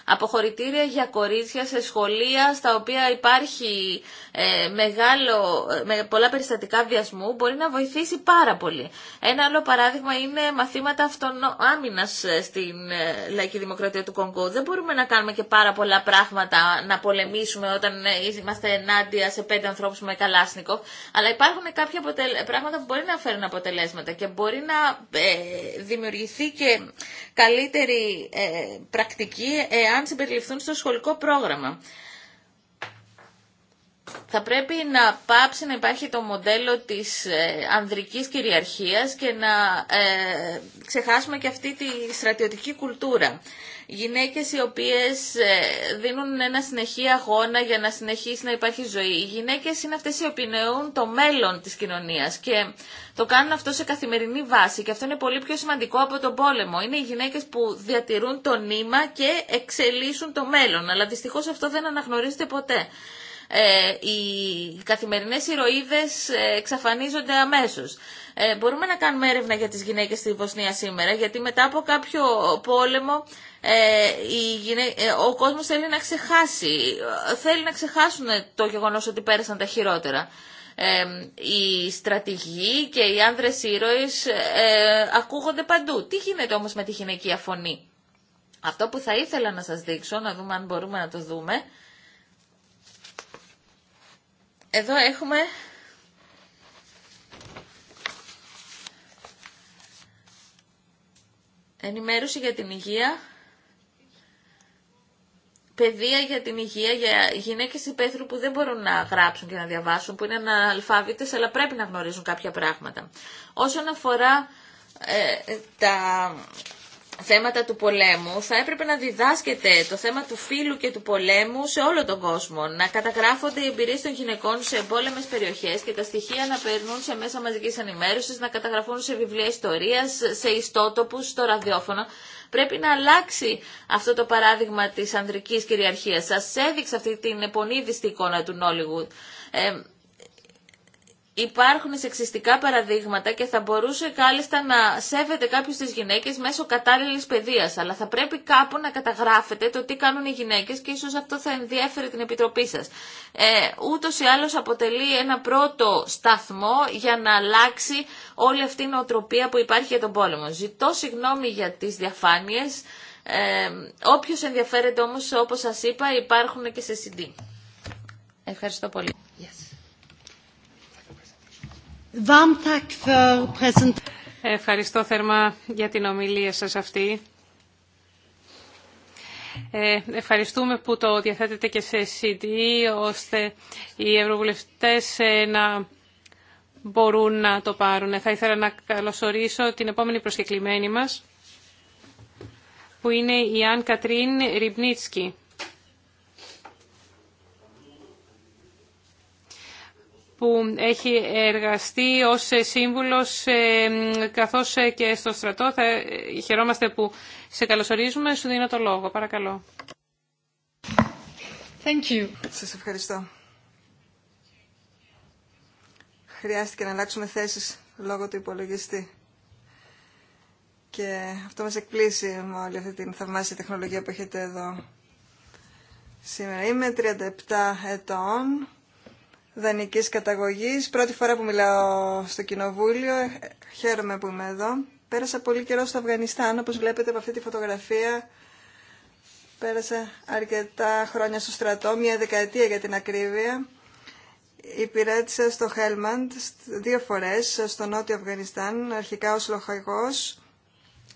αποχωρητήρια για κορίτσια σε σχολεία στα οποία υπάρχει ε, μεγάλο, με πολλά περιστατικά βιασμού μπορεί να βοηθήσει πάρα πολύ. Ένα άλλο παράδειγμα είναι μαθήματα αυτοάμυνας ε, στην ε, Λαϊκή Δημοκρατία του Κονγκό. Δεν μπορούμε να κάνουμε και πάρα πολλά πράγματα να πολεμήσουμε όταν είμαστε ενάντια σε πέντε ανθρώπους με αλλά υπάρχουν κάποια πράγματα που μπορεί να φέρουν αποτελέσματα και μπορεί να ε, δημιουργηθεί και καλύτερη ε, πρακτική εάν συμπεριληφθούν στο σχολικό πρόγραμμα. Θα πρέπει να πάψει να υπάρχει το μοντέλο της ε, ανδρικής κυριαρχίας και να ξεχάσουμε και αυτή τη στρατιωτική κουλτούρα γυναίκες οι οποίες ε, δίνουν ένα συνεχή αγώνα για να συνεχίσει να υπάρχει ζωή. Οι γυναίκες είναι αυτές οι οποίοι το μέλλον της κοινωνίας και το κάνουν αυτό σε καθημερινή βάση και αυτό είναι πολύ πιο σημαντικό από τον πόλεμο. Είναι οι γυναίκες που διατηρούν το νήμα και εξελίσσουν το μέλλον, αλλά δυστυχώς αυτό δεν αναγνωρίζεται ποτέ. Ε, οι καθημερινές ηρωίδες ε, εξαφανίζονται αμέσως. Ε, μπορούμε να κάνουμε έρευνα για τις γυναίκες στη Βοσνία σήμερα, γιατί μετά από κάποιο πόλεμο ε, η ε, ο κόσμος θέλει να ξεχάσει, θέλει να ξεχάσουν το γεγονός ότι πέρασαν τα χειρότερα. Ε, οι στρατηγοί και οι άνδρες ήρωες ακούγονται παντού. Τι γίνεται όμως με τη γυναικεία φωνή. Αυτό που θα ήθελα να σας δείξω, να δούμε αν μπορούμε να το δούμε, εδώ έχουμε ενημέρωση για την υγεία, παιδεία για την υγεία για γυναίκες υπαίθρου που δεν μπορούν να γράψουν και να διαβάσουν, που είναι αναλφάβητες αλλά πρέπει να γνωρίζουν κάποια πράγματα. Όσον αφορά ε, τα θέματα του πολέμου, θα έπρεπε να διδάσκεται το θέμα του φύλου και του πολέμου σε όλο τον κόσμο. Να καταγράφονται οι εμπειρίε των γυναικών σε εμπόλεμε περιοχέ και τα στοιχεία να περνούν σε μέσα μαζική ενημέρωση, να καταγραφούν σε βιβλία ιστορία, σε ιστότοπου, στο ραδιόφωνο. Πρέπει να αλλάξει αυτό το παράδειγμα τη ανδρική κυριαρχία. Σα έδειξα αυτή την επονίδιστη εικόνα του Νόλιγουτ. Ε, υπάρχουν σεξιστικά παραδείγματα και θα μπορούσε κάλλιστα να σέβεται κάποιος τις γυναίκες μέσω κατάλληλης παιδείας, αλλά θα πρέπει κάπου να καταγράφετε το τι κάνουν οι γυναίκες και ίσως αυτό θα ενδιέφερε την Επιτροπή σας. Ε, ούτως ή άλλως αποτελεί ένα πρώτο σταθμό για να αλλάξει όλη αυτή η νοοτροπία που υπάρχει για τον πόλεμο. Ζητώ συγγνώμη για τις διαφάνειες. Ε, όποιος ενδιαφέρεται όμως, όπως σας είπα, υπάρχουν και σε CD. Ευχαριστώ πολύ. Ευχαριστώ θερμά για την ομιλία σας αυτή. Ε, ευχαριστούμε που το διαθέτετε και σε CD, ώστε οι ευρωβουλευτές ε, να μπορούν να το πάρουν. Ε, θα ήθελα να καλωσορίσω την επόμενη προσκεκλημένη μας, που είναι η Αν Κατρίν Ριμπνίτσκι που έχει εργαστεί ως σύμβουλος ε, καθώς ε, και στο στρατό. Θα χαιρόμαστε που σε καλωσορίζουμε. Σου δίνω το λόγο. Παρακαλώ. Thank you. Σας ευχαριστώ. Χρειάστηκε να αλλάξουμε θέσεις λόγω του υπολογιστή. Και αυτό μας εκπλήσει με όλη αυτή την θαυμάσια τεχνολογία που έχετε εδώ σήμερα. Είμαι 37 ετών Δανική καταγωγή. Πρώτη φορά που μιλάω στο Κοινοβούλιο, χαίρομαι που είμαι εδώ. Πέρασα πολύ καιρό στο Αφγανιστάν, Όπω βλέπετε από αυτή τη φωτογραφία. Πέρασα αρκετά χρόνια στο στρατό, μια δεκαετία για την ακρίβεια. Υπηρέτησα στο Χέλμαντ δύο φορέ στο νότιο Αφγανιστάν, αρχικά ως λοχαγός,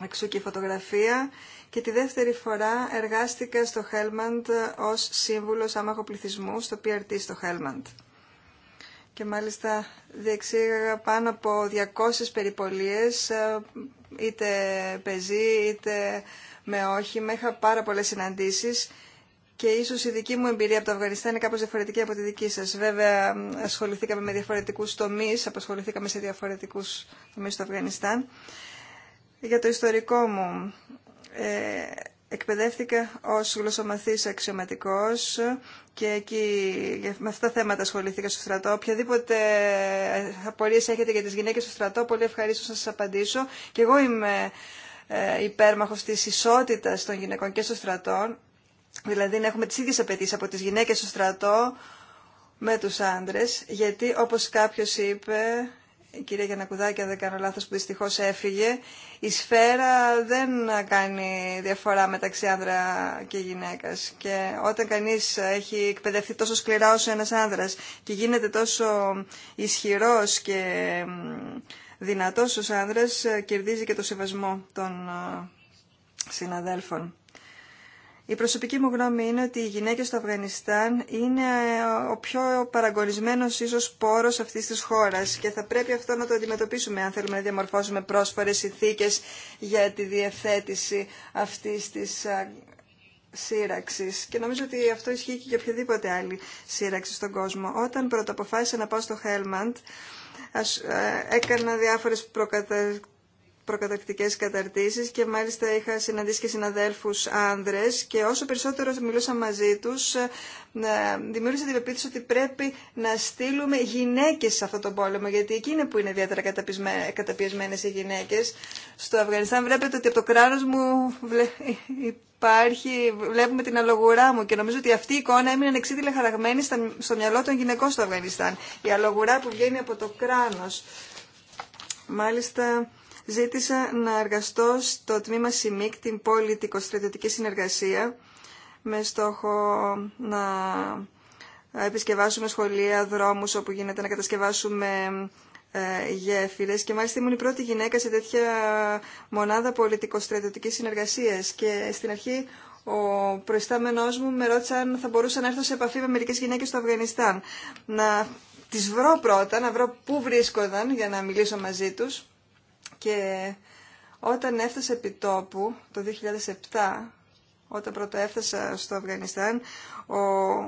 εξού και η φωτογραφία, και τη δεύτερη φορά εργάστηκα στο Χέλμαντ ως σύμβουλος άμαχο πληθυσμού στο PRT στο Χέλμαντ και μάλιστα διεξήγαγα πάνω από 200 περιπολίες, ε, είτε πεζή, είτε με Με Είχα πάρα πολλές συναντήσεις και ίσως η δική μου εμπειρία από το Αφγανιστάν είναι κάπως διαφορετική από τη δική σας. Βέβαια, ασχοληθήκαμε με διαφορετικούς τομείς, απασχοληθήκαμε σε διαφορετικούς τομείς στο Αφγανιστάν. Για το ιστορικό μου, ε, εκπαιδεύτηκα ως γλωσσομαθής αξιωματικός και εκεί με αυτά τα θέματα ασχολήθηκα στο στρατό. Οποιαδήποτε απορίες έχετε για τις γυναίκες στο στρατό, πολύ ευχαρίστω να σας απαντήσω. Και εγώ είμαι ε, υπέρμαχος της ισότητας των γυναικών και στο στρατό, δηλαδή να έχουμε τις ίδιες απαιτήσει από τις γυναίκες στο στρατό με τους άντρες, γιατί όπως κάποιος είπε, η ε, κυρία Γιανακουδάκη, αν δεν κάνω λάθος, που δυστυχώς έφυγε, η σφαίρα δεν κάνει διαφορά μεταξύ άνδρα και γυναίκας. Και όταν κανείς έχει εκπαιδευτεί τόσο σκληρά όσο ένας άνδρας και γίνεται τόσο ισχυρός και δυνατός ως άνδρας, κερδίζει και το σεβασμό των ε, συναδέλφων. Η προσωπική μου γνώμη είναι ότι οι γυναίκε στο Αφγανιστάν είναι ε, ο πιο παραγωνισμένο ίσως πόρος αυτής της χώρας και θα πρέπει αυτό να το αντιμετωπίσουμε αν θέλουμε να διαμορφώσουμε πρόσφορες συνθήκες για τη διευθέτηση αυτής της ε, σύραξης. Και νομίζω ότι αυτό ισχύει και για οποιαδήποτε άλλη σύραξη στον κόσμο. Όταν πρώτα να πάω στο Χέλμαντ, ε, έκανα διάφορε προκαταστήσει προκατακτικές καταρτήσεις και μάλιστα είχα συναντήσει και συναδέλφους άνδρες και όσο περισσότερο μιλούσα μαζί τους ε, ε, δημιούργησα την πεποίθηση ότι πρέπει να στείλουμε γυναίκες σε αυτό το πόλεμο γιατί εκεί είναι που είναι ιδιαίτερα καταπιεσμένες οι γυναίκες. Στο Αφγανιστάν βλέπετε ότι από το κράνος μου υπάρχει, βλέπουμε την αλογουρά μου και νομίζω ότι αυτή η εικόνα έμεινε εξίδηλα χαραγμένη στο μυαλό των γυναικών στο Αφγανιστάν. Η αλογουρά που βγαίνει από το κράνος. Μάλιστα ζήτησα να εργαστώ στο τμήμα ΣΥΜΙΚ, την πολιτικο-στρατιωτική συνεργασία, με στόχο να επισκευάσουμε σχολεία, δρόμους όπου γίνεται να κατασκευάσουμε ε, γέφυρες και μάλιστα ήμουν η πρώτη γυναίκα σε τέτοια μονάδα πολιτικο-στρατιωτικής συνεργασίας και στην αρχή ο προϊστάμενός μου με ρώτησε αν θα μπορούσα να έρθω σε επαφή με μερικές γυναίκες στο Αφγανιστάν. Να τις βρω πρώτα, να βρω πού βρίσκονταν για να μιλήσω μαζί τους και όταν έφτασα επί τόπου το 2007, όταν πρώτα έφτασα στο Αφγανιστάν, ο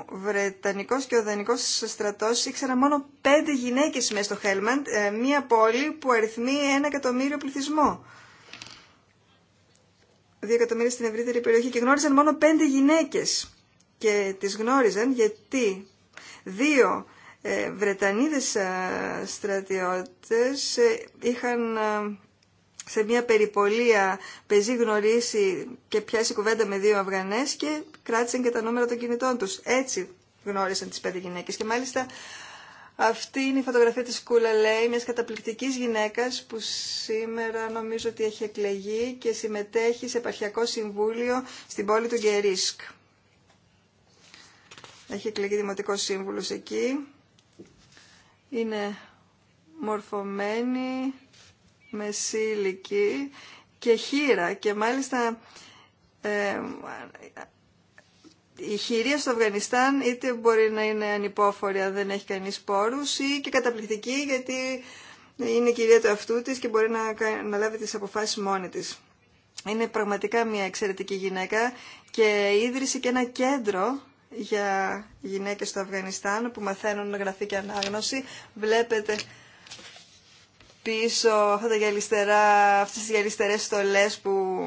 Βρετανικός και ο Δανικός στρατός ήξεραν μόνο πέντε γυναίκες μέσα στο Χέλμαντ, ε, μία πόλη που αριθμεί ένα εκατομμύριο πληθυσμό. Δύο εκατομμύρια στην ευρύτερη περιοχή και γνώριζαν μόνο πέντε γυναίκες. Και τις γνώριζαν γιατί δύο ε, Βρετανίδες ε, στρατιώτες ε, είχαν σε μια περιπολία πεζή γνωρίσει και πιάσει κουβέντα με δύο Αυγανές και κράτησαν και τα νούμερα των κινητών τους. Έτσι γνώρισαν τις πέντε γυναίκες και μάλιστα αυτή είναι η φωτογραφία της Κούλα Λέι, μιας καταπληκτικής γυναίκας που σήμερα νομίζω ότι έχει εκλεγεί και συμμετέχει σε επαρχιακό συμβούλιο στην πόλη του Γκερίσκ. Έχει εκλεγεί δημοτικό σύμβουλος εκεί είναι μορφωμένη, μεσήλικη και χείρα και μάλιστα ε, η χειρία στο Αφγανιστάν είτε μπορεί να είναι ανυπόφορη αν δεν έχει κανείς πόρους ή και καταπληκτική γιατί είναι η και καταπληκτικη γιατι ειναι κυρια του αυτού της και μπορεί να, να λάβει τις αποφάσεις μόνη της. Είναι πραγματικά μια εξαιρετική γυναίκα και ίδρυσε και ένα κέντρο για γυναίκες στο Αφγανιστάν που μαθαίνουν γραφή και ανάγνωση. Βλέπετε πίσω αυτά τα γυαλιστερά, αυτές τις γυαλιστερές στολές που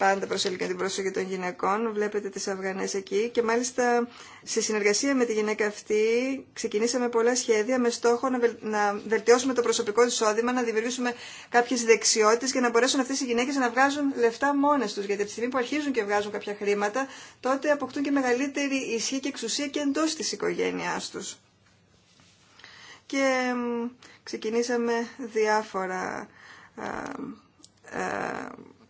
πάντα προσελκύει την προσοχή των γυναικών. Βλέπετε τις Αφγανές εκεί και μάλιστα σε συνεργασία με τη γυναίκα αυτή ξεκινήσαμε πολλά σχέδια με στόχο να βελτιώσουμε το προσωπικό εισόδημα, να δημιουργήσουμε κάποιες δεξιότητες και να μπορέσουν αυτές οι γυναίκες να βγάζουν λεφτά μόνες τους. Γιατί από τη στιγμή που αρχίζουν και βγάζουν κάποια χρήματα, τότε αποκτούν και μεγαλύτερη ισχύ και εξουσία και εντός της οικογένειάς τους. Και ξεκινήσαμε διάφορα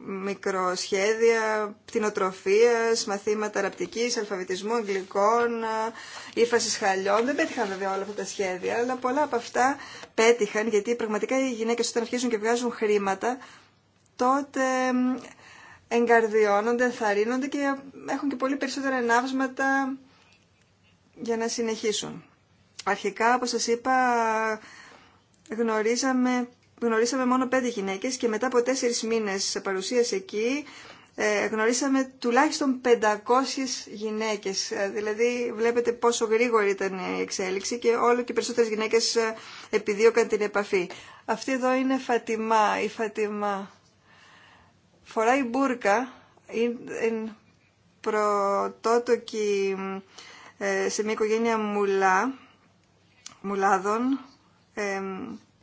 μικροσχέδια πτυνοτροφίας, μαθήματα ραπτικής, αλφαβητισμού, αγγλικών, ύφασης χαλιών. Δεν πέτυχαν βέβαια όλα αυτά τα σχέδια, αλλά πολλά από αυτά πέτυχαν, γιατί πραγματικά οι γυναίκες όταν αρχίζουν και βγάζουν χρήματα, τότε εγκαρδιώνονται, ενθαρρύνονται και έχουν και πολύ περισσότερα ενάυσματα για να συνεχίσουν. Αρχικά, όπως σας είπα, γνωρίζαμε γνωρίσαμε μόνο πέντε γυναίκες και μετά από τέσσερις μήνες παρουσίαση εκεί ε, γνωρίσαμε τουλάχιστον 500 γυναίκες. Ε, δηλαδή βλέπετε πόσο γρήγορη ήταν η εξέλιξη και όλο και περισσότερες γυναίκες ε, επιδίωκαν την επαφή. Αυτή εδώ είναι Φατιμά. Η Φατιμά φοράει μπουρκα, είναι πρωτότοκη σε μια οικογένεια μουλά, μουλάδων,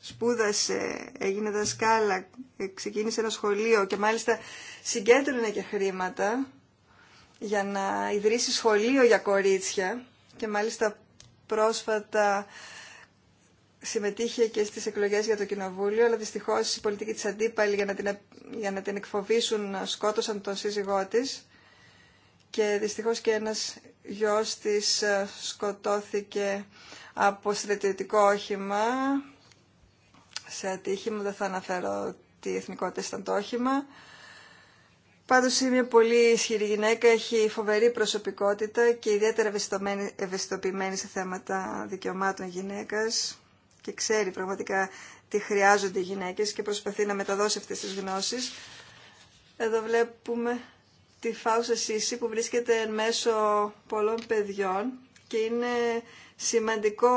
σπούδασε, έγινε δασκάλα, ε, ξεκίνησε ένα σχολείο και μάλιστα συγκέντρωνε και χρήματα για να ιδρύσει σχολείο για κορίτσια και μάλιστα πρόσφατα συμμετείχε και στις εκλογές για το Κοινοβούλιο, αλλά δυστυχώς οι πολιτικοί της αντίπαλοι για να την, για να την εκφοβήσουν σκότωσαν τον σύζυγό της και δυστυχώς και ένας γιος της ε, σκοτώθηκε από στρατιωτικό όχημα σε ατύχημα. Δεν θα αναφέρω τι εθνικότητα ήταν το όχημα. Πάντω είναι μια πολύ ισχυρή γυναίκα, έχει φοβερή προσωπικότητα και ιδιαίτερα ευαισθητοποιημένη σε θέματα δικαιωμάτων γυναίκας και ξέρει πραγματικά τι χρειάζονται οι γυναίκες και προσπαθεί να μεταδώσει αυτές τις γνώσεις. Εδώ βλέπουμε τη Φάουσα Σίση που βρίσκεται εν μέσω πολλών παιδιών και είναι σημαντικό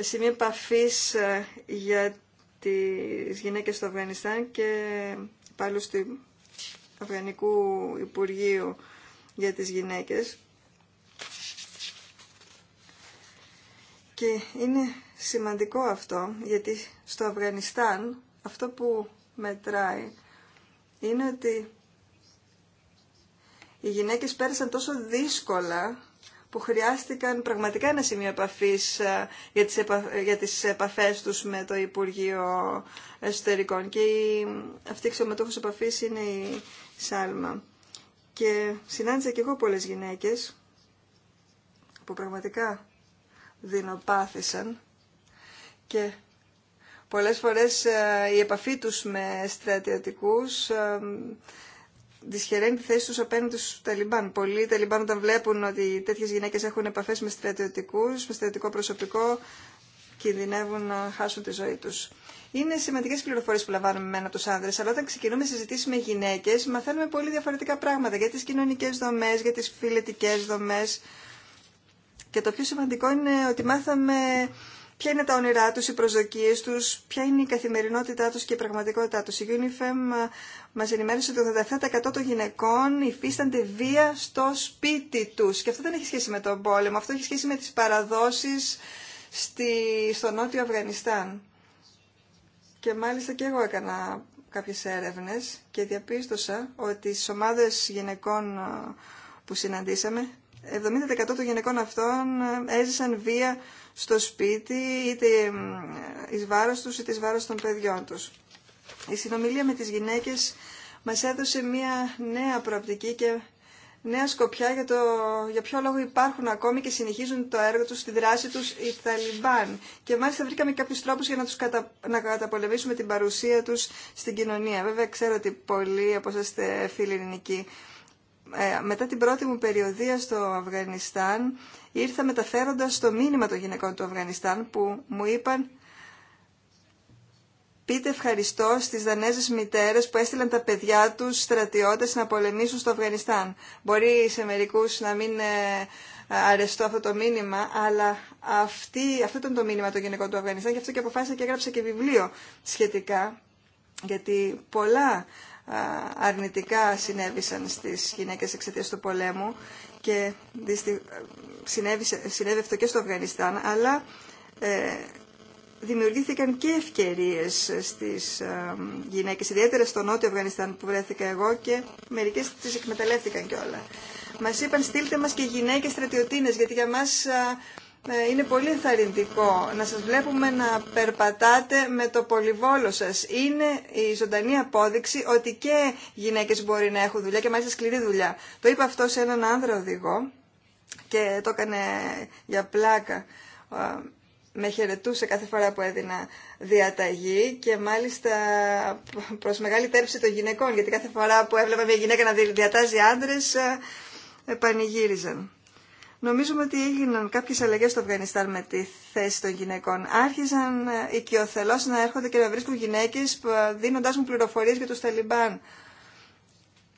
σημείο επαφή ε, για τις γυναίκες στο Αφγανιστάν και πάλι του Αφγανικού Υπουργείου για τις γυναίκες. Και είναι σημαντικό αυτό, γιατί στο Αφγανιστάν αυτό που μετράει είναι ότι οι γυναίκες πέρασαν τόσο δύσκολα που χρειάστηκαν πραγματικά ένα σημείο επαφή ε, για, για τις επαφές τους με το Υπουργείο Εσωτερικών. Και η, αυτή η ξεωματούχος επαφής είναι η Σάλμα. Και συνάντησα και εγώ πολλές γυναίκες που πραγματικά δεινοπάθησαν και πολλές φορές ε, η επαφή τους με στρατιωτικούς ε, δυσχεραίνει τη θέση του απέναντι στου Ταλιμπάν. Πολλοί Ταλιμπάν όταν βλέπουν ότι τέτοιε γυναίκε έχουν επαφέ με στρατιωτικού, με στρατιωτικό προσωπικό, κινδυνεύουν να χάσουν τη ζωή του. Είναι σημαντικέ πληροφορίε που λαμβάνουμε μένα από του άνδρε, αλλά όταν ξεκινούμε συζητήσει με γυναίκε, μαθαίνουμε πολύ διαφορετικά πράγματα για τι κοινωνικέ δομέ, για τι φιλετικέ δομέ. Και το πιο σημαντικό είναι ότι μάθαμε ποια είναι τα όνειρά τους, οι προσδοκίες τους, ποια είναι η καθημερινότητά τους και η πραγματικότητά τους. Η UNIFEM ε, μας ενημέρωσε ότι 87% των γυναικών υφίστανται βία στο σπίτι τους. Και αυτό δεν έχει σχέση με τον πόλεμο, αυτό έχει σχέση με τις παραδόσεις στη, στο νότιο Αφγανιστάν. Και μάλιστα και εγώ έκανα κάποιες έρευνες και διαπίστωσα ότι στις ομάδες γυναικών ε, που συναντήσαμε, 70% των γυναικών αυτών ε, έζησαν βία στο σπίτι, είτε εις βάρος τους, είτε εις βάρος των παιδιών τους. Η συνομιλία με τις γυναίκες μας έδωσε μια νέα προοπτική και νέα σκοπιά για, το, για ποιο λόγο υπάρχουν ακόμη και συνεχίζουν το έργο τους, τη δράση τους οι Ταλιμπάν. Και μάλιστα βρήκαμε κάποιους τρόπους για να, τους κατα, να καταπολεμήσουμε την παρουσία τους στην κοινωνία. Βέβαια ξέρω ότι πολλοί από εσάς είστε φίλοι ελληνικοί ε, μετά την πρώτη μου περιοδία στο Αφγανιστάν ήρθα μεταφέροντας το μήνυμα των γυναικών του Αφγανιστάν που μου είπαν πείτε ευχαριστώ στις Δανέζες μητέρες που έστειλαν τα παιδιά τους στρατιώτες να πολεμήσουν στο Αφγανιστάν. Μπορεί σε μερικούς να μην ε, αρεστώ αυτό το μήνυμα, αλλά αυτή, αυτό ήταν το μήνυμα των γυναικών του Αφγανιστάν και αυτό και αποφάσισα και έγραψα και βιβλίο σχετικά, γιατί πολλά αρνητικά συνέβησαν στις γυναίκες εξαιτίας του πολέμου και συνέβη, αυτό και στο Αφγανιστάν, αλλά ε, δημιουργήθηκαν και ευκαιρίες στις ε, γυναίκες, ιδιαίτερα στο νότιο Αφγανιστάν που βρέθηκα εγώ και μερικές τις εκμεταλλεύτηκαν κιόλα. Μας είπαν στείλτε μας και γυναίκες στρατιωτίνες, γιατί για μας ε, είναι πολύ ενθαρρυντικό να σας βλέπουμε να περπατάτε με το πολυβόλο σας. Είναι η ζωντανή απόδειξη ότι και γυναίκες μπορεί να έχουν δουλειά και μάλιστα σκληρή δουλειά. Το είπα αυτό σε έναν άνδρα οδηγό και το έκανε για πλάκα. Ε, με χαιρετούσε κάθε φορά που έδινα διαταγή και μάλιστα προς μεγάλη τέρψη των γυναικών γιατί κάθε φορά που έβλεπα μια γυναίκα να διατάζει άντρες ε, πανηγύριζαν. Νομίζουμε ότι έγιναν κάποιες αλλαγές στο Αφγανιστάν με τη θέση των γυναικών. Άρχισαν ε, οικειοθελώς να έρχονται και να βρίσκουν γυναίκες ε, δίνοντάς μου πληροφορίες για τους Ταλιμπάν.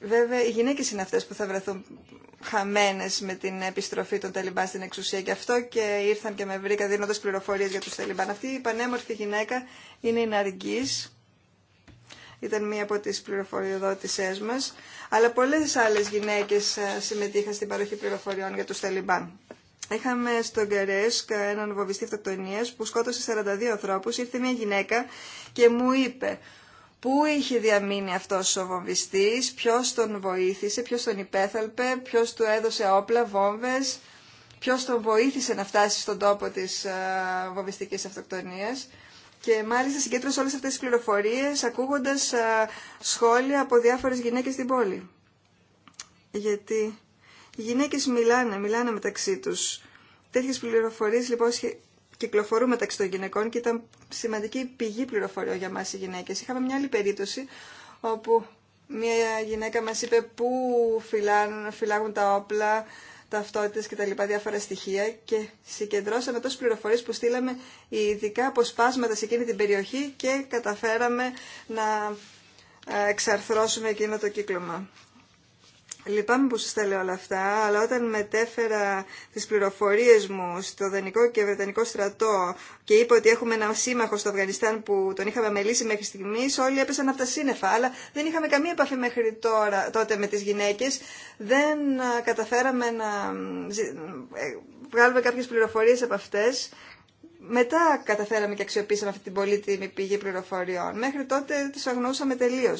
Βέβαια, οι γυναίκες είναι αυτές που θα βρεθούν χαμένες με την επιστροφή των Ταλιμπάν στην εξουσία γι' αυτό και ήρθαν και με βρήκα δίνοντας πληροφορίες για τους Ταλιμπάν. Αυτή η πανέμορφη γυναίκα είναι η ήταν μία από τις πληροφοριοδότησές μας, αλλά πολλές άλλες γυναίκες ε, συμμετείχαν στην παροχή πληροφοριών για τους Ταλιμπάν. Είχαμε στον Καρέσκ έναν βομβιστή αυτοκτονία που σκότωσε 42 ανθρώπου. Ήρθε μια γυναίκα και μου είπε πού είχε διαμείνει αυτό ο βομβιστή, ποιο τον βοήθησε, ποιο τον υπέθαλπε, ποιο του έδωσε όπλα, βόμβε, ποιο τον βοήθησε να φτάσει στον τόπο τη ε, βομβιστική αυτοκτονία. Και μάλιστα συγκέντρωσε όλες αυτές τις πληροφορίες ακούγοντας σχόλια από διάφορες γυναίκες στην πόλη. Γιατί οι γυναίκες μιλάνε, μιλάνε μεταξύ τους. Τέτοιες πληροφορίες λοιπόν κυκλοφορούν μεταξύ των γυναικών και ήταν σημαντική πηγή πληροφοριών για μας οι γυναίκες. Είχαμε μια άλλη περίπτωση όπου μια γυναίκα μας είπε πού φυλάγουν τα όπλα, ταυτότητε και τα λοιπά διάφορα στοιχεία και συγκεντρώσαμε τόσε πληροφορίες που στείλαμε ειδικά αποσπάσματα σε εκείνη την περιοχή και καταφέραμε να ε, εξαρθρώσουμε εκείνο το κύκλωμα. Λυπάμαι που σα τα λέω όλα αυτά, αλλά όταν μετέφερα τι πληροφορίε μου στο Δανικό και Βρετανικό στρατό και είπα ότι έχουμε έναν σύμμαχο στο Αφγανιστάν που τον είχαμε μελήσει μέχρι στιγμή, όλοι έπεσαν από τα σύννεφα, αλλά δεν είχαμε καμία επαφή μέχρι τώρα, τότε με τι γυναίκε, δεν καταφέραμε να ε, βγάλουμε κάποιε πληροφορίε από αυτέ. μετά καταφέραμε και αξιοποίησαμε αυτή την πολύτιμη πηγή πληροφοριών. Μέχρι τότε τι αγνοούσαμε τελείω.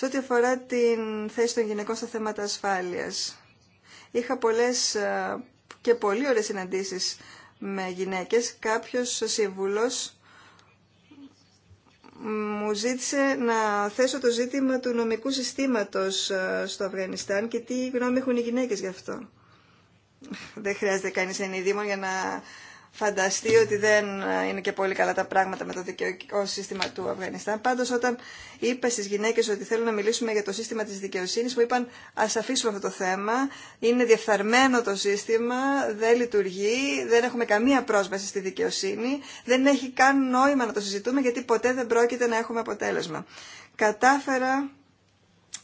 Σε ό,τι αφορά την θέση των γυναικών στα θέματα ασφάλειας, είχα πολλές ε, και πολύ ωραίες συναντήσεις με γυναίκες. Κάποιος σύμβουλος μου ζήτησε να θέσω το ζήτημα του νομικού συστήματος ε, στο Αφγανιστάν και τι γνώμη έχουν οι γυναίκες γι' αυτό. Δεν χρειάζεται κανείς είναι για να φανταστεί ότι δεν ε, είναι και πολύ καλά τα πράγματα με το δικαιωτικό σύστημα του Αφγανιστάν. Πάντω, όταν είπε στι γυναίκε ότι θέλουν να μιλήσουμε για το σύστημα τη δικαιοσύνη, μου είπαν Α αφήσουμε αυτό το θέμα. Είναι διεφθαρμένο το σύστημα, δεν λειτουργεί, δεν έχουμε καμία πρόσβαση στη δικαιοσύνη, δεν έχει καν νόημα να το συζητούμε γιατί ποτέ δεν πρόκειται να έχουμε αποτέλεσμα. Κατάφερα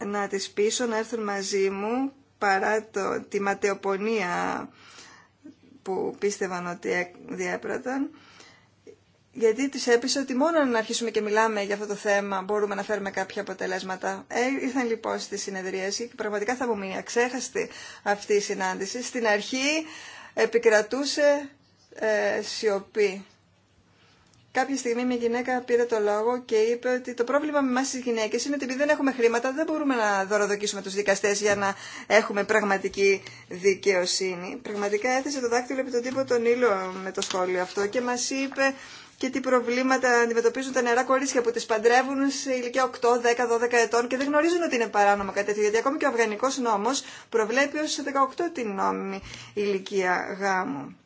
να τις πείσω να έρθουν μαζί μου παρά το, τη ματαιοπονία που πίστευαν ότι διέπραταν, γιατί τη έπεισε ότι μόνο να αρχίσουμε και μιλάμε για αυτό το θέμα μπορούμε να φέρουμε κάποια αποτελέσματα. Ε, ήρθαν λοιπόν στι συνεδρίε και πραγματικά θα μου μείνει αξέχαστη αυτή η συνάντηση. Στην αρχή επικρατούσε ε, σιωπή. Κάποια στιγμή μια γυναίκα πήρε το λόγο και είπε ότι το πρόβλημα με εμά τι γυναίκε είναι ότι επειδή δεν έχουμε χρήματα δεν μπορούμε να δωροδοκίσουμε του δικαστέ για να έχουμε πραγματική δικαιοσύνη. Πραγματικά έθεσε το δάκτυλο επί τον τύπο τον ήλιο με το σχόλιο αυτό και μα είπε και τι προβλήματα αντιμετωπίζουν τα νερά κορίτσια που τι παντρεύουν σε ηλικία 8, 10, 12 ετών και δεν γνωρίζουν ότι είναι παράνομο κάτι τέτοιο. Γιατί ακόμη και ο Αφγανικό νόμο προβλέπει ω 18 την νόμιμη ηλικία γάμου.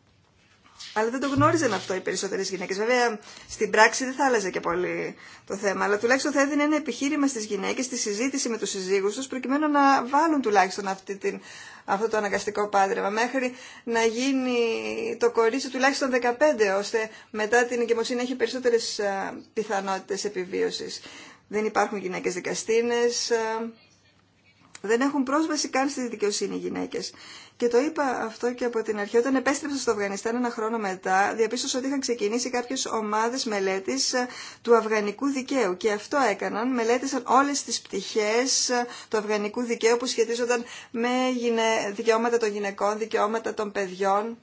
Αλλά δεν το γνώριζαν αυτό οι περισσότερε γυναίκε. Βέβαια, στην πράξη δεν θα άλλαζε και πολύ το θέμα, αλλά τουλάχιστον θα έδινε ένα επιχείρημα στι γυναίκε στη συζήτηση με του συζύγου του, προκειμένου να βάλουν τουλάχιστον αυτή την, αυτό το αναγκαστικό πάντρεμα, μέχρι να γίνει το κορίτσι τουλάχιστον 15, ώστε μετά την εγκυμοσύνη να έχει περισσότερε πιθανότητε επιβίωση. Δεν υπάρχουν γυναίκε δικαστίνε. Ε, δεν έχουν πρόσβαση καν στη δικαιοσύνη οι γυναίκε. Και το είπα αυτό και από την αρχή. Όταν επέστρεψα στο Αφγανιστάν ένα χρόνο μετά, διαπίστωσα ότι είχαν ξεκινήσει κάποιε ομάδε μελέτη ε, του αφγανικού δικαίου. Και αυτό έκαναν. Μελέτησαν όλε τι πτυχέ ε, του αφγανικού δικαίου που σχετίζονταν με δικαιώματα των γυναικών, δικαιώματα των παιδιών.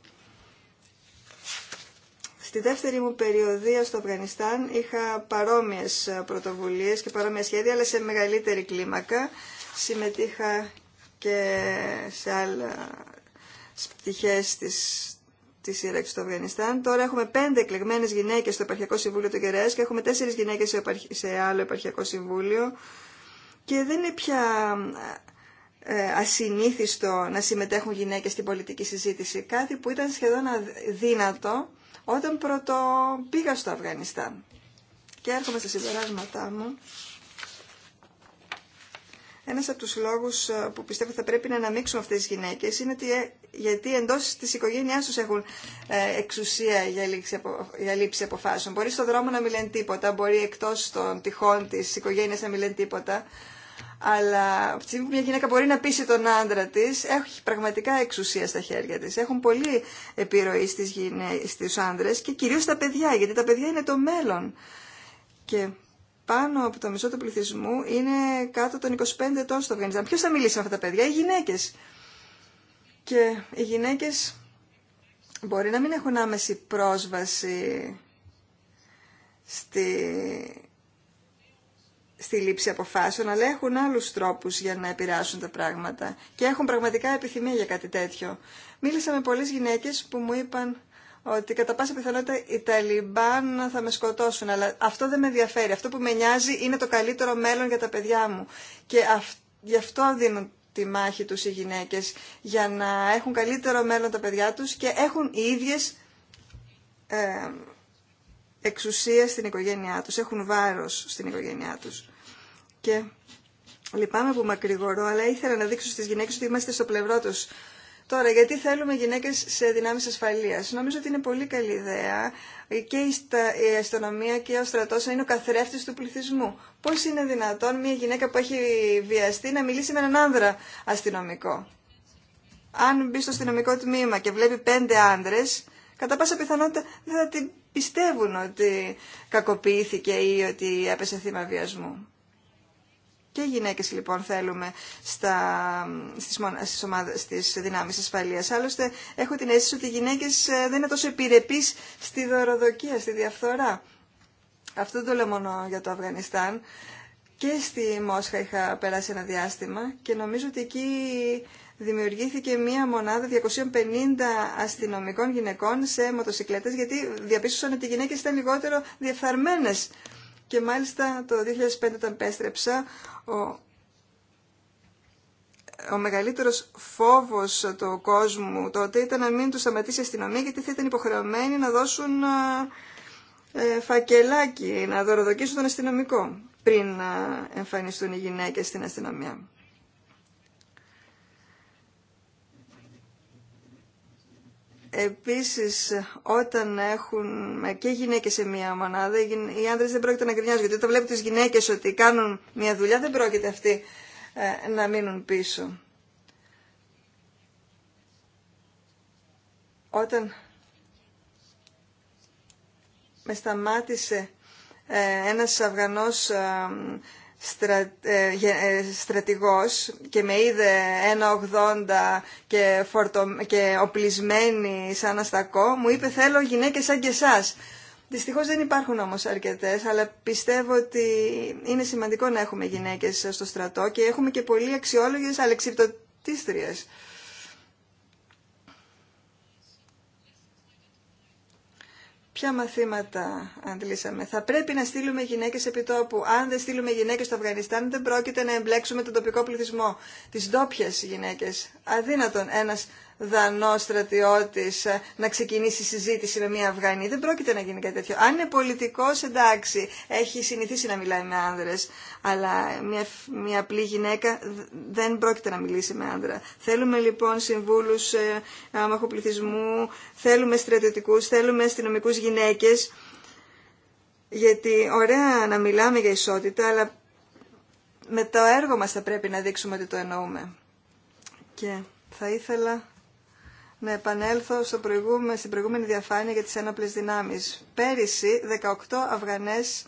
Στη δεύτερη μου περιοδία στο Αφγανιστάν είχα παρόμοιες πρωτοβουλίες και παρόμοια σχέδια, αλλά σε μεγαλύτερη κλίμακα. Συμμετείχα και σε άλλα πτυχές της, τη σύραξη του Αφγανιστάν. Τώρα έχουμε πέντε εκλεγμένες γυναίκες στο Επαρχιακό Συμβούλιο του Κεραίας και έχουμε τέσσερις γυναίκες σε άλλο Επαρχιακό Συμβούλιο. Και δεν είναι πια ε, ασυνήθιστο να συμμετέχουν γυναίκες στην πολιτική συζήτηση. Κάτι που ήταν σχεδόν αδύνατο όταν πρώτο πήγα στο Αφγανιστάν. Και έρχομαι στα συμπεράσματά μου ένα από του λόγου ε, που πιστεύω θα πρέπει να αναμίξουμε αυτέ τι γυναίκε είναι ότι ε, γιατί εντό τη οικογένειά του έχουν ε, εξουσία για λήψη αποφάσεων. Μπορεί στον δρόμο να μην τίποτα, μπορεί εκτό των τυχών τη οικογένεια να μην λένε τίποτα. Αλλά από τη στιγμή που μια γυναίκα μπορεί να πείσει τον άντρα τη, έχει πραγματικά εξουσία στα χέρια τη. Έχουν πολλή επιρροή στι άντρε και κυρίω στα παιδιά, γιατί τα παιδιά είναι το μέλλον. Και πάνω από το μισό του πληθυσμού είναι κάτω των 25 ετών στο Αφγανιστάν. Ποιο θα μιλήσει με αυτά τα παιδιά, οι γυναίκε. Και οι γυναίκε μπορεί να μην έχουν άμεση πρόσβαση στη, στη λήψη αποφάσεων, αλλά έχουν άλλου τρόπους για να επηρεάσουν τα πράγματα και έχουν πραγματικά επιθυμία για κάτι τέτοιο. Μίλησα με πολλέ γυναίκε που μου είπαν ότι κατά πάσα πιθανότητα οι Ταλιμπάν θα με σκοτώσουν. Αλλά αυτό δεν με ενδιαφέρει. Αυτό που με νοιάζει είναι το καλύτερο μέλλον για τα παιδιά μου. Και γι' αυτό δίνουν τη μάχη τους οι γυναίκες, για να έχουν καλύτερο μέλλον τα παιδιά τους και έχουν οι ίδιες ε, εξουσία στην οικογένειά τους, έχουν βάρος στην οικογένειά τους. Και λυπάμαι που μακρηγορώ, αλλά ήθελα να δείξω στις γυναίκες ότι είμαστε στο πλευρό τους Τώρα, γιατί θέλουμε γυναίκες σε δυνάμεις ασφαλείας. Νομίζω ότι είναι πολύ καλή ιδέα και η αστυνομία και ο στρατός είναι ο καθρέφτη του πληθυσμού. Πώς είναι δυνατόν μια γυναίκα που έχει βιαστεί να μιλήσει με έναν άνδρα αστυνομικό. Αν μπει στο αστυνομικό τμήμα και βλέπει πέντε άνδρες, κατά πάσα πιθανότητα δεν θα την πιστεύουν ότι κακοποιήθηκε ή ότι έπεσε θύμα βιασμού. Και γυναίκες λοιπόν θέλουμε στα, στις, στις, ομάδες, στις δυνάμεις ασφαλείας. Άλλωστε έχω την αίσθηση ότι οι γυναίκες ε, δεν είναι τόσο επιρρεπείς στη δωροδοκία, στη διαφθορά. Αυτό το λέω μόνο για το Αφγανιστάν. Και στη Μόσχα είχα περάσει ένα διάστημα και νομίζω ότι εκεί δημιουργήθηκε μία μονάδα 250 αστυνομικών γυναικών σε μοτοσυκλέτες γιατί διαπίστωσαν ότι οι γυναίκες ήταν λιγότερο διεφθαρμένες και μάλιστα το 2005 όταν πέστρεψα, ο ο μεγαλύτερος φόβος του κόσμου τότε ήταν να μην τους σταματήσει η αστυνομία γιατί θα ήταν υποχρεωμένοι να δώσουν ε, φακελάκι, να δωροδοκίσουν τον αστυνομικό πριν εμφανιστούν οι γυναίκες στην αστυνομία. Επίσης, όταν έχουν και γυναίκες σε μία μονάδα, οι άνδρες δεν πρόκειται να γκρινιάζουν, γιατί όταν βλέπουν τις γυναίκες ότι κάνουν μία δουλειά, δεν πρόκειται αυτοί ε, να μείνουν πίσω. Όταν με σταμάτησε ε, ένας Αφγανός ε, στρα, ε, ε, στρατηγός και με είδε 1,80 και, και οπλισμένη σαν αστακό, μου είπε θέλω γυναίκες σαν και εσάς. Δυστυχώς δεν υπάρχουν όμως αρκετές, αλλά πιστεύω ότι είναι σημαντικό να έχουμε γυναίκες στο στρατό και έχουμε και πολλοί αξιόλογες αλεξιπτοτίστριες Ποια μαθήματα αντλήσαμε. Θα πρέπει να στείλουμε γυναίκες επί τόπου. Αν δεν στείλουμε γυναίκες στο Αφγανιστάν δεν πρόκειται να εμπλέξουμε τον τοπικό πληθυσμό. Τις ντόπιε γυναίκε. Αδύνατον ένας Δανό στρατιώτη ε, να ξεκινήσει συζήτηση με μια Αφγανή. Δεν πρόκειται να γίνει κάτι τέτοιο. Αν είναι πολιτικό, εντάξει, έχει συνηθίσει να μιλάει με άνδρε. Αλλά μια, μια απλή γυναίκα δεν πρόκειται να μιλήσει με άνδρα. Θέλουμε λοιπόν συμβούλου ε, ε πληθυσμού, θέλουμε στρατιωτικού, θέλουμε αστυνομικού γυναίκε. Γιατί ωραία να μιλάμε για ισότητα, αλλά με το έργο μας θα πρέπει να δείξουμε ότι το εννοούμε. Και θα ήθελα να επανέλθω στο προηγούμε, στην προηγούμενη διαφάνεια για τις ένοπλες δυνάμεις. Πέρυσι, 18 Αφγανές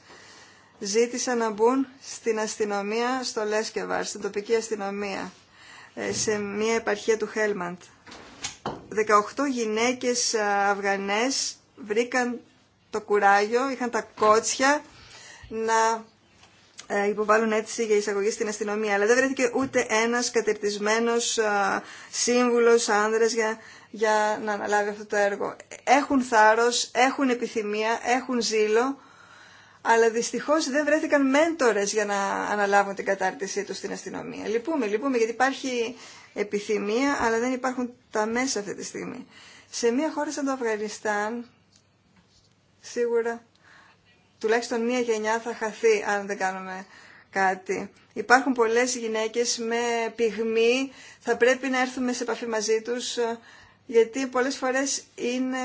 ζήτησαν να μπουν στην αστυνομία στο Λέσκεβαρ, στην τοπική αστυνομία, ε, σε μια επαρχία του Χέλμαντ. 18 γυναίκες ε, Αφγανές βρήκαν το κουράγιο, είχαν τα κότσια να ε, υποβάλουν αίτηση για εισαγωγή στην αστυνομία. Αλλά δεν βρέθηκε ούτε ένας κατερτισμένος σύμβουλος άνδρας για για να αναλάβει αυτό το έργο. Έχουν θάρρος, έχουν επιθυμία, έχουν ζήλο, αλλά δυστυχώς δεν βρέθηκαν μέντορες για να αναλάβουν την κατάρτισή τους στην αστυνομία. Λυπούμε, λυπούμε, γιατί υπάρχει επιθυμία, αλλά δεν υπάρχουν τα μέσα αυτή τη στιγμή. Σε μια χώρα σαν το Αφγανιστάν, σίγουρα τουλάχιστον μία γενιά θα χαθεί αν δεν κάνουμε κάτι. Υπάρχουν πολλές γυναίκες με πυγμή, θα πρέπει να έρθουμε σε επαφή μαζί τους, γιατί πολλές φορές είναι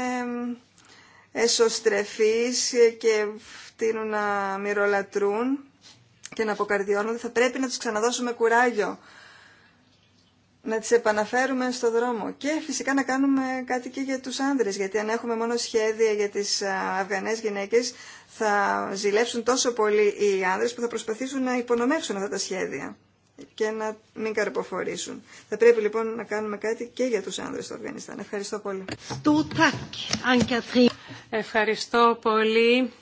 εσωστρεφείς και φτύνουν να μυρολατρούν και να αποκαρδιώνονται. Θα πρέπει να τους ξαναδώσουμε κουράγιο, να τις επαναφέρουμε στο δρόμο και φυσικά να κάνουμε κάτι και για τους άνδρες, γιατί αν έχουμε μόνο σχέδια για τις Αφγανές γυναίκες θα ζηλέψουν τόσο πολύ οι άνδρες που θα προσπαθήσουν να υπονομεύσουν αυτά τα σχέδια και να μην καρποφορήσουν. Θα πρέπει λοιπόν να κάνουμε κάτι και για τους άνδρες στο Αφγανιστάν. Ευχαριστώ πολύ. Ευχαριστώ πολύ.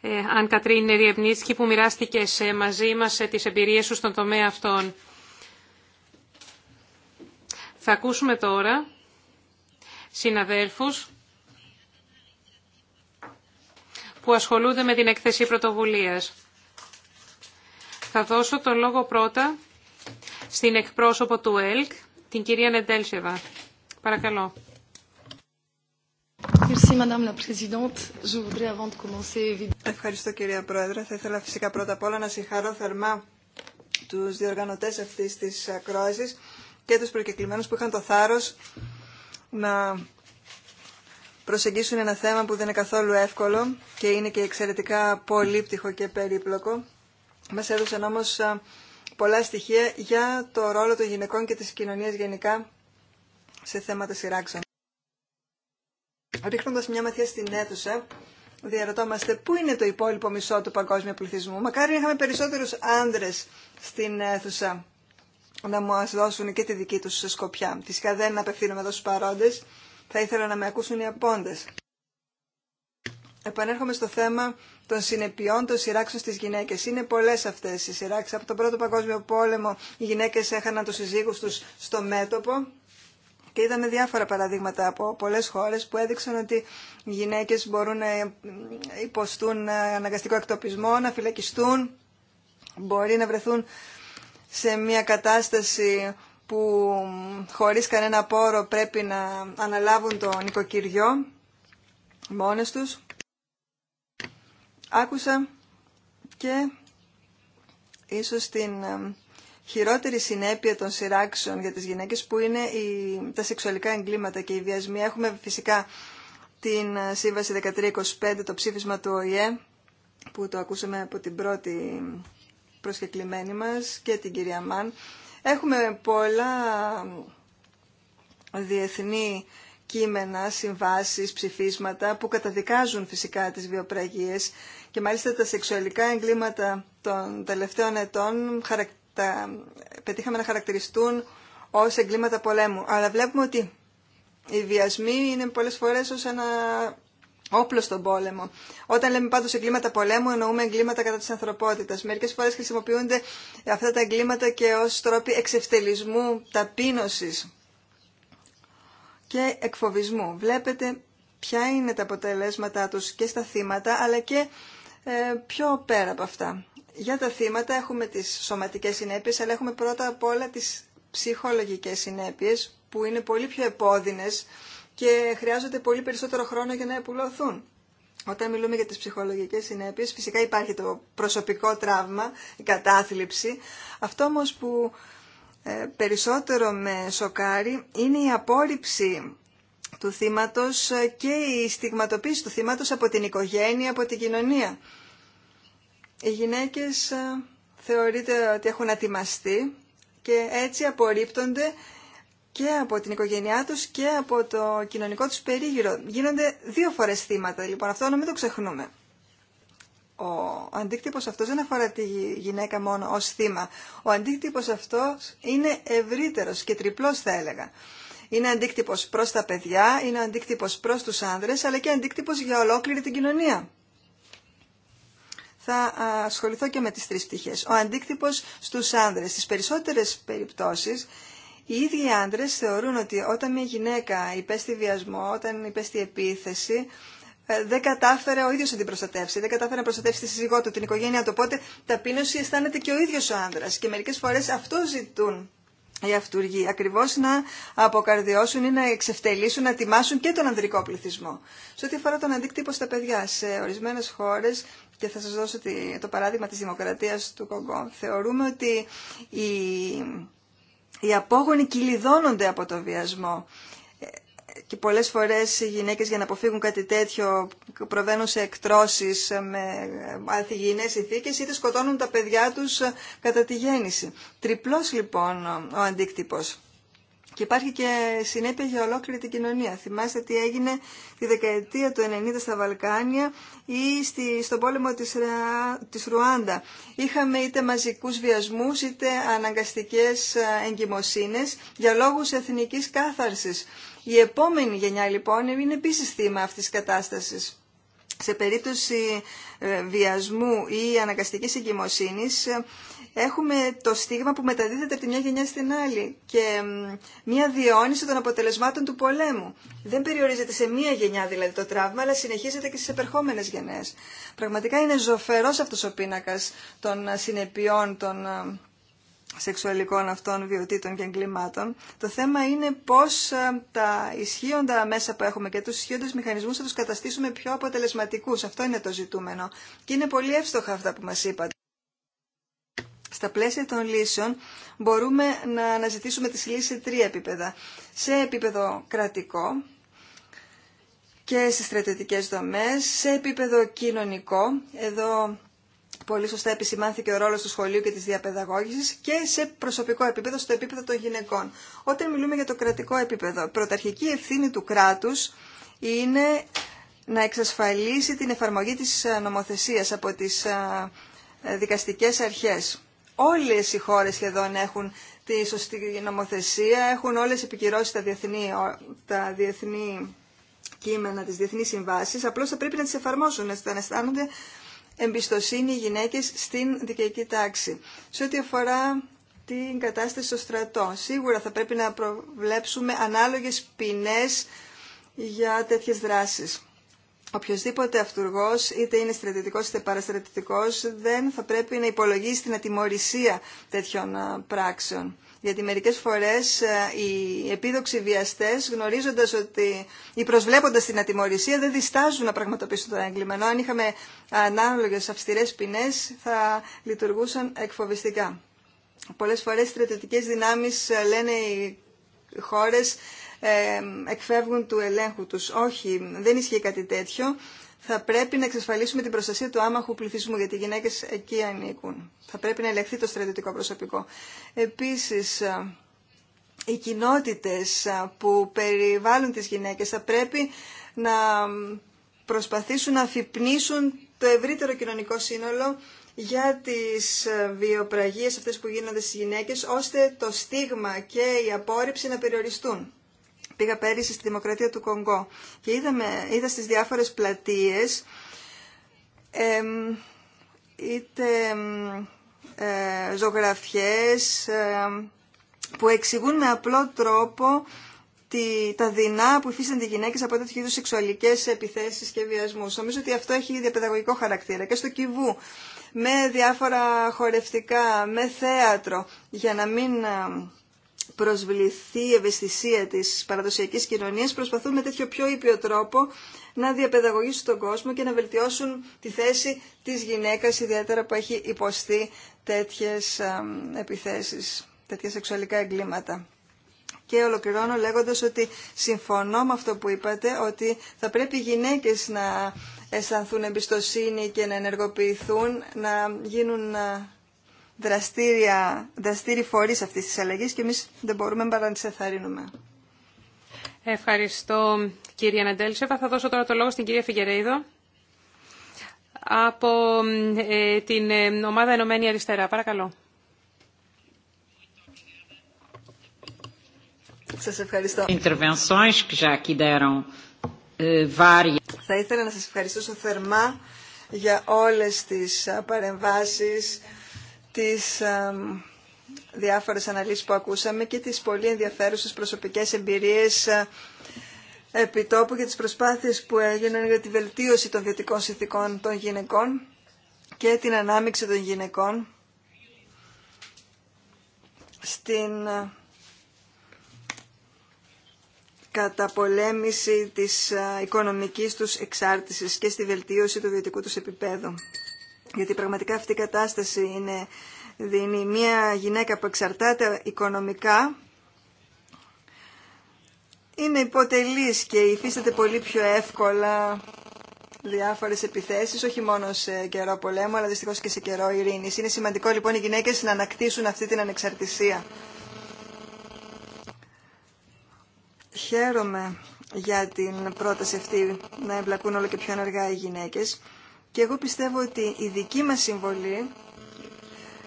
Ε, αν Κατρίν Ριευνίτσκι που μοιράστηκε μαζί μας ε, τις εμπειρίες σου στον τομέα αυτών. Θα ακούσουμε τώρα συναδέλφους που ασχολούνται με την εκθεσή πρωτοβουλίας. Θα δώσω το λόγο πρώτα στην εκπρόσωπο του ΕΛΚ, την κυρία Νεντέλσεβα. Παρακαλώ. Ευχαριστώ κυρία Πρόεδρε. Θα ήθελα φυσικά πρώτα απ' όλα να συγχαρώ θερμά τους διοργανωτές αυτής της ακρόασης και τους προκεκλημένους που είχαν το θάρρος να προσεγγίσουν ένα θέμα που δεν είναι καθόλου εύκολο και είναι και εξαιρετικά πολύπτυχο και περίπλοκο μας έδωσαν όμως πολλά στοιχεία για το ρόλο των γυναικών και της κοινωνίας γενικά σε θέματα σειράξεων. Ρίχνοντας μια ματιά στην αίθουσα, διαρωτόμαστε πού είναι το υπόλοιπο μισό του παγκόσμιου πληθυσμού. Μακάρι να είχαμε περισσότερους άντρες στην αίθουσα να μου δώσουν και τη δική τους σκοπιά. Φυσικά δεν απευθύνομαι εδώ στους παρόντες, θα ήθελα να με ακούσουν οι απόντες επανέρχομαι στο θέμα των συνεπειών των σειράξεων στις γυναίκες. Είναι πολλές αυτές οι σειράξεις. Από τον Πρώτο Παγκόσμιο Πόλεμο οι γυναίκες έχαναν τους συζύγους τους στο μέτωπο και είδαμε διάφορα παραδείγματα από πολλές χώρες που έδειξαν ότι οι γυναίκες μπορούν να υποστούν αναγκαστικό εκτοπισμό, να φυλακιστούν, μπορεί να βρεθούν σε μια κατάσταση που χωρίς κανένα πόρο πρέπει να αναλάβουν το νοικοκυριό μόνες τους. Άκουσα και ίσως την ε, χειρότερη συνέπεια των σειράξεων για τις γυναίκες που είναι τα σεξουαλικά εγκλήματα και οι βιασμοί. Έχουμε φυσικά την ε, Σύμβαση 1325, το ψήφισμα του ΟΗΕ, που το ακούσαμε από την πρώτη προσκεκλημένη μας και την κυρία Μαν. Έχουμε πολλά ε, διεθνή κείμενα, συμβάσεις, ψηφίσματα που καταδικάζουν φυσικά τις βιοπραγίες και μάλιστα τα σεξουαλικά εγκλήματα των τελευταίων ετών πετύχαμε να χαρακτηριστούν ως εγκλήματα πολέμου. Αλλά βλέπουμε ότι οι βιασμοί είναι πολλές φορές ως ένα όπλο στον πόλεμο. Όταν λέμε πάντως εγκλήματα πολέμου εννοούμε εγκλήματα κατά της ανθρωπότητας. Μερικές φορές χρησιμοποιούνται αυτά τα εγκλήματα και ως τρόποι εξευτελισμού, ταπείνωσης και εκφοβισμού. Βλέπετε ποια είναι τα αποτελέσματά τους και στα θύματα, αλλά και ε, πιο πέρα από αυτά. Για τα θύματα έχουμε τις σωματικές συνέπειες, αλλά έχουμε πρώτα απ' όλα τις ψυχολογικές συνέπειες, που είναι πολύ πιο επώδυνες και χρειάζονται πολύ περισσότερο χρόνο για να επουλωθούν. Όταν μιλούμε για τις ψυχολογικές συνέπειες, φυσικά υπάρχει το προσωπικό τραύμα, η κατάθλιψη. Αυτό όμως που ε, περισσότερο με σοκάρει είναι η απόρριψη του θύματος και η στιγματοποίηση του θύματος από την οικογένεια, από την κοινωνία. Οι γυναίκες ε, θεωρείται ότι έχουν ατιμαστεί και έτσι απορρίπτονται και από την οικογένειά τους και από το κοινωνικό τους περίγυρο. Γίνονται δύο φορές θύματα, λοιπόν, αυτό να μην το ξεχνούμε ο αντίκτυπος αυτός δεν αφορά τη γυναίκα μόνο ως θύμα. Ο αντίκτυπος αυτός είναι ευρύτερος και τριπλός θα έλεγα. Είναι αντίκτυπος προς τα παιδιά, είναι αντίκτυπος προς τους άνδρες, αλλά και αντίκτυπος για ολόκληρη την κοινωνία. Θα ασχοληθώ και με τις τρεις πτυχές. Ο αντίκτυπος στους άνδρες. Στις περισσότερες περιπτώσεις, οι ίδιοι άνδρες θεωρούν ότι όταν μια γυναίκα υπέστη βιασμό, όταν υπέστη επίθεση, ε, δεν κατάφερε ο ίδιο να την προστατεύσει, δεν κατάφερε να προστατεύσει τη σύζυγό του, την οικογένειά του. Οπότε ταπείνωση αισθάνεται και ο ίδιο ο άντρα. και μερικέ φορέ αυτό ζητούν οι αυτούργοι, ακριβώ να αποκαρδιώσουν ή να εξευτελίσουν, να τιμάσουν και τον ανδρικό πληθυσμό. Σε ό,τι αφορά τον αντίκτυπο στα παιδιά, σε ορισμένε χώρε και θα σα δώσω το παράδειγμα τη δημοκρατία του Κογκό, θεωρούμε ότι οι, οι απόγονοι κυλιδώνονται από το βιασμό και πολλές φορές οι γυναίκες για να αποφύγουν κάτι τέτοιο προβαίνουν σε εκτρώσεις με αθυγιεινές συνθήκε είτε σκοτώνουν τα παιδιά τους κατά τη γέννηση. Τριπλός λοιπόν ο αντίκτυπος. Και υπάρχει και συνέπεια για ολόκληρη την κοινωνία. Θυμάστε τι έγινε τη δεκαετία του 90 στα Βαλκάνια ή στη, στον πόλεμο της, της Ρουάντα. Είχαμε είτε μαζικούς βιασμούς είτε αναγκαστικές ε, εγκυμοσύνες για λόγους εθνικής κάθαρσης η επόμενη γενιά λοιπόν είναι επίσης θύμα αυτής της κατάστασης. Σε περίπτωση ε, βιασμού ή αναγκαστικής εγκυμοσύνης ε, έχουμε το στίγμα που μεταδίδεται από τη μια γενιά στην άλλη και μια διαιώνιση των αποτελεσμάτων του πολέμου. Δεν περιορίζεται σε μια γενιά δηλαδή το τραύμα, αλλά συνεχίζεται και στις επερχόμενες γενιές. Πραγματικά είναι ζωφερός αυτός ο πίνακας των ε, συνεπειών των σεξουαλικών αυτών βιωτήτων και εγκλημάτων. Το θέμα είναι πώς ε, τα ισχύοντα μέσα που έχουμε και τους ισχύοντες μηχανισμούς θα τους καταστήσουμε πιο αποτελεσματικούς. Αυτό είναι το ζητούμενο. Και είναι πολύ εύστοχα αυτά που μας είπατε. Στα πλαίσια των λύσεων μπορούμε να αναζητήσουμε τις λύσεις σε τρία επίπεδα. Σε επίπεδο κρατικό και στις στρατιωτικές δομές, σε επίπεδο κοινωνικό, εδώ πολύ σωστά επισημάνθηκε ο ρόλος του σχολείου και της διαπαιδαγώγησης και σε προσωπικό επίπεδο, στο επίπεδο των γυναικών. Όταν μιλούμε για το κρατικό επίπεδο, πρωταρχική ευθύνη του κράτους είναι να εξασφαλίσει την εφαρμογή της ε, νομοθεσίας από τις ε, ε, δικαστικές αρχές. Όλες οι χώρες σχεδόν έχουν τη σωστή νομοθεσία, έχουν όλες επικυρώσει τα διεθνή, τα διεθνή κείμενα, τις διεθνείς συμβάσεις, απλώς θα πρέπει να τις εφαρμόσουν, να αισθάνονται εμπιστοσύνη οι γυναίκες στην δικαιική τάξη. Σε ό,τι αφορά την κατάσταση στο στρατό, σίγουρα θα πρέπει να προβλέψουμε ανάλογες ποινές για τέτοιες δράσεις. Οποιοδήποτε αυτούργος, είτε είναι στρατητικός είτε παραστρατητικός δεν θα πρέπει να υπολογίσει την ατιμορρησία τέτοιων πράξεων. Γιατί μερικές φορές ε, οι επίδοξοι βιαστές γνωρίζοντας ότι ή προσβλέποντα την ατιμορρησία δεν διστάζουν να πραγματοποιήσουν το έγκλημα. Ενώ αν είχαμε ανάλογες αυστηρέ ποινέ, θα λειτουργούσαν εκφοβιστικά. φορέ φορές στρατιωτικέ δυνάμεις ε, λένε οι χώρες ε, εκφεύγουν του ελέγχου τους. Όχι, δεν ισχύει κάτι τέτοιο θα πρέπει να εξασφαλίσουμε την προστασία του άμαχου πληθυσμού, γιατί οι γυναίκε εκεί ανήκουν. Θα πρέπει να ελεγχθεί το στρατιωτικό προσωπικό. Επίση, οι κοινότητε που περιβάλλουν τι γυναίκε θα πρέπει να προσπαθήσουν να αφυπνίσουν το ευρύτερο κοινωνικό σύνολο για τις βιοπραγίες αυτές που γίνονται στις γυναίκες, ώστε το στίγμα και η απόρριψη να περιοριστούν. Πήγα πέρυσι στη Δημοκρατία του Κονγκό και είδαμε, είδα στις διάφορες πλατείες ε, είτε ε, ζωγραφιές που εξηγούν με απλό τρόπο τη, τα δεινά που υφίστανται οι γυναίκες από τέτοιου είδους σεξουαλικές επιθέσεις και βιασμούς. Νομίζω ότι αυτό έχει διαπαιδαγωγικό χαρακτήρα και στο Κιβού με διάφορα χορευτικά, με θέατρο για να μην προσβληθεί η ευαισθησία της παραδοσιακής κοινωνίας, προσπαθούν με τέτοιο πιο ήπιο τρόπο να διαπαιδαγωγήσουν τον κόσμο και να βελτιώσουν τη θέση της γυναίκας, ιδιαίτερα που έχει υποστεί τέτοιες επιθέσεις, τέτοια σεξουαλικά εγκλήματα. Και ολοκληρώνω λέγοντας ότι συμφωνώ με αυτό που είπατε, ότι θα πρέπει οι γυναίκες να αισθανθούν εμπιστοσύνη και να ενεργοποιηθούν, να γίνουν δραστήρια, δραστήριοι φορείς αυτής της αλλαγής και εμείς δεν μπορούμε παρά να τις εθαρρύνουμε. Ευχαριστώ κύριε Ναντέλσεβα. Θα δώσω τώρα το λόγο στην κυρία Φιγερέιδο από ε, την ε, ομάδα Ενωμένη Αριστερά. Παρακαλώ. Σας ευχαριστώ. Eh, Θα ήθελα να σας ευχαριστήσω θερμά για όλες τις παρεμβάσεις τις διάφορες αναλύσεις που ακούσαμε και τις πολύ ενδιαφέρουσες προσωπικές εμπειρίες ε, επιτόπου για τις προσπάθειες που έγιναν για τη βελτίωση των βιωτικών συνθήκων των γυναικών και την ανάμειξη των γυναικών στην ε, καταπολέμηση της ε, οικονομικής τους εξάρτησης και στη βελτίωση του βιωτικού τους επίπεδου γιατί πραγματικά αυτή η κατάσταση είναι, δίνει μια γυναίκα που εξαρτάται οικονομικά, είναι υποτελής και υφίσταται πολύ πιο εύκολα διάφορες επιθέσεις, όχι μόνο σε καιρό πολέμου, αλλά δυστυχώς και σε καιρό ειρήνης. Είναι σημαντικό λοιπόν οι γυναίκες να ανακτήσουν αυτή την ανεξαρτησία. Χαίρομαι για την πρόταση αυτή να εμπλακούν όλο και πιο ενεργά οι γυναίκες και εγώ πιστεύω ότι η δική μας συμβολή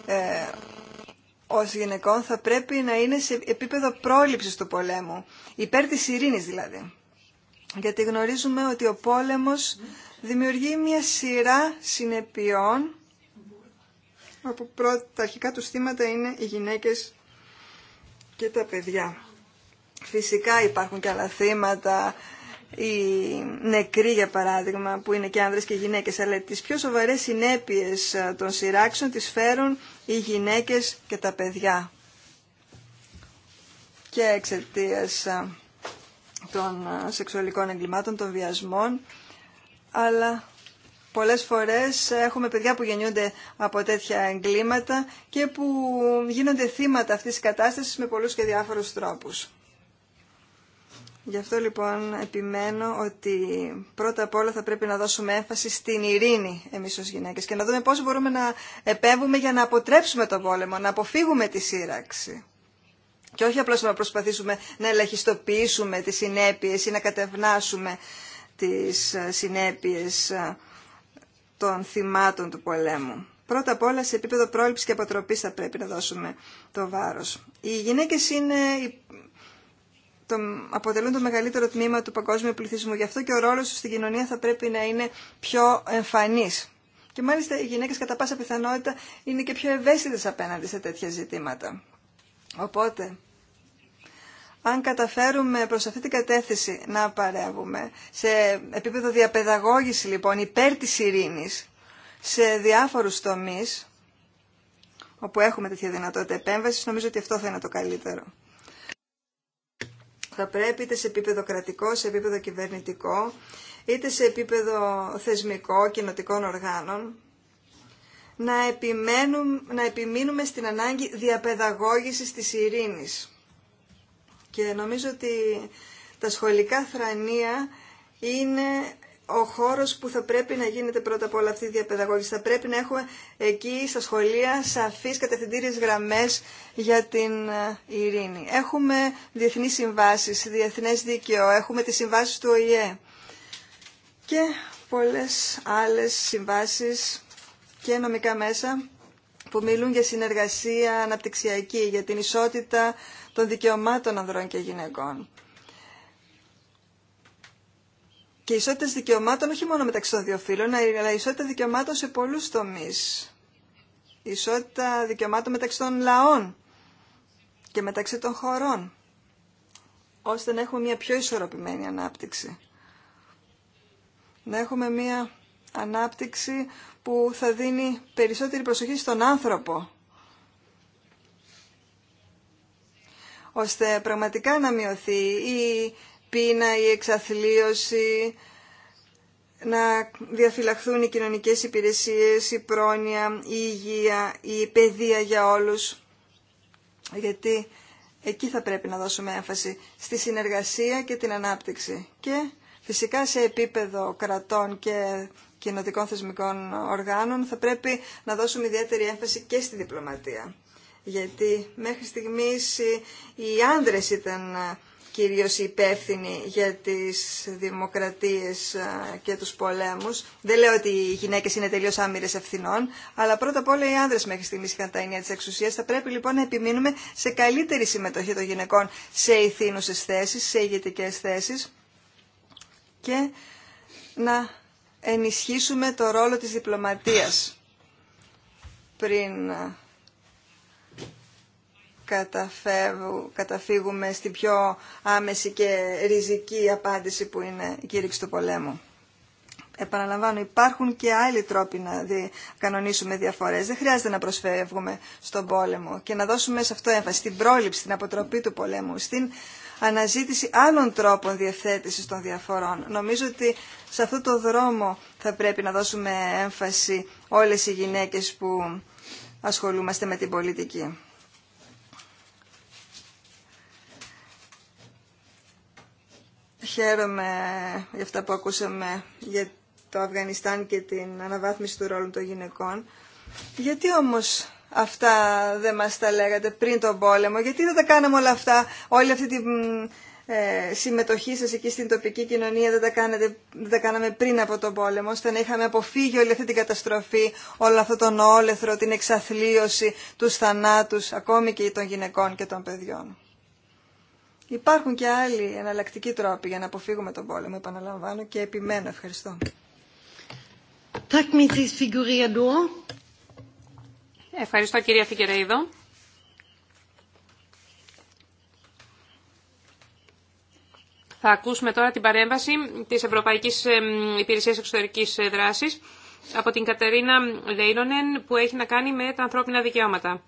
ε, ως γυναικών θα πρέπει να είναι σε επίπεδο πρόληψης του πολέμου, υπέρ της ειρήνης δηλαδή. Γιατί γνωρίζουμε ότι ο πόλεμος δημιουργεί μια σειρά συνεπειών, όπου τα αρχικά του θύματα είναι οι γυναίκες και τα παιδιά. Φυσικά υπάρχουν και άλλα θύματα, οι νεκροί για παράδειγμα που είναι και άνδρες και γυναίκες αλλά τις πιο σοβαρές συνέπειες ε, των σειράξεων τις φέρουν οι γυναίκες και τα παιδιά και εξαιτία ε, των ε, σεξουαλικών εγκλημάτων, των βιασμών αλλά πολλές φορές έχουμε παιδιά που γεννιούνται από τέτοια εγκλήματα και που γίνονται θύματα αυτής της κατάστασης με πολλούς και διάφορους τρόπους. Γι' αυτό λοιπόν επιμένω ότι πρώτα απ' όλα θα πρέπει να δώσουμε έμφαση στην ειρήνη εμείς ως γυναίκες και να δούμε πώς μπορούμε να επέμβουμε για να αποτρέψουμε τον πόλεμο, να αποφύγουμε τη σύραξη. Και όχι απλώς να προσπαθήσουμε να ελαχιστοποιήσουμε τις συνέπειες ή να κατευνάσουμε τις ε, συνέπειες ε, των θυμάτων του πολέμου. Πρώτα απ' όλα σε επίπεδο πρόληψης και αποτροπής θα πρέπει να δώσουμε το βάρος. Οι γυναίκες είναι το, αποτελούν το μεγαλύτερο τμήμα του παγκόσμιου πληθυσμού. Γι' αυτό και ο ρόλος του στην κοινωνία θα πρέπει να είναι πιο εμφανής. Και μάλιστα οι γυναίκες κατά πάσα πιθανότητα είναι και πιο ευαίσθητες απέναντι σε τέτοια ζητήματα. Οπότε, αν καταφέρουμε προς αυτή την κατεύθυνση να παρεύουμε σε επίπεδο διαπαιδαγώγηση λοιπόν υπέρ της ειρήνης σε διάφορους τομείς όπου έχουμε τέτοια δυνατότητα επέμβασης, νομίζω ότι αυτό θα είναι το καλύτερο. Θα πρέπει είτε σε επίπεδο κρατικό, σε επίπεδο κυβερνητικό, είτε σε επίπεδο θεσμικό, κοινοτικών οργάνων, να, να επιμείνουμε στην ανάγκη διαπαιδαγώγησης της ειρήνης. Και νομίζω ότι τα σχολικά θρανία είναι ο χώρος που θα πρέπει να γίνεται πρώτα απ' όλα αυτή η διαπαιδαγώγηση. Θα πρέπει να έχουμε εκεί στα σχολεία σαφείς κατευθυντήριες γραμμές για την ε, ειρήνη. Έχουμε διεθνεί συμβάσεις, διεθνέ δίκαιο, έχουμε τις συμβάσει του ΟΗΕ και πολλές άλλες συμβάσεις και νομικά μέσα που μιλούν για συνεργασία αναπτυξιακή, για την ισότητα των δικαιωμάτων ανδρών και γυναικών και ισότητα δικαιωμάτων όχι μόνο μεταξύ των δύο φύλων, αλλά ισότητα δικαιωμάτων σε πολλούς τομείς. Ισότητα δικαιωμάτων μεταξύ των λαών και μεταξύ των χωρών, ώστε να έχουμε μια πιο ισορροπημένη ανάπτυξη. Να έχουμε μια ανάπτυξη που θα δίνει περισσότερη προσοχή στον άνθρωπο, ώστε πραγματικά να μειωθεί η πείνα, η εξαθλίωση, να διαφυλαχθούν οι κοινωνικές υπηρεσίες, η πρόνοια, η υγεία, η παιδεία για όλους. Γιατί εκεί θα πρέπει να δώσουμε έμφαση στη συνεργασία και την ανάπτυξη. Και φυσικά σε επίπεδο κρατών και κοινοτικών θεσμικών οργάνων θα πρέπει να δώσουμε ιδιαίτερη έμφαση και στη διπλωματία. Γιατί μέχρι στιγμής οι άνδρες ήταν κυρίως υπεύθυνοι για τις δημοκρατίες και τους πολέμους. Δεν λέω ότι οι γυναίκες είναι τελείως άμυρες ευθυνών, αλλά πρώτα απ' όλα οι άνδρες μέχρι στιγμής είχαν τα ενία της εξουσίας. Θα πρέπει λοιπόν να επιμείνουμε σε καλύτερη συμμετοχή των γυναικών σε ηθήνουσες θέσεις, σε ηγετικέ θέσεις και να ενισχύσουμε το ρόλο της διπλωματίας πριν καταφύγουμε στην πιο άμεση και ριζική απάντηση που είναι η κήρυξη του πολέμου. Επαναλαμβάνω, υπάρχουν και άλλοι τρόποι να δι... κανονίσουμε διαφορές. Δεν χρειάζεται να προσφεύγουμε στον πόλεμο και να δώσουμε σε αυτό έμφαση, στην πρόληψη, στην αποτροπή του πολέμου, στην αναζήτηση άλλων τρόπων διευθέτησης των διαφορών. Νομίζω ότι σε αυτό το δρόμο θα πρέπει να δώσουμε έμφαση όλες οι γυναίκες που ασχολούμαστε με την πολιτική. Χαίρομαι για αυτά που ακούσαμε για το Αφγανιστάν και την αναβάθμιση του ρόλου των γυναικών. Γιατί όμως αυτά δεν μας τα λέγατε πριν τον πόλεμο, γιατί δεν τα κάναμε όλα αυτά, όλη αυτή τη ε, συμμετοχή σας εκεί στην τοπική κοινωνία δεν τα, δεν κάναμε πριν από τον πόλεμο, ώστε να είχαμε αποφύγει όλη αυτή την καταστροφή, όλο αυτό τον όλεθρο, την εξαθλίωση, τους θανάτους, ακόμη και των γυναικών και των παιδιών. Υπάρχουν και άλλοι εναλλακτικοί τρόποι για να αποφύγουμε τον πόλεμο, επαναλαμβάνω και επιμένω. Ευχαριστώ. Ευχαριστώ κυρία Φικερέιδο. Θα ακούσουμε τώρα την παρέμβαση της Ευρωπαϊκής Υπηρεσίας Εξωτερικής Δράσης από την Κατερίνα Λέιρονεν που έχει να κάνει με τα ανθρώπινα δικαιώματα.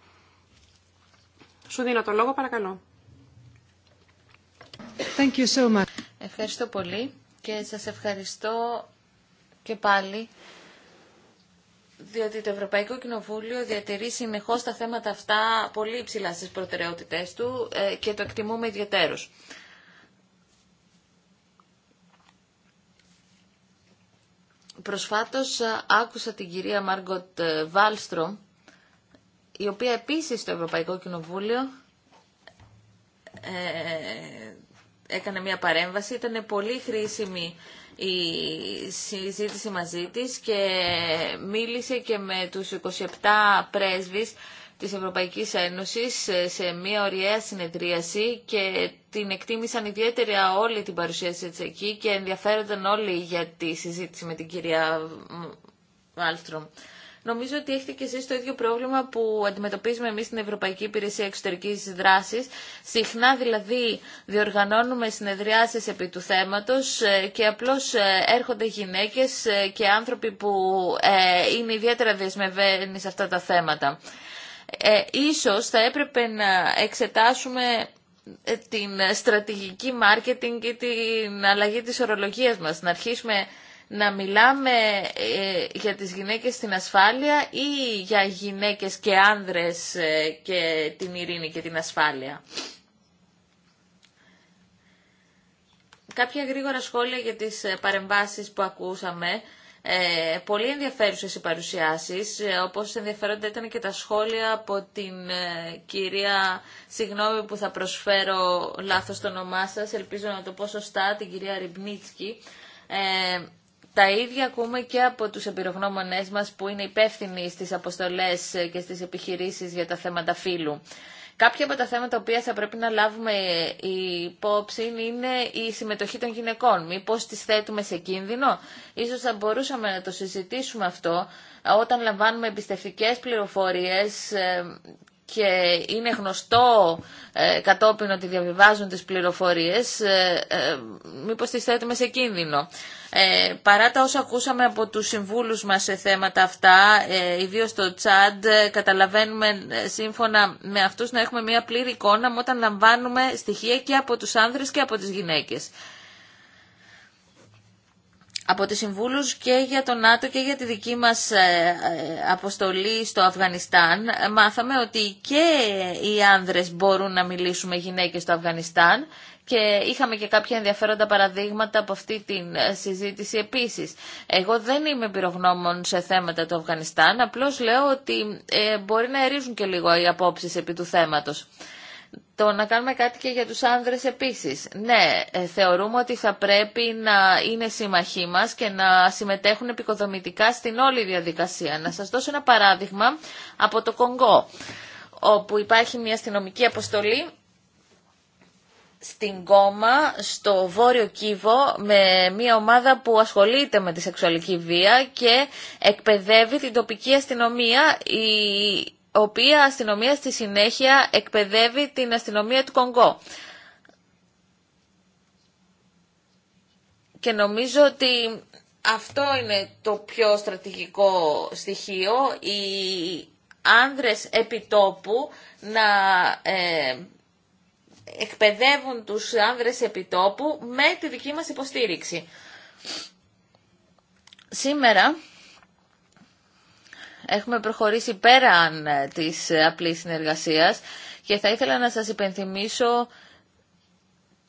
Σου δίνω το λόγο παρακαλώ. Ευχαριστώ πολύ και σας ευχαριστώ και πάλι διότι το Ευρωπαϊκό Κοινοβούλιο διατηρεί συνεχώ τα θέματα αυτά πολύ υψηλά στις προτεραιότητές του ε, και το εκτιμούμε ιδιαίτερως. Προσφάτως ε, άκουσα την κυρία Μάργκοτ ε, Βάλστρο, η οποία επίσης στο Ευρωπαϊκό Κοινοβούλιο έκανε μια παρέμβαση. Ήταν πολύ χρήσιμη η συζήτηση μαζί της και μίλησε και με τους 27 πρέσβεις της Ευρωπαϊκής Ένωσης σε μια ωραία συνεδρίαση και την εκτίμησαν ιδιαίτερα όλη την παρουσίαση της εκεί και ενδιαφέρονταν όλοι για τη συζήτηση με την κυρία Βάλστρομ. Νομίζω ότι έχετε και εσείς το ίδιο πρόβλημα που αντιμετωπίζουμε εμείς στην Ευρωπαϊκή Υπηρεσία Εξωτερικής Δράσης. Συχνά δηλαδή διοργανώνουμε συνεδριάσεις επί του θέματος ε, και απλώς ε, έρχονται γυναίκες ε, και άνθρωποι που είναι ιδιαίτερα δεσμευμένοι σε αυτά τα θέματα. Ε, ίσως θα έπρεπε να εξετάσουμε την στρατηγική μάρκετινγκ και την αλλαγή της ορολογίας μας. Να αρχίσουμε να μιλάμε ε, για τις γυναίκες στην ασφάλεια ή για γυναίκες και άνδρες ε, και την ειρήνη και την ασφάλεια. Κάποια γρήγορα σχόλια για τις ε, παρεμβάσεις που ακούσαμε. πολύ ενδιαφέρουσες οι παρουσιάσεις, όπως ενδιαφέροντα ήταν και τα σχόλια από την κυρία, συγγνώμη που θα προσφέρω λάθος το όνομά σας, ελπίζω να το πω σωστά, την κυρία Ριμπνίτσκι. Τα ίδια ακούμε και από τους εμπειρογνώμονές μας που είναι υπεύθυνοι στις αποστολές και στις επιχειρήσεις για τα θέματα φύλου. Κάποια από τα θέματα οποία θα πρέπει να λάβουμε υπόψη είναι η συμμετοχή των γυναικών. Μήπως τις θέτουμε σε κίνδυνο. Ίσως θα μπορούσαμε να το συζητήσουμε αυτό όταν λαμβάνουμε εμπιστευτικέ πληροφορίες ε, και είναι γνωστό ε, κατόπιν ότι διαβιβάζουν τις πληροφορίες, ε, ε, μήπως τις θέτουμε σε κίνδυνο. Ε, παρά τα όσα ακούσαμε από τους συμβούλους μας σε θέματα αυτά, ε, ιδίω στο Τσάντ, ε, καταλαβαίνουμε σύμφωνα με αυτούς να έχουμε μια πλήρη εικόνα όταν λαμβάνουμε στοιχεία και από τους άνδρες και από τις γυναίκες από τις συμβούλους και για το ΝΑΤΟ και για τη δική μας ε, ε, αποστολή στο Αφγανιστάν. Μάθαμε ότι και οι άνδρες μπορούν να μιλήσουν με γυναίκες στο Αφγανιστάν και είχαμε και κάποια ενδιαφέροντα παραδείγματα από αυτή τη ε, συζήτηση επίσης. Εγώ δεν είμαι πυρογνώμων σε θέματα του Αφγανιστάν, απλώς λέω ότι μπορεί να ερίζουν και λίγο οι απόψεις επί του θέματος. Το να κάνουμε κάτι και για τους άνδρες επίσης. Ναι, ε, θεωρούμε ότι θα πρέπει να είναι συμμαχοί μας και να συμμετέχουν επικοδομητικά στην όλη διαδικασία. Να σας δώσω ένα παράδειγμα από το Κονγκό, όπου υπάρχει μια αστυνομική αποστολή στην Κόμα, στο Βόρειο Κίβο, με μια ομάδα που ασχολείται με τη σεξουαλική βία και εκπαιδεύει την τοπική αστυνομία η οποία αστυνομία στη συνέχεια εκπαιδεύει την αστυνομία του Κονγκό. Και νομίζω ότι αυτό είναι το πιο στρατηγικό στοιχείο, οι άνδρες επιτόπου να ε, εκπαιδεύουν τους άνδρες επιτόπου με τη δική μας υποστήριξη. Σήμερα Έχουμε προχωρήσει πέραν ε, της ε, απλής συνεργασίας και θα ήθελα να σας υπενθυμίσω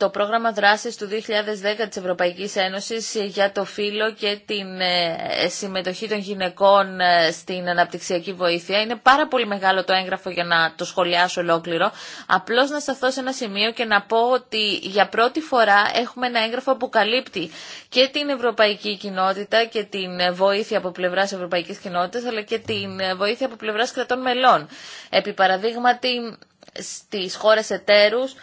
το πρόγραμμα δράσης του 2010 της Ευρωπαϊκής Ένωσης για το φύλλο και την ε, συμμετοχή των γυναικών ε, στην αναπτυξιακή βοήθεια. Είναι πάρα πολύ μεγάλο το έγγραφο για να το σχολιάσω ολόκληρο. Απλώς να σταθώ σε ένα σημείο και να πω ότι για πρώτη φορά έχουμε ένα έγγραφο που καλύπτει και την ευρωπαϊκή κοινότητα και την βοήθεια από πλευράς ευρωπαϊκής κοινότητας αλλά και την βοήθεια από πλευράς κρατών μελών. Επί παραδείγματι στις χώρες εταίρους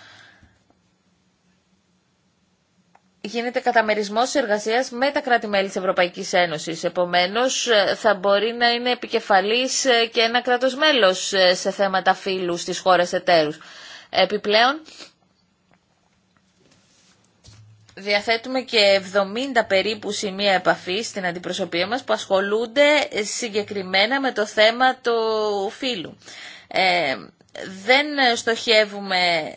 γίνεται καταμερισμός εργασίας με τα κράτη-μέλη της Ευρωπαϊκής Ένωσης. Επομένως, θα μπορεί να είναι επικεφαλής ε, και ένα κράτο μέλο ε, σε θέματα φύλου στι χώρε εταίρου. Επιπλέον, διαθέτουμε και 70 περίπου σημεία επαφής στην αντιπροσωπεία μας που ασχολούνται συγκεκριμένα με το θέμα του φύλου. Ε, δεν στοχεύουμε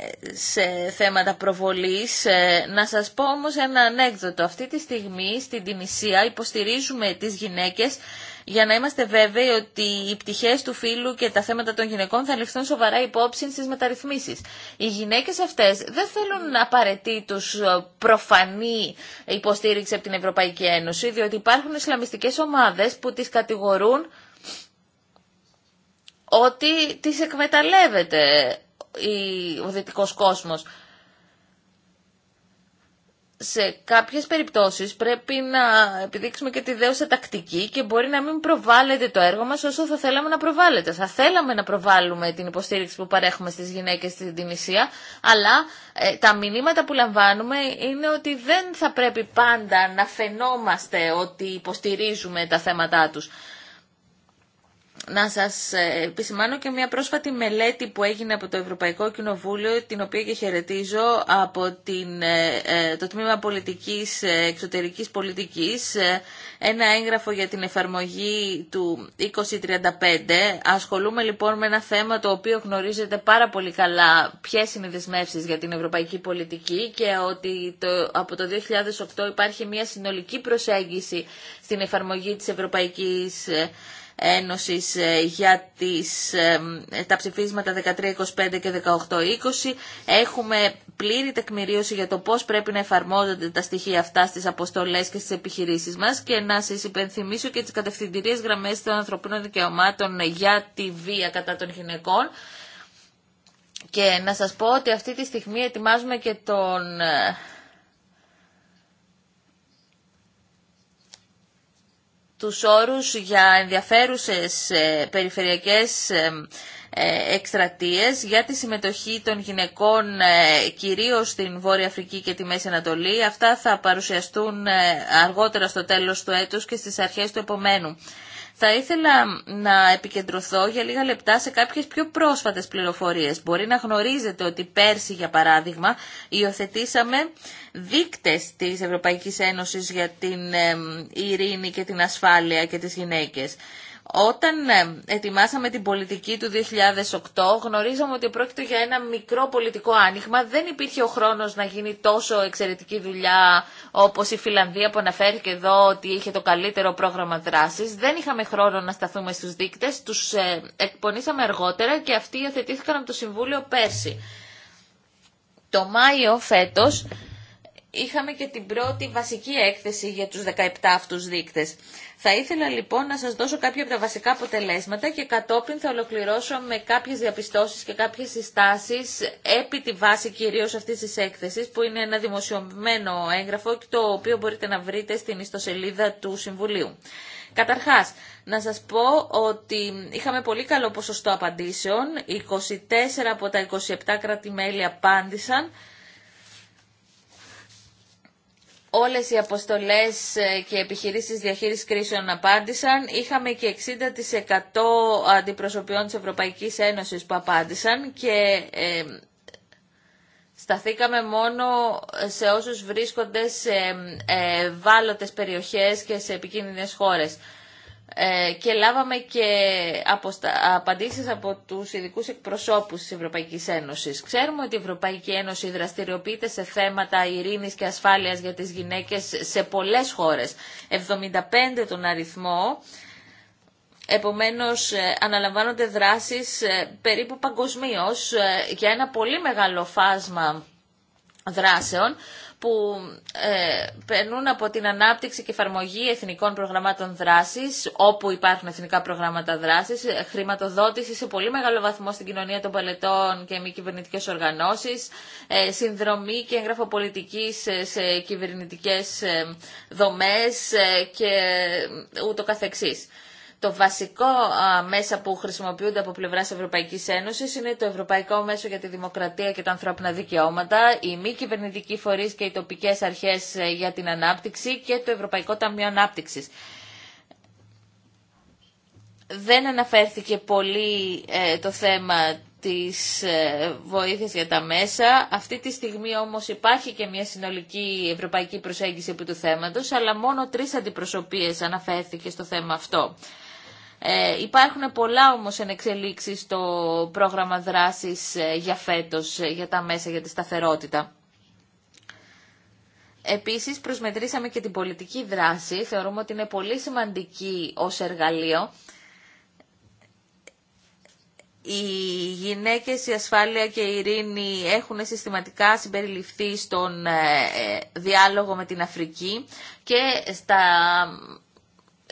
σε θέματα προβολής. Ε, να σας πω όμως ένα ανέκδοτο. Αυτή τη στιγμή στην Τινησία υποστηρίζουμε τις γυναίκες για να είμαστε βέβαιοι ότι οι πτυχές του φύλου και τα θέματα των γυναικών θα ληφθούν σοβαρά υπόψη στις μεταρρυθμίσεις. Οι γυναίκες αυτές δεν θέλουν απαραίτητους προφανή υποστήριξη από την Ευρωπαϊκή Ένωση, διότι υπάρχουν ισλαμιστικές ομάδες που τις κατηγορούν ότι τις εκμεταλλεύεται ο δυτικός κόσμος. Σε κάποιες περιπτώσεις πρέπει να επιδείξουμε και τη δέωσα τακτική και μπορεί να μην προβάλλεται το έργο μας όσο θα θέλαμε να προβάλλεται. Θα θέλαμε να προβάλλουμε την υποστήριξη που παρέχουμε στις γυναίκες στην Τινησία, αλλά ε, τα μηνύματα που λαμβάνουμε είναι ότι δεν θα πρέπει πάντα να φαινόμαστε ότι υποστηρίζουμε τα θέματά τους να σας ε, επισημάνω και μια πρόσφατη μελέτη που έγινε από το Ευρωπαϊκό Κοινοβούλιο, την οποία και χαιρετίζω από την, ε, ε, το Τμήμα Πολιτικής, Εξωτερικής Πολιτικής, ένα έγγραφο για την εφαρμογή του 2035. Ασχολούμε λοιπόν με ένα θέμα το οποίο γνωρίζετε πάρα πολύ καλά ποιε είναι οι δεσμεύσει για την ευρωπαϊκή πολιτική και ότι το, από το 2008 υπάρχει μια συνολική προσέγγιση στην εφαρμογή της ευρωπαϊκής Ένωσης ε, για τις, ε, τα ψηφίσματα 1325 και 1820. Έχουμε πλήρη τεκμηρίωση για το πώς πρέπει να εφαρμόζονται τα στοιχεία αυτά στις αποστολές και στις επιχειρήσεις μας και να σας υπενθυμίσω και τις κατευθυντηρίες γραμμές των ανθρωπίνων δικαιωμάτων για τη βία κατά των γυναικών. Και να σας πω ότι αυτή τη στιγμή ετοιμάζουμε και τον ε, τους όρους για ενδιαφέρουσες ε, περιφερειακές ε, ε, εκστρατείες για τη συμμετοχή των γυναικών κυρίως στην Βόρεια Αφρική και τη Μέση Ανατολή. Αυτά θα παρουσιαστούν αργότερα στο τέλος του έτους και στις αρχές του επομένου θα ήθελα να επικεντρωθώ για λίγα λεπτά σε κάποιες πιο πρόσφατες πληροφορίες. Μπορεί να γνωρίζετε ότι πέρσι, για παράδειγμα, υιοθετήσαμε δείκτες της Ευρωπαϊκής Ένωσης για την ειρήνη και την ασφάλεια και τις γυναίκες. Όταν ε, ετοιμάσαμε την πολιτική του 2008 γνωρίζαμε ότι πρόκειται για ένα μικρό πολιτικό άνοιγμα. Δεν υπήρχε ο χρόνος να γίνει τόσο εξαιρετική δουλειά όπως η Φιλανδία που αναφέρει και εδώ ότι είχε το καλύτερο πρόγραμμα δράσης. Δεν είχαμε χρόνο να σταθούμε στους δείκτες, τους ε, εκπονήσαμε αργότερα και αυτοί υιοθετήθηκαν από το Συμβούλιο πέρσι. Το Μάιο φέτος είχαμε και την πρώτη βασική έκθεση για τους 17 αυτούς δείκτες. Θα ήθελα λοιπόν να σας δώσω κάποια από τα βασικά αποτελέσματα και κατόπιν θα ολοκληρώσω με κάποιες διαπιστώσεις και κάποιες συστάσεις επί τη βάση κυρίως αυτής της έκθεσης που είναι ένα δημοσιοποιημένο έγγραφο το οποίο μπορείτε να βρείτε στην ιστοσελίδα του Συμβουλίου. Καταρχάς, να σας πω ότι είχαμε πολύ καλό ποσοστό απαντήσεων, 24 από τα 27 κράτη-μέλη απάντησαν, όλες οι αποστολές ε, και επιχειρήσεις διαχείρισης κρίσεων απάντησαν. Είχαμε και 60% αντιπροσωπιών της Ευρωπαϊκής Ένωσης που απάντησαν και ε, σταθήκαμε μόνο σε όσους βρίσκονται σε ε, περιοχές και σε επικίνδυνες χώρες. Ε, και λάβαμε και απαντήσεις από τους ειδικούς εκπροσώπους της Ευρωπαϊκής Ένωσης. Ξέρουμε ότι η Ευρωπαϊκή Ένωση δραστηριοποιείται σε θέματα ειρήνης και ασφάλειας για τις γυναίκες σε πολλές χώρες, 75 τον αριθμό, Επομένως, ε, αναλαμβάνονται δράσεις ε, περίπου παγκοσμίως για ένα πολύ μεγάλο φάσμα δράσεων που ε, περνούν από την ανάπτυξη και εφαρμογή εθνικών προγραμμάτων δράσης, όπου υπάρχουν εθνικά προγράμματα δράσης, ε, χρηματοδότηση σε πολύ μεγάλο βαθμό στην κοινωνία των παλετών και μη κυβερνητικέ οργανώσεις, ε, συνδρομή και έγγραφο πολιτικής σε κυβερνητικές ε, δομές και ούτω καθεξής. Το βασικό μέσα που χρησιμοποιούνται από πλευρά Ευρωπαϊκής Ένωσης... είναι το Ευρωπαϊκό Μέσο για τη Δημοκρατία και τα Ανθρώπινα Δικαιώματα, οι μη κυβερνητικοί φορεί και οι Τοπικές Αρχές ε, για την ανάπτυξη και το Ευρωπαϊκό Ταμείο Ανάπτυξης. Δεν αναφέρθηκε πολύ ε, το θέμα της ε, βοήθειας για τα μέσα. Αυτή τη στιγμή όμως υπάρχει και μια συνολική ευρωπαϊκή προσέγγιση επί του θέματος, αλλά μόνο τρεις αντιπροσωπείες αναφέρθηκε στο θέμα αυτό. Ε, υπάρχουν πολλά όμως ενεξελίξει στο πρόγραμμα δράσης ε, για φέτος, ε, για τα μέσα, για τη σταθερότητα. Επίσης προσμετρήσαμε και την πολιτική δράση, θεωρούμε ότι είναι πολύ σημαντική ως εργαλείο. Οι γυναίκες, η ασφάλεια και η ειρήνη έχουν συστηματικά συμπεριληφθεί στον ε, διάλογο με την Αφρική και στα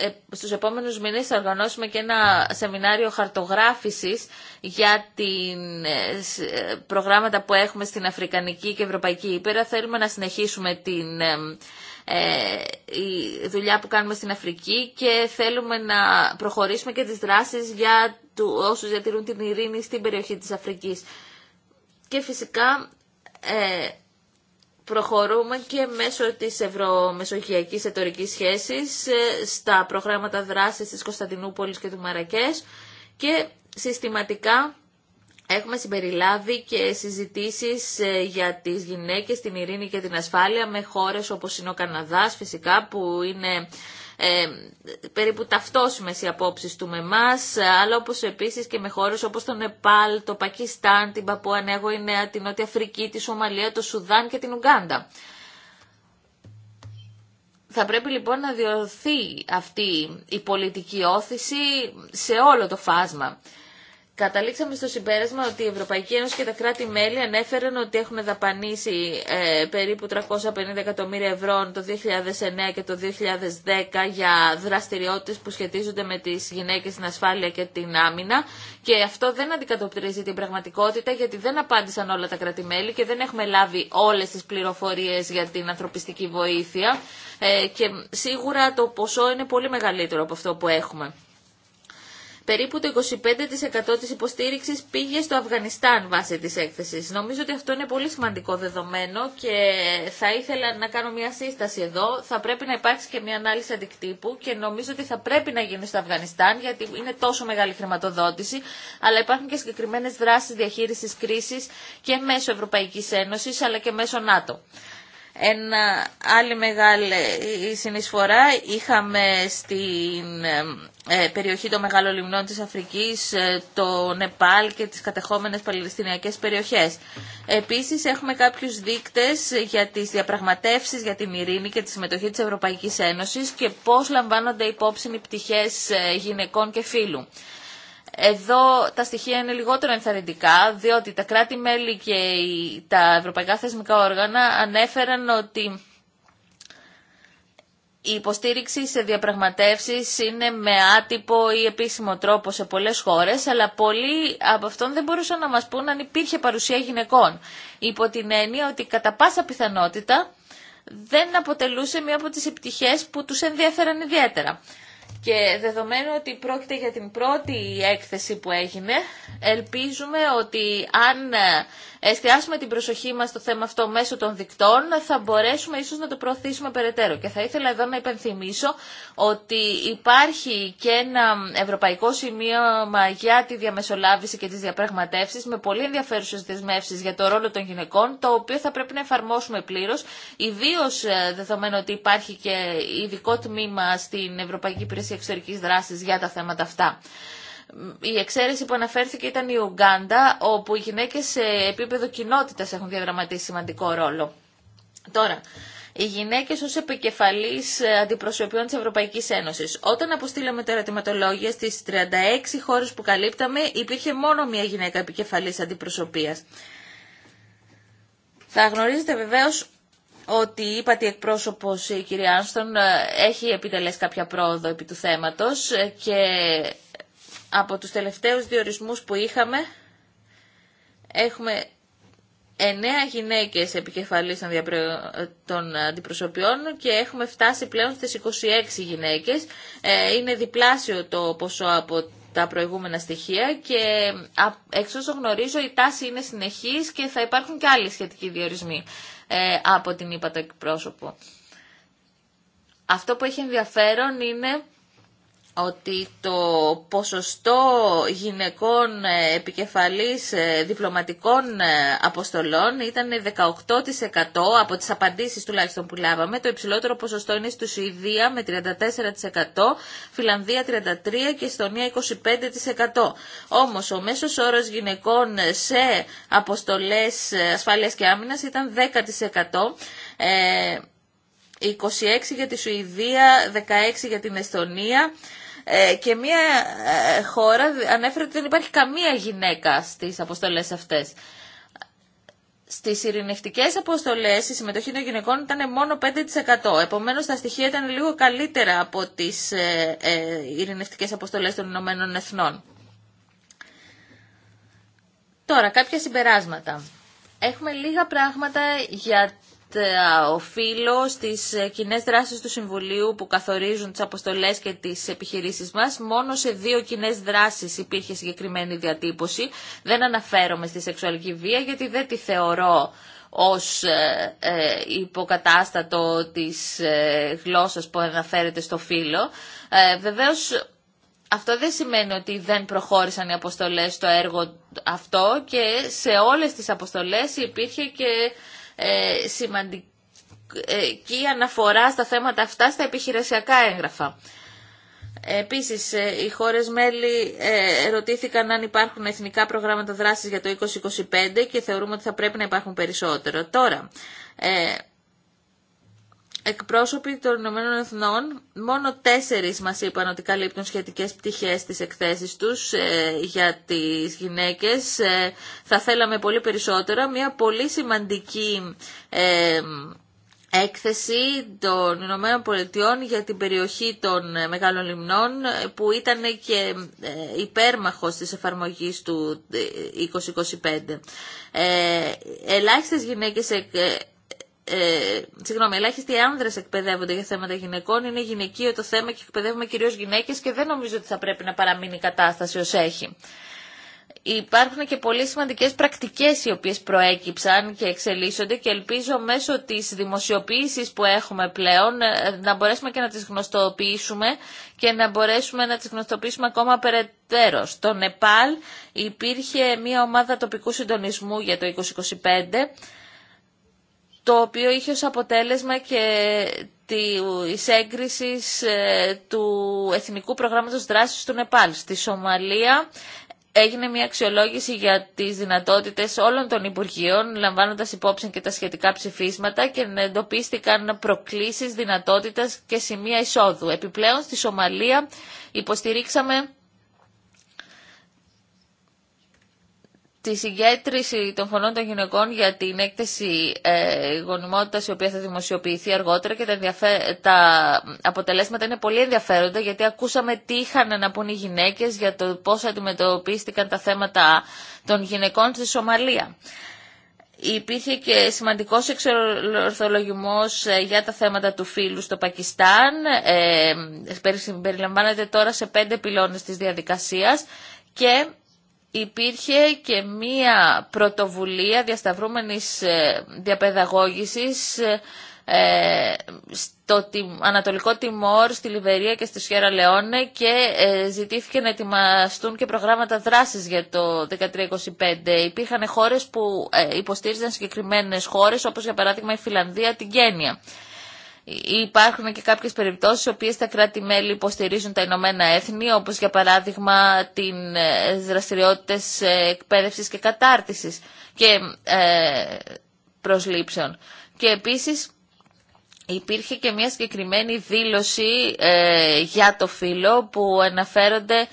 ε, στους επόμενους μήνες θα οργανώσουμε και ένα σεμινάριο χαρτογράφησης για την ε, ε, προγράμματα που έχουμε στην Αφρικανική και Ευρωπαϊκή Ήπειρα. Θέλουμε να συνεχίσουμε την δουλειά που κάνουμε στην Αφρική και θέλουμε να προχωρήσουμε και τις δράσεις για του, όσους διατηρούν την ειρήνη στην περιοχή της Αφρικής. Και φυσικά προχωρούμε και μέσω της ευρωμεσογειακής ετορικής σχέσης ε, στα προγράμματα δράσης της Κωνσταντινούπολης και του Μαρακές και συστηματικά Έχουμε συμπεριλάβει και συζητήσεις ε, για τις γυναίκες, την ειρήνη και την ασφάλεια με χώρες όπως είναι ο Καναδάς φυσικά που είναι ε, περίπου ταυτόσιμες οι απόψεις του με εμά, αλλά όπως επίσης και με χώρες όπως το Νεπάλ, το Πακιστάν, την Παππούα Νέα, την Νότια Αφρική, τη Σομαλία, το Σουδάν και την Ουγκάντα. Θα πρέπει λοιπόν να διορθεί αυτή η πολιτική όθηση σε όλο το φάσμα. Καταλήξαμε στο συμπέρασμα ότι η Ευρωπαϊκή Ένωση και τα κράτη-μέλη ανέφεραν ότι έχουν δαπανίσει ε, περίπου 350 εκατομμύρια ευρώ το 2009 και το 2010 για δραστηριότητες που σχετίζονται με τις γυναίκες στην ασφάλεια και την άμυνα και αυτό δεν αντικατοπτρίζει την πραγματικότητα γιατί δεν απάντησαν όλα τα κράτη-μέλη και δεν έχουμε λάβει όλες τις πληροφορίες για την ανθρωπιστική βοήθεια ε, και σίγουρα το ποσό είναι πολύ μεγαλύτερο από αυτό που έχουμε περίπου το 25% της υποστήριξης πήγε στο Αφγανιστάν βάσει της έκθεσης. Νομίζω ότι αυτό είναι πολύ σημαντικό δεδομένο και θα ήθελα να κάνω μια σύσταση εδώ. Θα πρέπει να υπάρξει και μια ανάλυση αντικτύπου και νομίζω ότι θα πρέπει να γίνει στο Αφγανιστάν γιατί είναι τόσο μεγάλη χρηματοδότηση αλλά υπάρχουν και συγκεκριμένες δράσεις διαχείρισης κρίσης και μέσω Ευρωπαϊκής Ένωσης αλλά και μέσω ΝΑΤΟ. Ένα άλλη μεγάλη συνεισφορά είχαμε στην ε, περιοχή των μεγάλων λιμνών της Αφρικής, ε, το Νεπάλ και τις κατεχόμενες παλαιστινιακές περιοχές. Επίσης έχουμε κάποιους δείκτες για τις διαπραγματεύσεις για την ειρήνη και τη συμμετοχή της Ευρωπαϊκής Ένωσης και πώς λαμβάνονται υπόψη οι πτυχές ε, γυναικών και φίλου. Εδώ τα στοιχεία είναι λιγότερο ενθαρρυντικά, διότι τα κράτη-μέλη και τα ευρωπαϊκά θεσμικά όργανα ανέφεραν ότι η υποστήριξη σε διαπραγματεύσεις είναι με άτυπο ή επίσημο τρόπο σε πολλές χώρες, αλλά πολλοί από αυτόν δεν μπορούσαν να μας πούν αν υπήρχε παρουσία γυναικών. Υπό την έννοια ότι κατά πάσα πιθανότητα δεν αποτελούσε μία από τις επιτυχίες που τους ενδιαφέραν ιδιαίτερα. Και δεδομένου ότι πρόκειται για την πρώτη έκθεση που έγινε, ελπίζουμε ότι αν ε, εστιάσουμε την προσοχή μας στο θέμα αυτό μέσω των δικτών, θα μπορέσουμε ίσως να το προωθήσουμε περαιτέρω. Και θα ήθελα εδώ να υπενθυμίσω ότι υπάρχει και ένα ευρωπαϊκό σημείωμα για τη διαμεσολάβηση και τις διαπραγματεύσεις με πολύ ενδιαφέρουσες δεσμεύσεις για το ρόλο των γυναικών, το οποίο θα πρέπει να εφαρμόσουμε πλήρως, ιδίω ε, δεδομένου ότι υπάρχει και ειδικό τμήμα στην Ευρωπαϊκή Υπηρεσία Εξωτερικής Δράσης για τα θέματα αυτά. Η εξαίρεση που αναφέρθηκε ήταν η Ουγκάντα, όπου οι γυναίκες σε επίπεδο κοινότητας έχουν διαδραματίσει σημαντικό ρόλο. Τώρα, οι γυναίκε ω επικεφαλής αντιπροσωπιών τη Ευρωπαϊκή Ένωση. Όταν αποστήλαμε τα ερωτηματολόγια στι 36 χώρε που καλύπταμε, υπήρχε μόνο μία γυναίκα επικεφαλής αντιπροσωπεία. Θα γνωρίζετε βεβαίω ότι είπα ότι εκπρόσωπος η κυρία Άνστον έχει επιτελέσει κάποια πρόοδο επί του θέματος και από τους τελευταίους διορισμούς που είχαμε έχουμε 9 γυναίκες επικεφαλής των αντιπροσωπιών και έχουμε φτάσει πλέον στις 26 γυναίκες. Ε, είναι διπλάσιο το ποσό από τα προηγούμενα στοιχεία και εξ όσο γνωρίζω η τάση είναι συνεχής και θα υπάρχουν και άλλοι σχετικοί διορισμοί ε, από την το εκπρόσωπο. Αυτό που έχει ενδιαφέρον είναι ότι το ποσοστό γυναικών ε, επικεφαλής ε, διπλωματικών ε, αποστολών ήταν 18% από τις απαντήσεις τουλάχιστον που λάβαμε. Το υψηλότερο ποσοστό είναι στη Σουηδία με 34%, Φιλανδία 33% και Εστονία 25%. Όμως ο μέσος όρος γυναικών σε αποστολές ασφάλειας και άμυνας ήταν 10%. 26 για τη Σουηδία, 16 για την Εστονία, ε, και μια ε, χώρα ανέφερε ότι δεν υπάρχει καμία γυναίκα στις αποστολές αυτές. Στις ειρηνευτικές αποστολές η συμμετοχή των γυναικών ήταν μόνο 5%. Επομένως τα στοιχεία ήταν λίγο καλύτερα από τι ε, ειρηνευτικέ αποστολές των Ηνωμένων Εθνών. Τώρα, κάποια συμπεράσματα. Έχουμε λίγα πράγματα για ε, οφείλω στις ε, κοινέ δράσεις του Συμβουλίου που καθορίζουν τις αποστολές και τις επιχειρήσεις μας. Μόνο σε δύο κοινέ δράσεις υπήρχε συγκεκριμένη διατύπωση. Δεν αναφέρομαι στη σεξουαλική βία γιατί δεν τη θεωρώ ως ε, υποκατάστατο της γλώσσας που αναφέρεται στο φύλλο. Βεβαίως αυτό δεν σημαίνει ότι δεν προχώρησαν οι αποστολές στο έργο αυτό και σε όλες τις αποστολές υπήρχε και ε, σημαντική ε, αναφορά στα θέματα αυτά στα επιχειρησιακά έγγραφα. Επίσης, ε, οι χώρες μέλη ρωτήθηκαν αν υπάρχουν εθνικά προγράμματα δράσης για το 2025 και θεωρούμε ότι θα πρέπει να υπάρχουν περισσότερο. Τώρα, εκπρόσωποι των Ηνωμένων Εθνών, μόνο τέσσερις μας είπαν ότι καλύπτουν σχετικές πτυχές στις εκθέσεις τους ε, για τις γυναίκες. Ε, θα θέλαμε πολύ περισσότερα. Μια πολύ σημαντική ε, έκθεση των Ηνωμένων Πολιτειών για την περιοχή των ε, Μεγάλων Λιμνών που ήταν και υπέρμαχος της εφαρμογής του 2025. Ε, ελάχιστες γυναίκες ε, συγγνώμη, ελάχιστοι άνδρες εκπαιδεύονται για θέματα γυναικών, είναι γυναικείο το θέμα και εκπαιδεύουμε κυρίως γυναίκες και δεν νομίζω ότι θα πρέπει να παραμείνει η κατάσταση ως έχει. Υπάρχουν και πολύ σημαντικές πρακτικές οι οποίες προέκυψαν και εξελίσσονται και ελπίζω μέσω της δημοσιοποίησης που έχουμε πλέον ε, να μπορέσουμε και να τις γνωστοποιήσουμε και να μπορέσουμε να τις γνωστοποιήσουμε ακόμα περαιτέρω. Στο Νεπάλ υπήρχε μια ομάδα τοπικού συντονισμού για το 2025 το οποίο είχε ως αποτέλεσμα και τη έγκρισης ε, του Εθνικού Προγράμματος Δράσης του Νεπάλ. Στη Σομαλία έγινε μια αξιολόγηση για τις δυνατότητες όλων των Υπουργείων, λαμβάνοντας υπόψη και τα σχετικά ψηφίσματα και εντοπίστηκαν προκλήσεις, δυνατότητας και σημεία εισόδου. Επιπλέον στη Σομαλία υποστηρίξαμε στη συγκέντρηση των φωνών των γυναικών για την έκθεση ε, γονιμότητας η οποία θα δημοσιοποιηθεί αργότερα και τα, τα αποτελέσματα είναι πολύ ενδιαφέροντα γιατί ακούσαμε τι είχαν να πούν οι γυναίκες για το πώς αντιμετωπίστηκαν τα θέματα των γυναικών στη Σομαλία. Υπήρχε και σημαντικός εξορθολογισμός ε, για τα θέματα του φύλου στο Πακιστάν. Ε, περιλαμβάνεται τώρα σε πέντε πυλώνες της διαδικασίας και υπήρχε και μία πρωτοβουλία διασταυρούμενης ε, διαπαιδαγώγησης ε, στο Ανατολικό Τιμόρ, στη Λιβερία και στη Σιέρα Λεόνε και ε, ζητήθηκε να ετοιμαστούν και προγράμματα δράσης για το 1325. Υπήρχαν χώρες που υποστήριζαν συγκεκριμένες χώρες όπως για παράδειγμα η Φιλανδία, την Κένια. Υπάρχουν και κάποιες περιπτώσεις οι οποίες τα κράτη-μέλη υποστηρίζουν τα Ηνωμένα Έθνη, όπως για παράδειγμα την ε, δραστηριότητες εκπαίδευσης και κατάρτισης και ε, προσλήψεων. Και επίσης υπήρχε και μια συγκεκριμένη δήλωση ε, για το φύλλο που αναφέρονται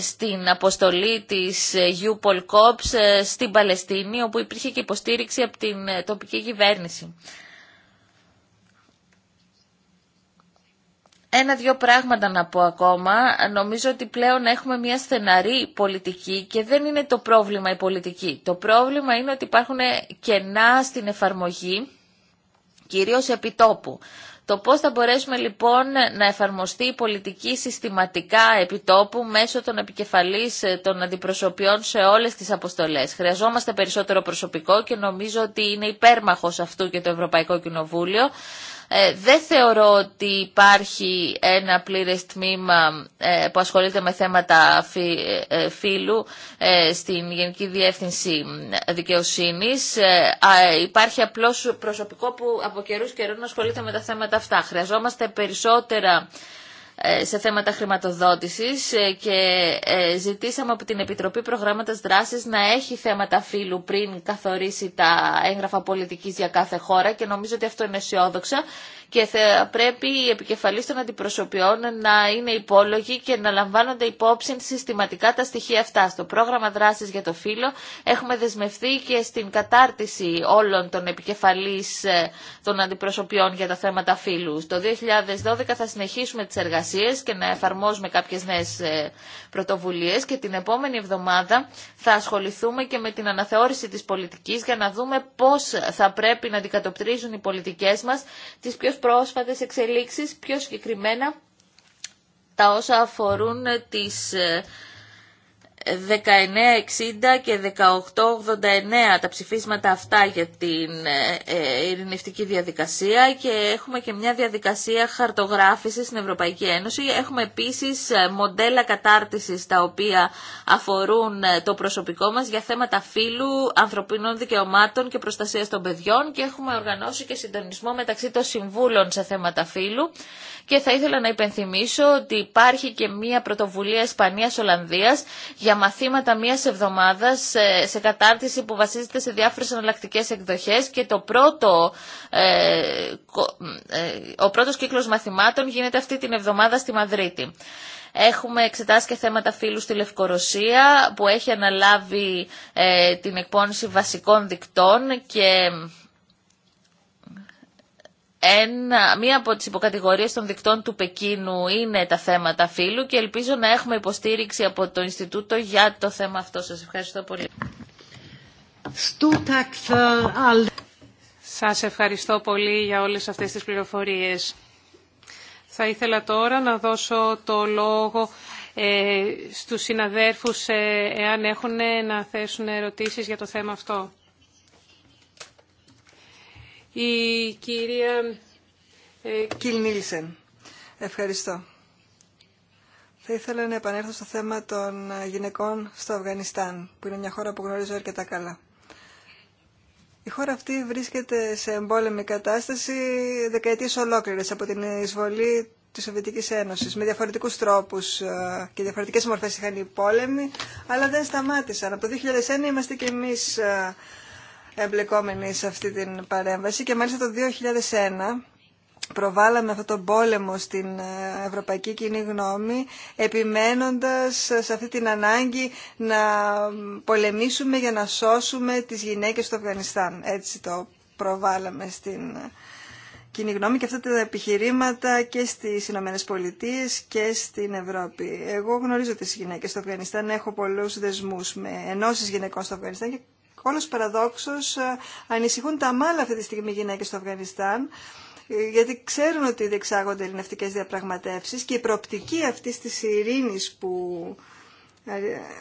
στην αποστολή της UPOL COPS στην Παλαιστίνη, όπου υπήρχε και υποστήριξη από την τοπική κυβέρνηση. Ένα-δυο πράγματα να πω ακόμα. Νομίζω ότι πλέον έχουμε μια στεναρή πολιτική και δεν είναι το πρόβλημα η πολιτική. Το πρόβλημα είναι ότι υπάρχουν κενά στην εφαρμογή, κυρίως επιτόπου. Το πώς θα μπορέσουμε λοιπόν να εφαρμοστεί η πολιτική συστηματικά επιτόπου μέσω των επικεφαλής ε, των αντιπροσωπιών σε όλες τις αποστολές. Χρειαζόμαστε περισσότερο προσωπικό και νομίζω ότι είναι υπέρμαχος αυτού και το Ευρωπαϊκό Κοινοβούλιο. Ε, δεν θεωρώ ότι υπάρχει ένα πλήρες τμήμα ε, που ασχολείται με θέματα ε, φύλου στην Γενική Διεύθυνση Δικαιοσύνης. Υπάρχει απλώς προσωπικό που από καιρούς καιρών ασχολείται με τα θέματα αυτά. Χρειαζόμαστε περισσότερα ε, σε θέματα χρηματοδότησης ε, και ε, ζητήσαμε από την Επιτροπή Προγράμματος Δράσης να έχει θέματα φύλου πριν καθορίσει τα έγγραφα πολιτικής για κάθε χώρα και νομίζω ότι αυτό είναι αισιόδοξο και θα πρέπει οι επικεφαλείς των αντιπροσωπιών να είναι υπόλογοι και να λαμβάνονται υπόψη συστηματικά τα στοιχεία αυτά. Στο πρόγραμμα δράσης για το φύλλο έχουμε δεσμευθεί και στην κατάρτιση όλων των επικεφαλείς των αντιπροσωπιών για τα θέματα φύλου. Το 2012 θα συνεχίσουμε τις εργασίες και να εφαρμόζουμε κάποιες νέε πρωτοβουλίε και την επόμενη εβδομάδα θα ασχοληθούμε και με την αναθεώρηση της πολιτικής για να δούμε πώς θα πρέπει να αντικατοπτρίζουν οι πολιτικές μας τις πιο πρόσφατε, εξελίξεις, πιο συγκεκριμένα τα όσα αφορούν τις ε, 1960 και 1889 τα ψηφίσματα αυτά για την ε, ε, ειρηνευτική διαδικασία και έχουμε και μια διαδικασία χαρτογράφησης στην Ευρωπαϊκή Ένωση. Έχουμε επίσης ε, μοντέλα κατάρτισης τα οποία αφορούν το προσωπικό μας για θέματα φύλου, ανθρωπίνων δικαιωμάτων και προστασίας των παιδιών και έχουμε οργανώσει και συντονισμό μεταξύ των συμβούλων σε θέματα φύλου. Και θα ήθελα να υπενθυμίσω ότι υπάρχει και μία πρωτοβουλία Ισπανίας-Ολλανδίας για μαθήματα μίας εβδομάδας ε, σε κατάρτιση που βασίζεται σε διάφορες εναλλακτικέ εκδοχές και το πρώτο, ε, ε, ο πρώτος κύκλος μαθημάτων γίνεται αυτή την εβδομάδα στη Μαδρίτη. Έχουμε εξετάσει και θέματα φίλου στη Λευκορωσία που έχει αναλάβει ε, την εκπόνηση βασικών δικτών και ένα, μία από τις υποκατηγορίες των δικτών του Πεκίνου είναι τα θέματα φύλου και ελπίζω να έχουμε υποστήριξη από το Ινστιτούτο για το θέμα αυτό. Σας ευχαριστώ πολύ. Σας ευχαριστώ πολύ για όλες αυτές τις πληροφορίες. Θα ήθελα τώρα να δώσω το λόγο ε, στους συναδέρφους ε, εάν έχουν να θέσουν ερωτήσεις για το θέμα αυτό. Η κυρία ε, Κιλ Νίλσεν. Ευχαριστώ. Θα ήθελα να επανέλθω στο θέμα των ε, γυναικών στο Αφγανιστάν, που είναι μια χώρα που γνωρίζω αρκετά καλά. Η χώρα αυτή βρίσκεται σε εμπόλεμη κατάσταση δεκαετίες ολόκληρες από την εισβολή της Σοβιετικής Ένωσης με διαφορετικούς τρόπους ε, και διαφορετικές μορφές είχαν οι πόλεμοι αλλά δεν σταμάτησαν. Από το 2001 είμαστε κι εμείς εμπλεκόμενοι σε αυτή την παρέμβαση και μάλιστα το 2001 προβάλαμε αυτό το πόλεμο στην ε, ευρωπαϊκή κοινή γνώμη επιμένοντας σε αυτή την ανάγκη να πολεμήσουμε για να σώσουμε τις γυναίκες του Αφγανιστάν. Έτσι το προβάλαμε στην ε, κοινή γνώμη και αυτά τα επιχειρήματα και στις Ηνωμένες Πολιτείες και στην Ευρώπη. Εγώ γνωρίζω τις γυναίκες στο Αφγανιστάν, έχω πολλούς δεσμούς με ενώσεις γυναικών στο Αφγανιστάν όλος παραδόξως ε, ανησυχούν τα μάλα αυτή τη στιγμή γυναίκες στο Αφγανιστάν ε, γιατί ξέρουν ότι διεξάγονται ελληνευτικέ διαπραγματεύσεις και η προοπτική αυτή τη ειρήνη που ε,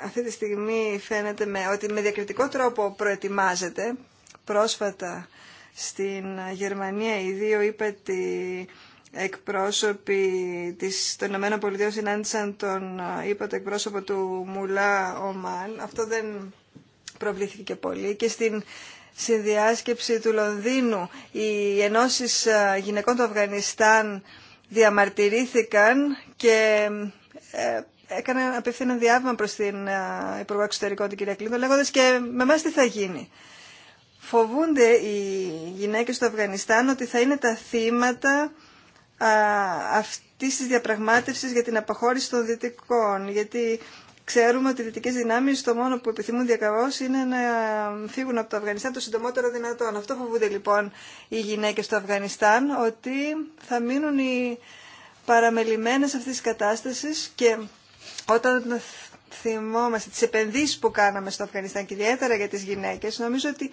αυτή τη στιγμή φαίνεται με, ότι με διακριτικό τρόπο προετοιμάζεται πρόσφατα στην Γερμανία οι δύο τη εκπρόσωποι της, των ΗΠΑ συνάντησαν τον το εκπρόσωπο του Μουλά Ομάν. Αυτό δεν προβλήθηκε πολύ και στην συνδιάσκεψη του Λονδίνου οι ενώσεις ε, γυναικών του Αφγανιστάν διαμαρτυρήθηκαν και ε, έκαναν απεύθυνα διάβημα προς την ε, Υπουργό Εξωτερικών την κυρία Κλίντο λέγοντας και με εμάς τι θα γίνει. Φοβούνται οι γυναίκες του Αφγανιστάν ότι θα είναι τα θύματα αυτής της διαπραγμάτευσης για την αποχώρηση των δυτικών, γιατί Ξέρουμε ότι οι δυτικέ δυνάμει το μόνο που επιθυμούν διακαβώ είναι να φύγουν από το Αφγανιστάν το συντομότερο δυνατόν. Αυτό φοβούνται λοιπόν οι γυναίκε του Αφγανιστάν, ότι θα μείνουν οι παραμελημένε αυτή τη κατάσταση και όταν θυμόμαστε τι επενδύσει που κάναμε στο Αφγανιστάν και ιδιαίτερα για τι γυναίκε, νομίζω ότι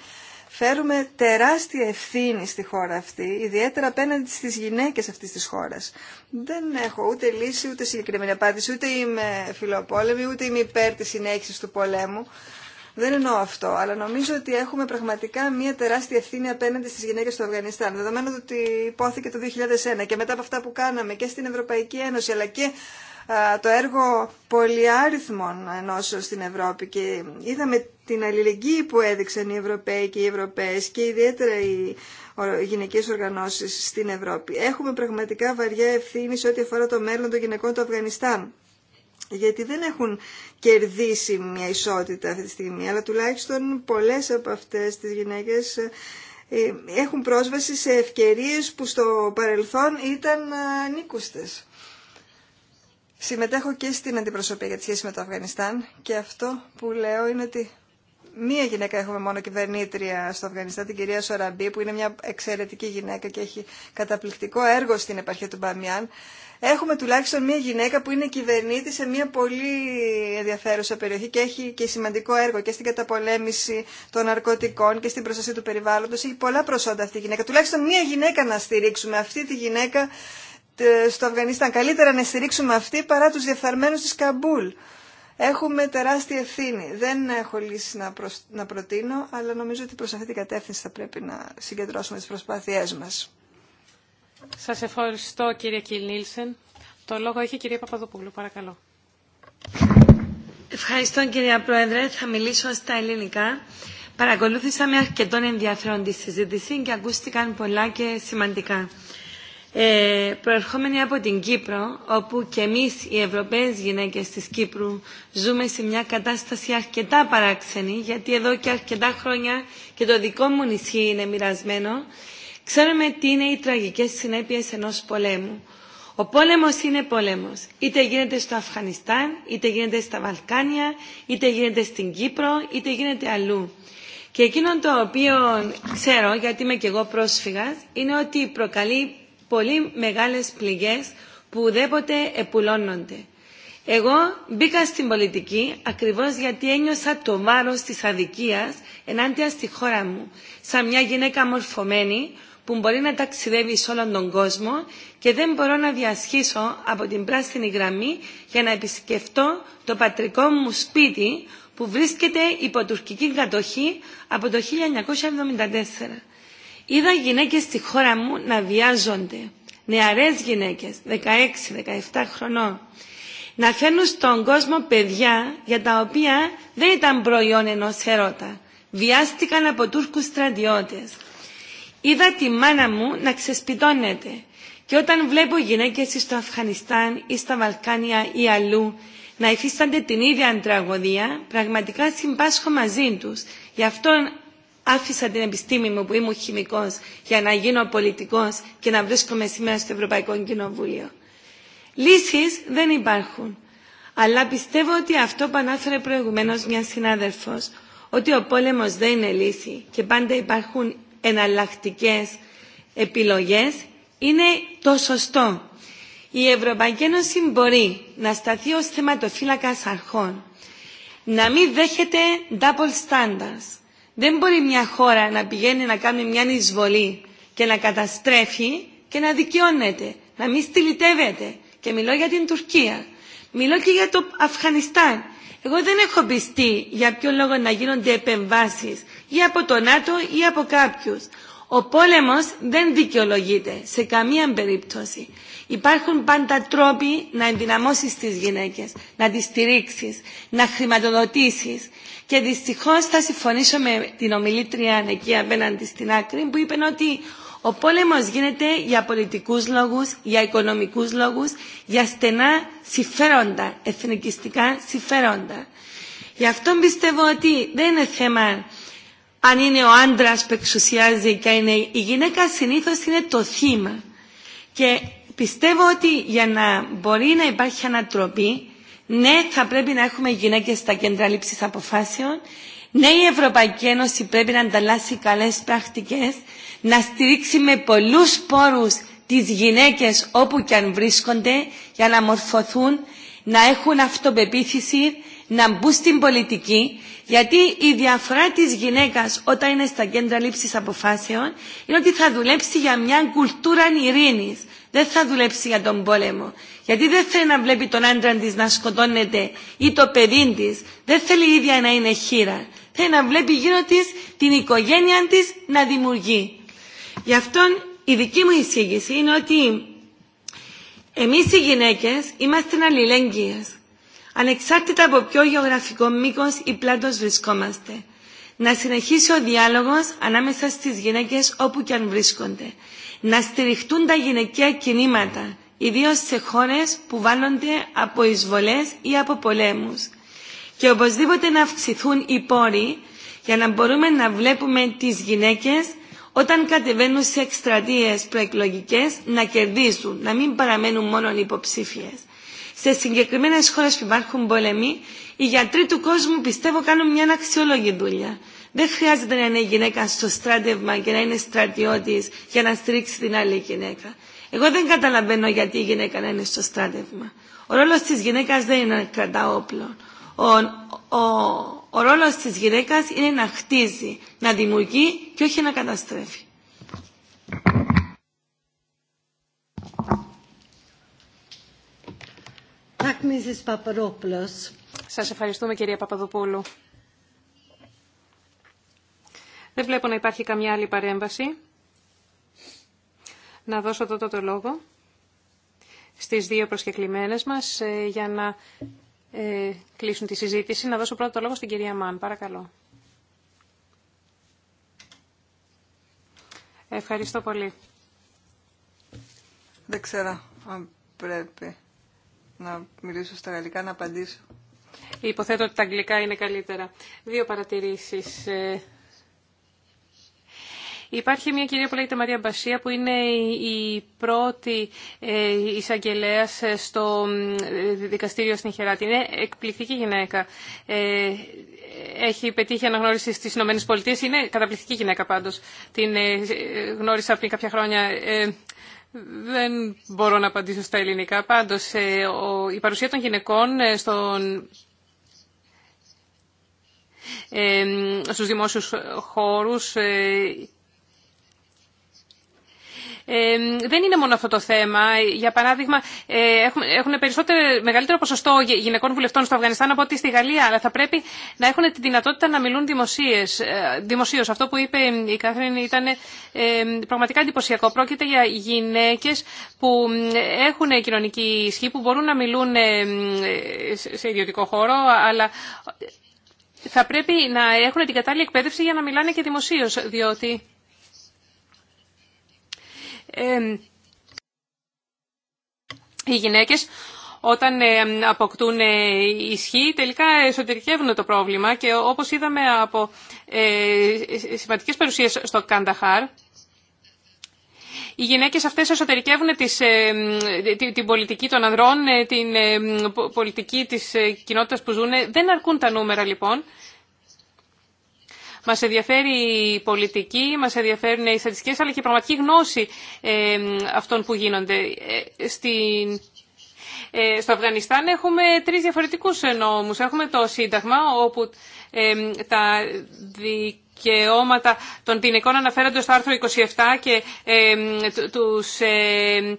φέρουμε τεράστια ευθύνη στη χώρα αυτή, ιδιαίτερα απέναντι στι γυναίκε αυτή τη χώρα. Δεν έχω ούτε λύση, ούτε συγκεκριμένη απάντηση, ούτε είμαι φιλοπόλεμη, ούτε είμαι υπέρ τη συνέχιση του πολέμου. Δεν εννοώ αυτό, αλλά νομίζω ότι έχουμε πραγματικά μια τεράστια ευθύνη απέναντι στι γυναίκε του Αφγανιστάν. Δεδομένου ότι υπόθηκε το 2001 και μετά από αυτά που κάναμε και στην Ευρωπαϊκή Ένωση αλλά και το έργο πολυάριθμων ενώσεων στην Ευρώπη και είδαμε την αλληλεγγύη που έδειξαν οι Ευρωπαίοι και οι Ευρωπαίες και ιδιαίτερα οι γυναικές οργανώσεις στην Ευρώπη. Έχουμε πραγματικά βαριά ευθύνη σε ό,τι αφορά το μέλλον των γυναικών του Αφγανιστάν. Γιατί δεν έχουν κερδίσει μια ισότητα αυτή τη στιγμή, αλλά τουλάχιστον πολλές από αυτές τις γυναίκες ε, έχουν πρόσβαση σε ευκαιρίες που στο παρελθόν ήταν ε, νίκουστες. Συμμετέχω και στην αντιπροσωπεία για τη σχέση με το Αφγανιστάν και αυτό που λέω είναι ότι μία γυναίκα έχουμε μόνο κυβερνήτρια στο Αφγανιστάν, την κυρία Σοραμπή, που είναι μια εξαιρετική γυναίκα και έχει καταπληκτικό έργο στην επαρχία του Μπαμιάν. Έχουμε τουλάχιστον μία γυναίκα που είναι κυβερνήτη σε μια πολύ ενδιαφέρουσα περιοχή και έχει και σημαντικό έργο και στην καταπολέμηση των ναρκωτικών και στην προστασία του περιβάλλοντος. Έχει πολλά προσόντα αυτή η γυναίκα. Τουλάχιστον μία γυναίκα να στηρίξουμε αυτή τη γυναίκα ε, στο Αφγανιστάν. Καλύτερα να στηρίξουμε αυτοί παρά τους διεφθαρμένους της Καμπούλ. Έχουμε τεράστια ευθύνη. Δεν έχω λύσει να, προσ... να προτείνω, αλλά νομίζω ότι προς αυτή την κατεύθυνση θα πρέπει να συγκεντρώσουμε τις προσπάθειές μας. Σας ευχαριστώ κύριε Κιλ Νίλσεν. Το λόγο έχει η κυρία Παπαδοπούλου. Παρακαλώ. Ευχαριστώ κυρία Πρόεδρε. Θα μιλήσω στα ελληνικά. Παρακολούθησα με αρκετών ενδιαφέρον τη συζήτηση και ακούστηκαν πολλά και σημαντικά. Ε, προερχόμενοι από την Κύπρο, όπου και εμείς οι Ευρωπαίες γυναίκες της Κύπρου ζούμε σε μια κατάσταση αρκετά παράξενη, γιατί εδώ και αρκετά χρόνια και το δικό μου νησί είναι μοιρασμένο, ξέρουμε τι είναι οι τραγικές συνέπειες ενός πολέμου. Ο πόλεμος είναι πόλεμος. Είτε γίνεται στο Αφγανιστάν, είτε γίνεται στα Βαλκάνια, είτε γίνεται στην Κύπρο, είτε γίνεται αλλού. Και εκείνο το οποίο ξέρω, γιατί είμαι και εγώ πρόσφυγας, είναι ότι προκαλεί πολύ μεγάλες πληγές που ουδέποτε επουλώνονται. Εγώ μπήκα στην πολιτική ακριβώς γιατί ένιωσα το βάρος της αδικίας ενάντια στη χώρα μου, σαν μια γυναίκα μορφωμένη που μπορεί να ταξιδεύει σε όλον τον κόσμο και δεν μπορώ να διασχίσω από την πράσινη γραμμή για να επισκεφτώ το πατρικό μου σπίτι που βρίσκεται υπό τουρκική κατοχή από το 1974. Είδα γυναίκες στη χώρα μου να βιάζονται. Νεαρές γυναίκες, 16-17 χρονών. Να φέρνουν στον κόσμο παιδιά για τα οποία δεν ήταν προϊόν ενός ερώτα. Βιάστηκαν από Τούρκους στρατιώτες. Είδα τη μάνα μου να ξεσπιτώνεται. Και όταν βλέπω γυναίκες στο Αφγανιστάν ή στα Βαλκάνια ή αλλού να υφίστανται την ίδια τραγωδία, πραγματικά συμπάσχω μαζί τους. Γι' αυτό άφησα την επιστήμη μου που ήμουν χημικός για να γίνω πολιτικός και να βρίσκομαι σήμερα στο Ευρωπαϊκό Κοινοβούλιο. Λύσεις δεν υπάρχουν. Αλλά πιστεύω ότι αυτό που ανάφερε προηγουμένως μια συνάδελφος, ότι ο πόλεμος δεν είναι λύση και πάντα υπάρχουν εναλλακτικέ επιλογές, είναι το σωστό. Η Ευρωπαϊκή Ένωση μπορεί να σταθεί ως θεματοφύλακας αρχών, να μην δέχεται double standards, δεν μπορεί μια χώρα να πηγαίνει να κάνει μια εισβολή και να καταστρέφει και να δικαιώνεται, να μην στυλιτεύεται. Και μιλώ για την Τουρκία. Μιλώ και για το Αφγανιστάν. Εγώ δεν έχω πιστεί για ποιο λόγο να γίνονται επεμβάσεις ή από το ΝΑΤΟ ή από κάποιους. Ο πόλεμος δεν δικαιολογείται σε καμία περίπτωση. Υπάρχουν πάντα τρόποι να ενδυναμώσεις τι γυναίκε, να τι στηρίξει, να χρηματοδοτήσει. Και δυστυχώ θα συμφωνήσω με την ομιλήτρια εκεί απέναντι στην άκρη που είπε ότι ο πόλεμο γίνεται για πολιτικού λόγους, για οικονομικού λόγους, για στενά συμφέροντα, εθνικιστικά συμφέροντα. Γι' αυτό πιστεύω ότι δεν είναι θέμα αν είναι ο άντρα που εξουσιάζει και είναι η γυναίκα συνήθω είναι το θύμα. Και Πιστεύω ότι για να μπορεί να υπάρχει ανατροπή, ναι, θα πρέπει να έχουμε γυναίκες στα κέντρα λήψης αποφάσεων, ναι, η Ευρωπαϊκή Ένωση πρέπει να ανταλλάσσει καλές πρακτικές, να στηρίξει με πολλούς πόρους τις γυναίκες όπου και αν βρίσκονται για να μορφωθούν, να έχουν αυτοπεποίθηση, να μπουν στην πολιτική, γιατί η διαφορά της γυναίκας όταν είναι στα κέντρα λήψης αποφάσεων είναι ότι θα δουλέψει για μια κουλτούρα ειρήνης δεν θα δουλέψει για τον πόλεμο. Γιατί δεν θέλει να βλέπει τον άντρα τη να σκοτώνεται ή το παιδί τη. Δεν θέλει η ίδια να είναι χείρα. Θέλει να βλέπει γύρω τη την οικογένεια τη να δημιουργεί. Γι' αυτό η δική μου εισήγηση είναι ότι εμεί οι γυναίκε είμαστε αλληλέγγυε. Ανεξάρτητα από ποιο γεωγραφικό μήκο ή πλάτο βρισκόμαστε. Να συνεχίσει ο διάλογο ανάμεσα στι γυναίκε όπου και αν βρίσκονται να στηριχτούν τα γυναικεία κινήματα, ιδίω σε χώρε που βάλλονται από εισβολέ ή από πολέμου. Και οπωσδήποτε να αυξηθούν οι πόροι για να μπορούμε να βλέπουμε τι γυναίκε όταν κατεβαίνουν σε εκστρατείε προεκλογικέ να κερδίζουν, να μην παραμένουν μόνο υποψήφιε. Σε συγκεκριμένε χώρε που υπάρχουν πολεμοί, οι γιατροί του κόσμου πιστεύω κάνουν μια αξιόλογη δουλειά. Δεν χρειάζεται να είναι η γυναίκα στο στράτευμα και να είναι στρατιώτης για να στρίξει την άλλη γυναίκα. Εγώ δεν καταλαβαίνω γιατί η γυναίκα να είναι στο στράτευμα. Ο ρόλος της γυναίκας δεν είναι να κρατά όπλο. Ο, ο, ο ρόλος της γυναίκας είναι να χτίζει, να δημιουργεί και όχι να καταστρέφει. Σας ευχαριστούμε κυρία Παπαδοπούλου. Δεν βλέπω να υπάρχει καμιά άλλη παρέμβαση. Να δώσω τότε το λόγο στις δύο προσκεκλημένες μας ε, για να ε, κλείσουν τη συζήτηση. Να δώσω πρώτα το λόγο στην κυρία Μαν. Παρακαλώ. Ευχαριστώ πολύ. Δεν ξέρω αν πρέπει να μιλήσω στα γαλλικά, να απαντήσω. Υποθέτω ότι τα αγγλικά είναι καλύτερα. Δύο παρατηρήσεις. Ε, Υπάρχει μια κυρία που λέγεται Μαρία Μπασία που είναι η πρώτη ε, εισαγγελέα στο ε, δικαστήριο στην Χεράτη. Είναι εκπληκτική γυναίκα. Ε, έχει πετύχει αναγνώριση στι ΗΠΑ. Είναι καταπληκτική γυναίκα πάντω. Την γνώρισα πριν κάποια χρόνια. Δεν μπορώ να απαντήσω στα ελληνικά. Πάντω. η παρουσία των γυναικών στον στους δημόσιους χώρους ε, δεν είναι μόνο αυτό το θέμα. Για παράδειγμα, ε, έχουν, έχουν περισσότερο, μεγαλύτερο ποσοστό γυναικών βουλευτών στο Αφγανιστάν από ότι στη Γαλλία, αλλά θα πρέπει να έχουν τη δυνατότητα να μιλούν δημοσίω. Ε, δημοσίως. Αυτό που είπε η Κάθριν ήταν πραγματικά εντυπωσιακό. Πρόκειται για γυναίκε που έχουν κοινωνική ισχύ, που μπορούν να μιλούν σε ιδιωτικό χώρο, αλλά θα πρέπει να έχουν την κατάλληλη εκπαίδευση για να μιλάνε και δημοσίως, διότι οι γυναίκες όταν αποκτούν ε, ισχύ τελικά εσωτερικεύουν το πρόβλημα και όπως είδαμε από ε, σημαντικές παρουσίες στο Κανταχάρ οι γυναίκες αυτές εσωτερικεύουν τις, ε, την πολιτική των ανδρών, την πολιτική της κοινότητας που ζουν. Δεν αρκούν τα νούμερα λοιπόν. Μα ενδιαφέρει η πολιτική, μα ενδιαφέρουν οι στατιστικέ, αλλά και η πραγματική γνώση αυτών που γίνονται. Ε, ε, στο Αφγανιστάν έχουμε τρει διαφορετικού νόμου. Έχουμε το Σύνταγμα, όπου τα δικαιώματα των ποινικών αναφέρονται στο άρθρο 27 και τους ε,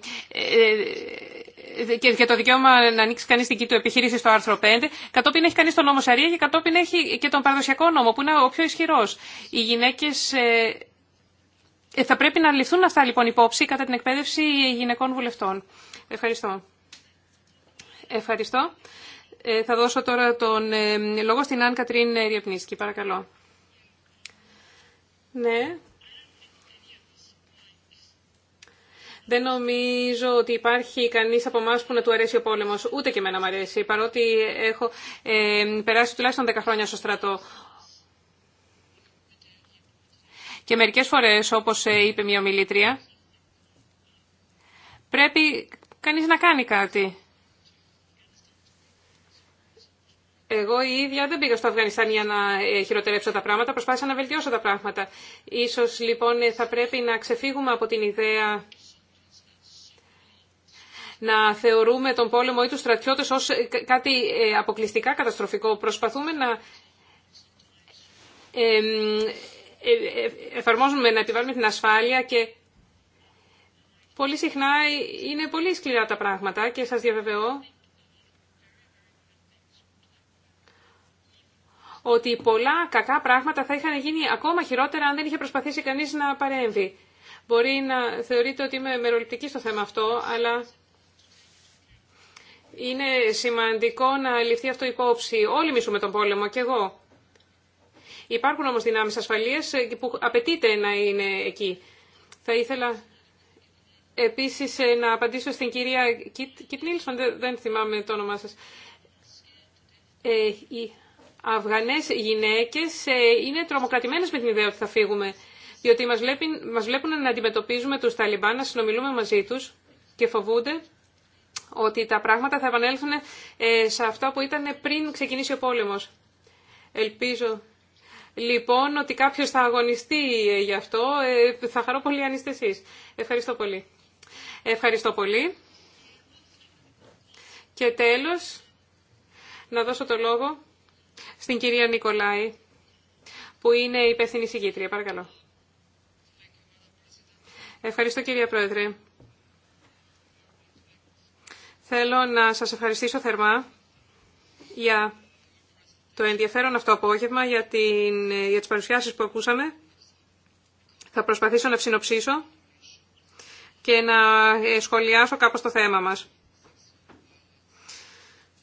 και, το δικαίωμα να ανοίξει κανεί δική του επιχείρηση στο άρθρο 5. Κατόπιν έχει κανεί τον νόμο Σαρία και κατόπιν έχει και τον παραδοσιακό νόμο που είναι ο πιο ισχυρό. Οι γυναίκε. Ε, ε, θα πρέπει να ληφθούν αυτά λοιπόν υπόψη κατά την εκπαίδευση γυναικών βουλευτών. Ευχαριστώ. Ευχαριστώ. Ε, θα δώσω τώρα τον λόγο στην Αν Κατρίν Ριεπνίσκη. Παρακαλώ. Ναι. Δεν νομίζω ότι υπάρχει κανείς από εμά που να του αρέσει ο πόλεμος. Ούτε και εμένα μου αρέσει, παρότι έχω ε, περάσει τουλάχιστον 10 χρόνια στο στρατό. Και μερικές φορές, όπως ε, είπε μια ομιλήτρια, πρέπει κανείς να κάνει κάτι. Εγώ η ίδια δεν πήγα στο Αφγανιστάν για να ε, χειροτερέψω τα πράγματα, προσπάθησα να βελτιώσω τα πράγματα. Ίσως λοιπόν θα πρέπει να ξεφύγουμε από την ιδέα να θεωρούμε τον πόλεμο ή τους στρατιώτες ως ε, κάτι ε, αποκλειστικά καταστροφικό. Προσπαθούμε να ε, εφαρμόζουμε να επιβάλλουμε την ασφάλεια και πολύ συχνά είναι πολύ σκληρά τα πράγματα και σας διαβεβαιώ ότι πολλά κακά πράγματα θα είχαν γίνει ακόμα χειρότερα αν δεν είχε προσπαθήσει κανείς να παρέμβει. Μπορεί να θεωρείτε ότι είμαι μεροληπτική στο θέμα αυτό, αλλά είναι σημαντικό να ληφθεί αυτό υπόψη. Όλοι μισούμε τον πόλεμο, και εγώ. Υπάρχουν όμως δυνάμεις ασφαλείας ε, που απαιτείται να είναι εκεί. Θα ήθελα επίσης ε, να απαντήσω στην κυρία Κιτ Νίλσον, δεν θυμάμαι το όνομά σας. Ε, οι Αφγανές γυναίκες ε, είναι τρομοκρατημένες με την ιδέα ότι θα φύγουμε, διότι μας, βλέπουν, μας να αντιμετωπίζουμε τους Ταλιμπάν, να συνομιλούμε μαζί τους και φοβούνται ότι τα πράγματα θα επανέλθουν ε, σε αυτό που ήταν πριν ξεκινήσει ο πόλεμος. Ελπίζω λοιπόν ότι κάποιος θα αγωνιστεί ε, γι' αυτό. Ε, θα χαρώ πολύ αν είστε εσείς. Ευχαριστώ πολύ. Ευχαριστώ πολύ. Και τέλος, να δώσω το λόγο στην κυρία Νικολάη, που είναι η υπεύθυνη συγκήτρια. Παρακαλώ. Ευχαριστώ κυρία Πρόεδρε. Θέλω να σας ευχαριστήσω θερμά για το ενδιαφέρον αυτό απόγευμα, για, την, για τις παρουσιάσεις που ακούσαμε. Θα προσπαθήσω να ψινοψήσω και να ε, σχολιάσω κάπως το θέμα μας.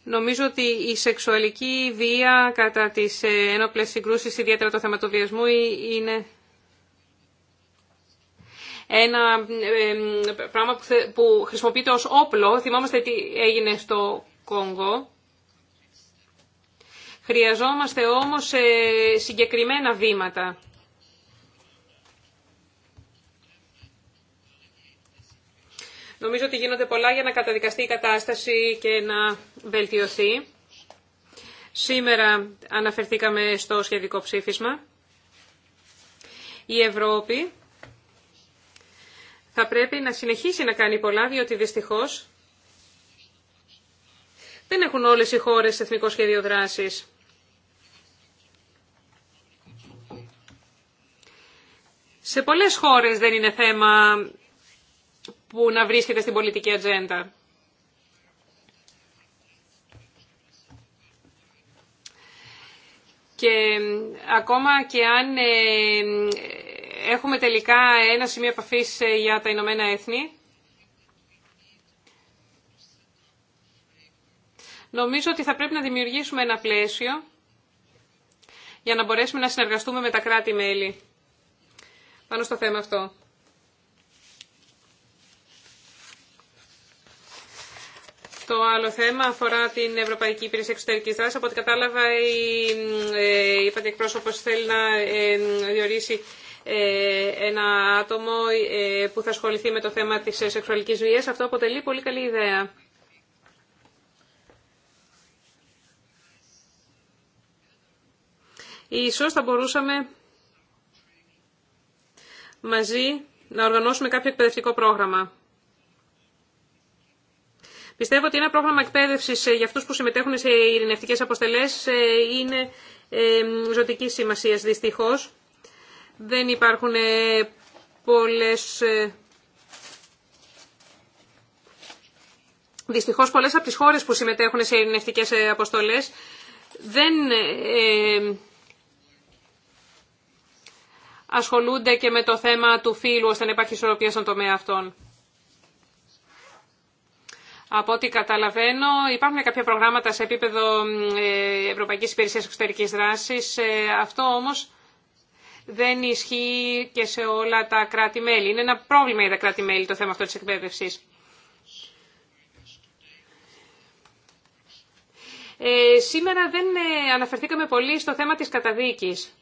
Νομίζω ότι η σεξουαλική βία κατά τις ε, ένοπλες συγκρούσεις, ιδιαίτερα το θέμα του βιασμού, ε, είναι ένα πράγμα που χρησιμοποιείται ως όπλο. Θυμόμαστε τι έγινε στο Κόγκο. Χρειαζόμαστε όμως ε, συγκεκριμένα βήματα. Νομίζω ότι γίνονται πολλά για να καταδικαστεί η κατάσταση και να βελτιωθεί. Σήμερα αναφερθήκαμε στο σχεδικό ψήφισμα. Η Ευρώπη θα πρέπει να συνεχίσει να κάνει πολλά, διότι δυστυχώς δεν έχουν όλες οι χώρες εθνικό σχέδιο δράσης. Σε πολλές χώρες δεν είναι θέμα που να βρίσκεται στην πολιτική ατζέντα. Και ακόμα και αν ε, Έχουμε τελικά ένα σημείο επαφή ε, για τα Ηνωμένα Έθνη. Νομίζω ότι θα πρέπει να δημιουργήσουμε ένα πλαίσιο για να μπορέσουμε να συνεργαστούμε με τα κράτη-μέλη πάνω στο θέμα αυτό. Το άλλο θέμα αφορά την Ευρωπαϊκή Υπηρεσία Εξωτερική Δράση. Από ό,τι κατάλαβα, η, ε, η θέλει να ε, διορίσει ε, ένα άτομο ε, που θα ασχοληθεί με το θέμα της ε, σεξουαλικής βίας. Αυτό αποτελεί πολύ καλή ιδέα. Ίσως θα μπορούσαμε μαζί να οργανώσουμε κάποιο εκπαιδευτικό πρόγραμμα. Πιστεύω ότι ένα πρόγραμμα εκπαίδευση για αυτού που συμμετέχουν σε ειρηνευτικέ αποστελέ είναι ζωτική σημασία. Δυστυχώ, δεν υπάρχουν ε, πολλές... Ε, δυστυχώς πολλές από τις χώρες που συμμετέχουν σε ειρηνευτικές ε, αποστολές δεν ασχολούνται και με το θέμα του φύλου ώστε να υπάρχει ισορροπία στον τομέα αυτών. Από ό,τι καταλαβαίνω, υπάρχουν κάποια προγράμματα σε επίπεδο Ευρωπαϊκής Υπηρεσίας Εξωτερικής Δράσης. Αυτό όμως δεν ισχύει και σε όλα τα κράτη-μέλη. Είναι ένα πρόβλημα για τα κράτη-μέλη το θέμα αυτό της εκπαίδευσης. Ε, σήμερα δεν ε, αναφερθήκαμε πολύ στο θέμα της καταδίκης.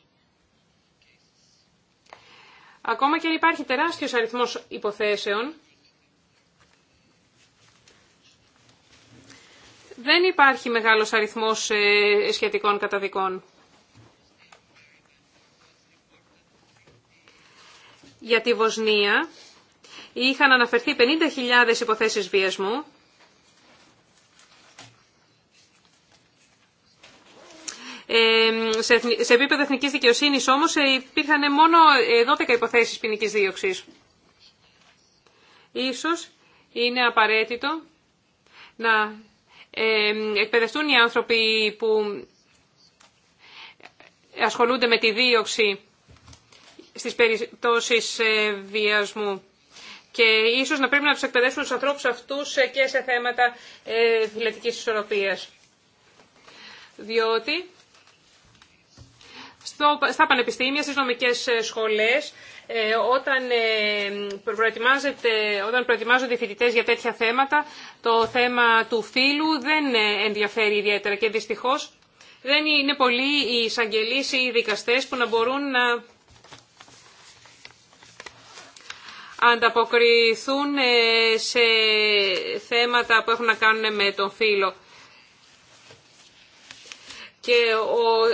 Ακόμα και αν υπάρχει τεράστιος αριθμός υποθέσεων, δεν υπάρχει μεγάλος αριθμός ε, σχετικών καταδικών. για τη Βοσνία είχαν αναφερθεί 50.000 υποθέσεις βιασμού. σε, επίπεδο εθνικής δικαιοσύνη όμως ε, υπήρχαν μόνο 12 ε, υποθέσεις ποινική δίωξης. Ίσως είναι απαραίτητο να εκπαιδευτούν οι άνθρωποι που ασχολούνται με τη δίωξη στις περιπτώσεις ε, βιασμού. Και ίσως να πρέπει να τους εκπαιδεύσουμε τους ανθρώπους αυτούς ε, και σε θέματα φυλετικής ε, ισορροπίας. Διότι στα πανεπιστήμια, στις νομικές σχολές, όταν, προετοιμάζεται, όταν προετοιμάζονται οι φοιτητέ για τέτοια θέματα, το θέμα του φύλου δεν ενδιαφέρει ιδιαίτερα και δυστυχώς δεν είναι πολλοί οι εισαγγελείς ή οι δικαστές που να μπορούν να ανταποκριθούν ε, σε θέματα που έχουν να κάνουν με τον φίλο. Και ο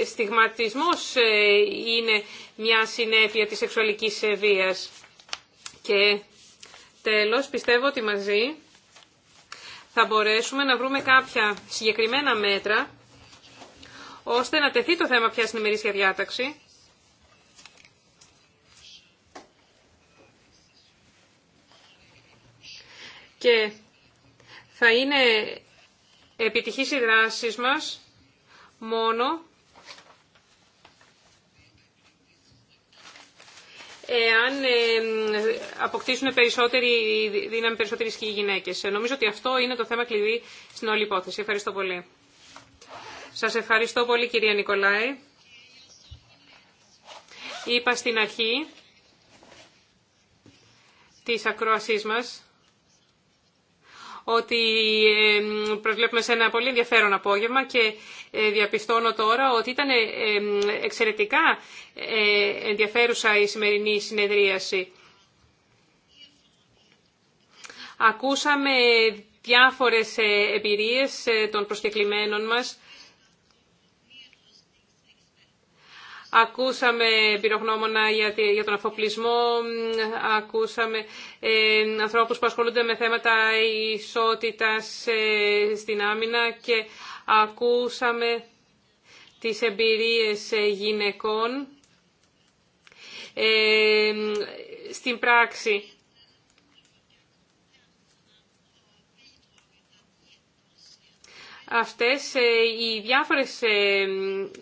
ε, στιγματισμός ε, είναι μια συνέπεια της σεξουαλικής ε, βίας. Και τέλος, πιστεύω ότι μαζί θα μπορέσουμε να βρούμε κάποια συγκεκριμένα μέτρα ώστε να τεθεί το θέμα πια στην ημερήσια διάταξη και θα είναι επιτυχής η δράση μας μόνο εάν ε, αποκτήσουν περισσότερη δύναμη, περισσότερη ισχύ οι γυναίκες. Ε, νομίζω ότι αυτό είναι το θέμα κλειδί στην όλη υπόθεση. Ευχαριστώ πολύ. Σας ευχαριστώ πολύ κυρία Νικολάη. Είπα στην αρχή της ακρόασής μας ότι προσβλέπουμε σε ένα πολύ ενδιαφέρον απόγευμα και ε, διαπιστώνω τώρα ότι ήταν εξαιρετικά ε, ενδιαφέρουσα η σημερινή συνεδρίαση. Ακούσαμε διάφορες ε, εμπειρίες των προσκεκλημένων μας Ακούσαμε πυρογνώμονα για τον αφοπλισμό, ακούσαμε ε, ανθρώπους που ασχολούνται με θέματα ισότητας ε, στην άμυνα και ακούσαμε τις εμπειρίες ε, γυναικών στην πράξη. αυτές ε, οι διάφορες ε,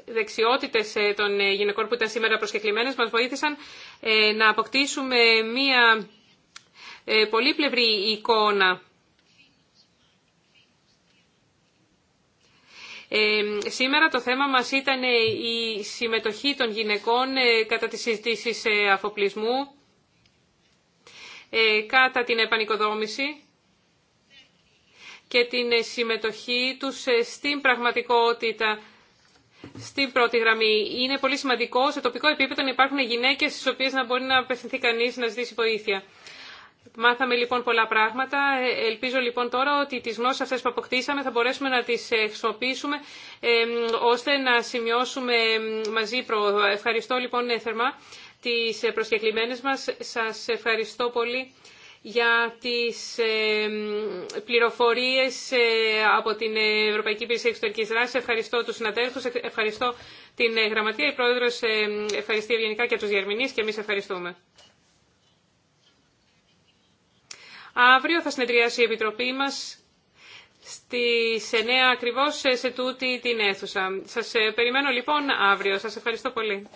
δεξιότητες ε, των γυναικών που ήταν σήμερα προσκεκλημένες μας βοήθησαν να αποκτήσουμε μία πολύπλευρη εικόνα σήμερα το θέμα μας ήταν η συμμετοχή των γυναικών κατά τις συζητήσεις αφοπλισμού, κατά την επανικοδόμηση και την ε, συμμετοχή τους ε, στην πραγματικότητα στην πρώτη γραμμή. Είναι πολύ σημαντικό σε τοπικό επίπεδο να υπάρχουν γυναίκε στι οποίε να μπορεί να απευθυνθεί κανεί να ζητήσει βοήθεια. Μάθαμε λοιπόν πολλά πράγματα. Ε, ελπίζω λοιπόν τώρα ότι τις γνώσεις αυτές που αποκτήσαμε θα μπορέσουμε να τις χρησιμοποιήσουμε ώστε να σημειώσουμε μαζί πρόοδο. Ευχαριστώ λοιπόν θερμά τις προσκεκλημένες μας. Σας ευχαριστώ πολύ για τις πληροφορίες ε, από την Ευρωπαϊκή Υπηρεσία Εξωτερικής Δράσης. Ευχαριστώ τους συναδέλφους, ε, ευχαριστώ την ε, Γραμματεία. Η Πρόεδρος ευχαριστεί ευγενικά και τους διερμηνείς και εμείς ευχαριστούμε. Αύριο θα συνεδριάσει η Επιτροπή μας στις 9 ακριβώς σε τούτη την αίθουσα. Σας περιμένω λοιπόν αύριο. Σας ευχαριστώ πολύ.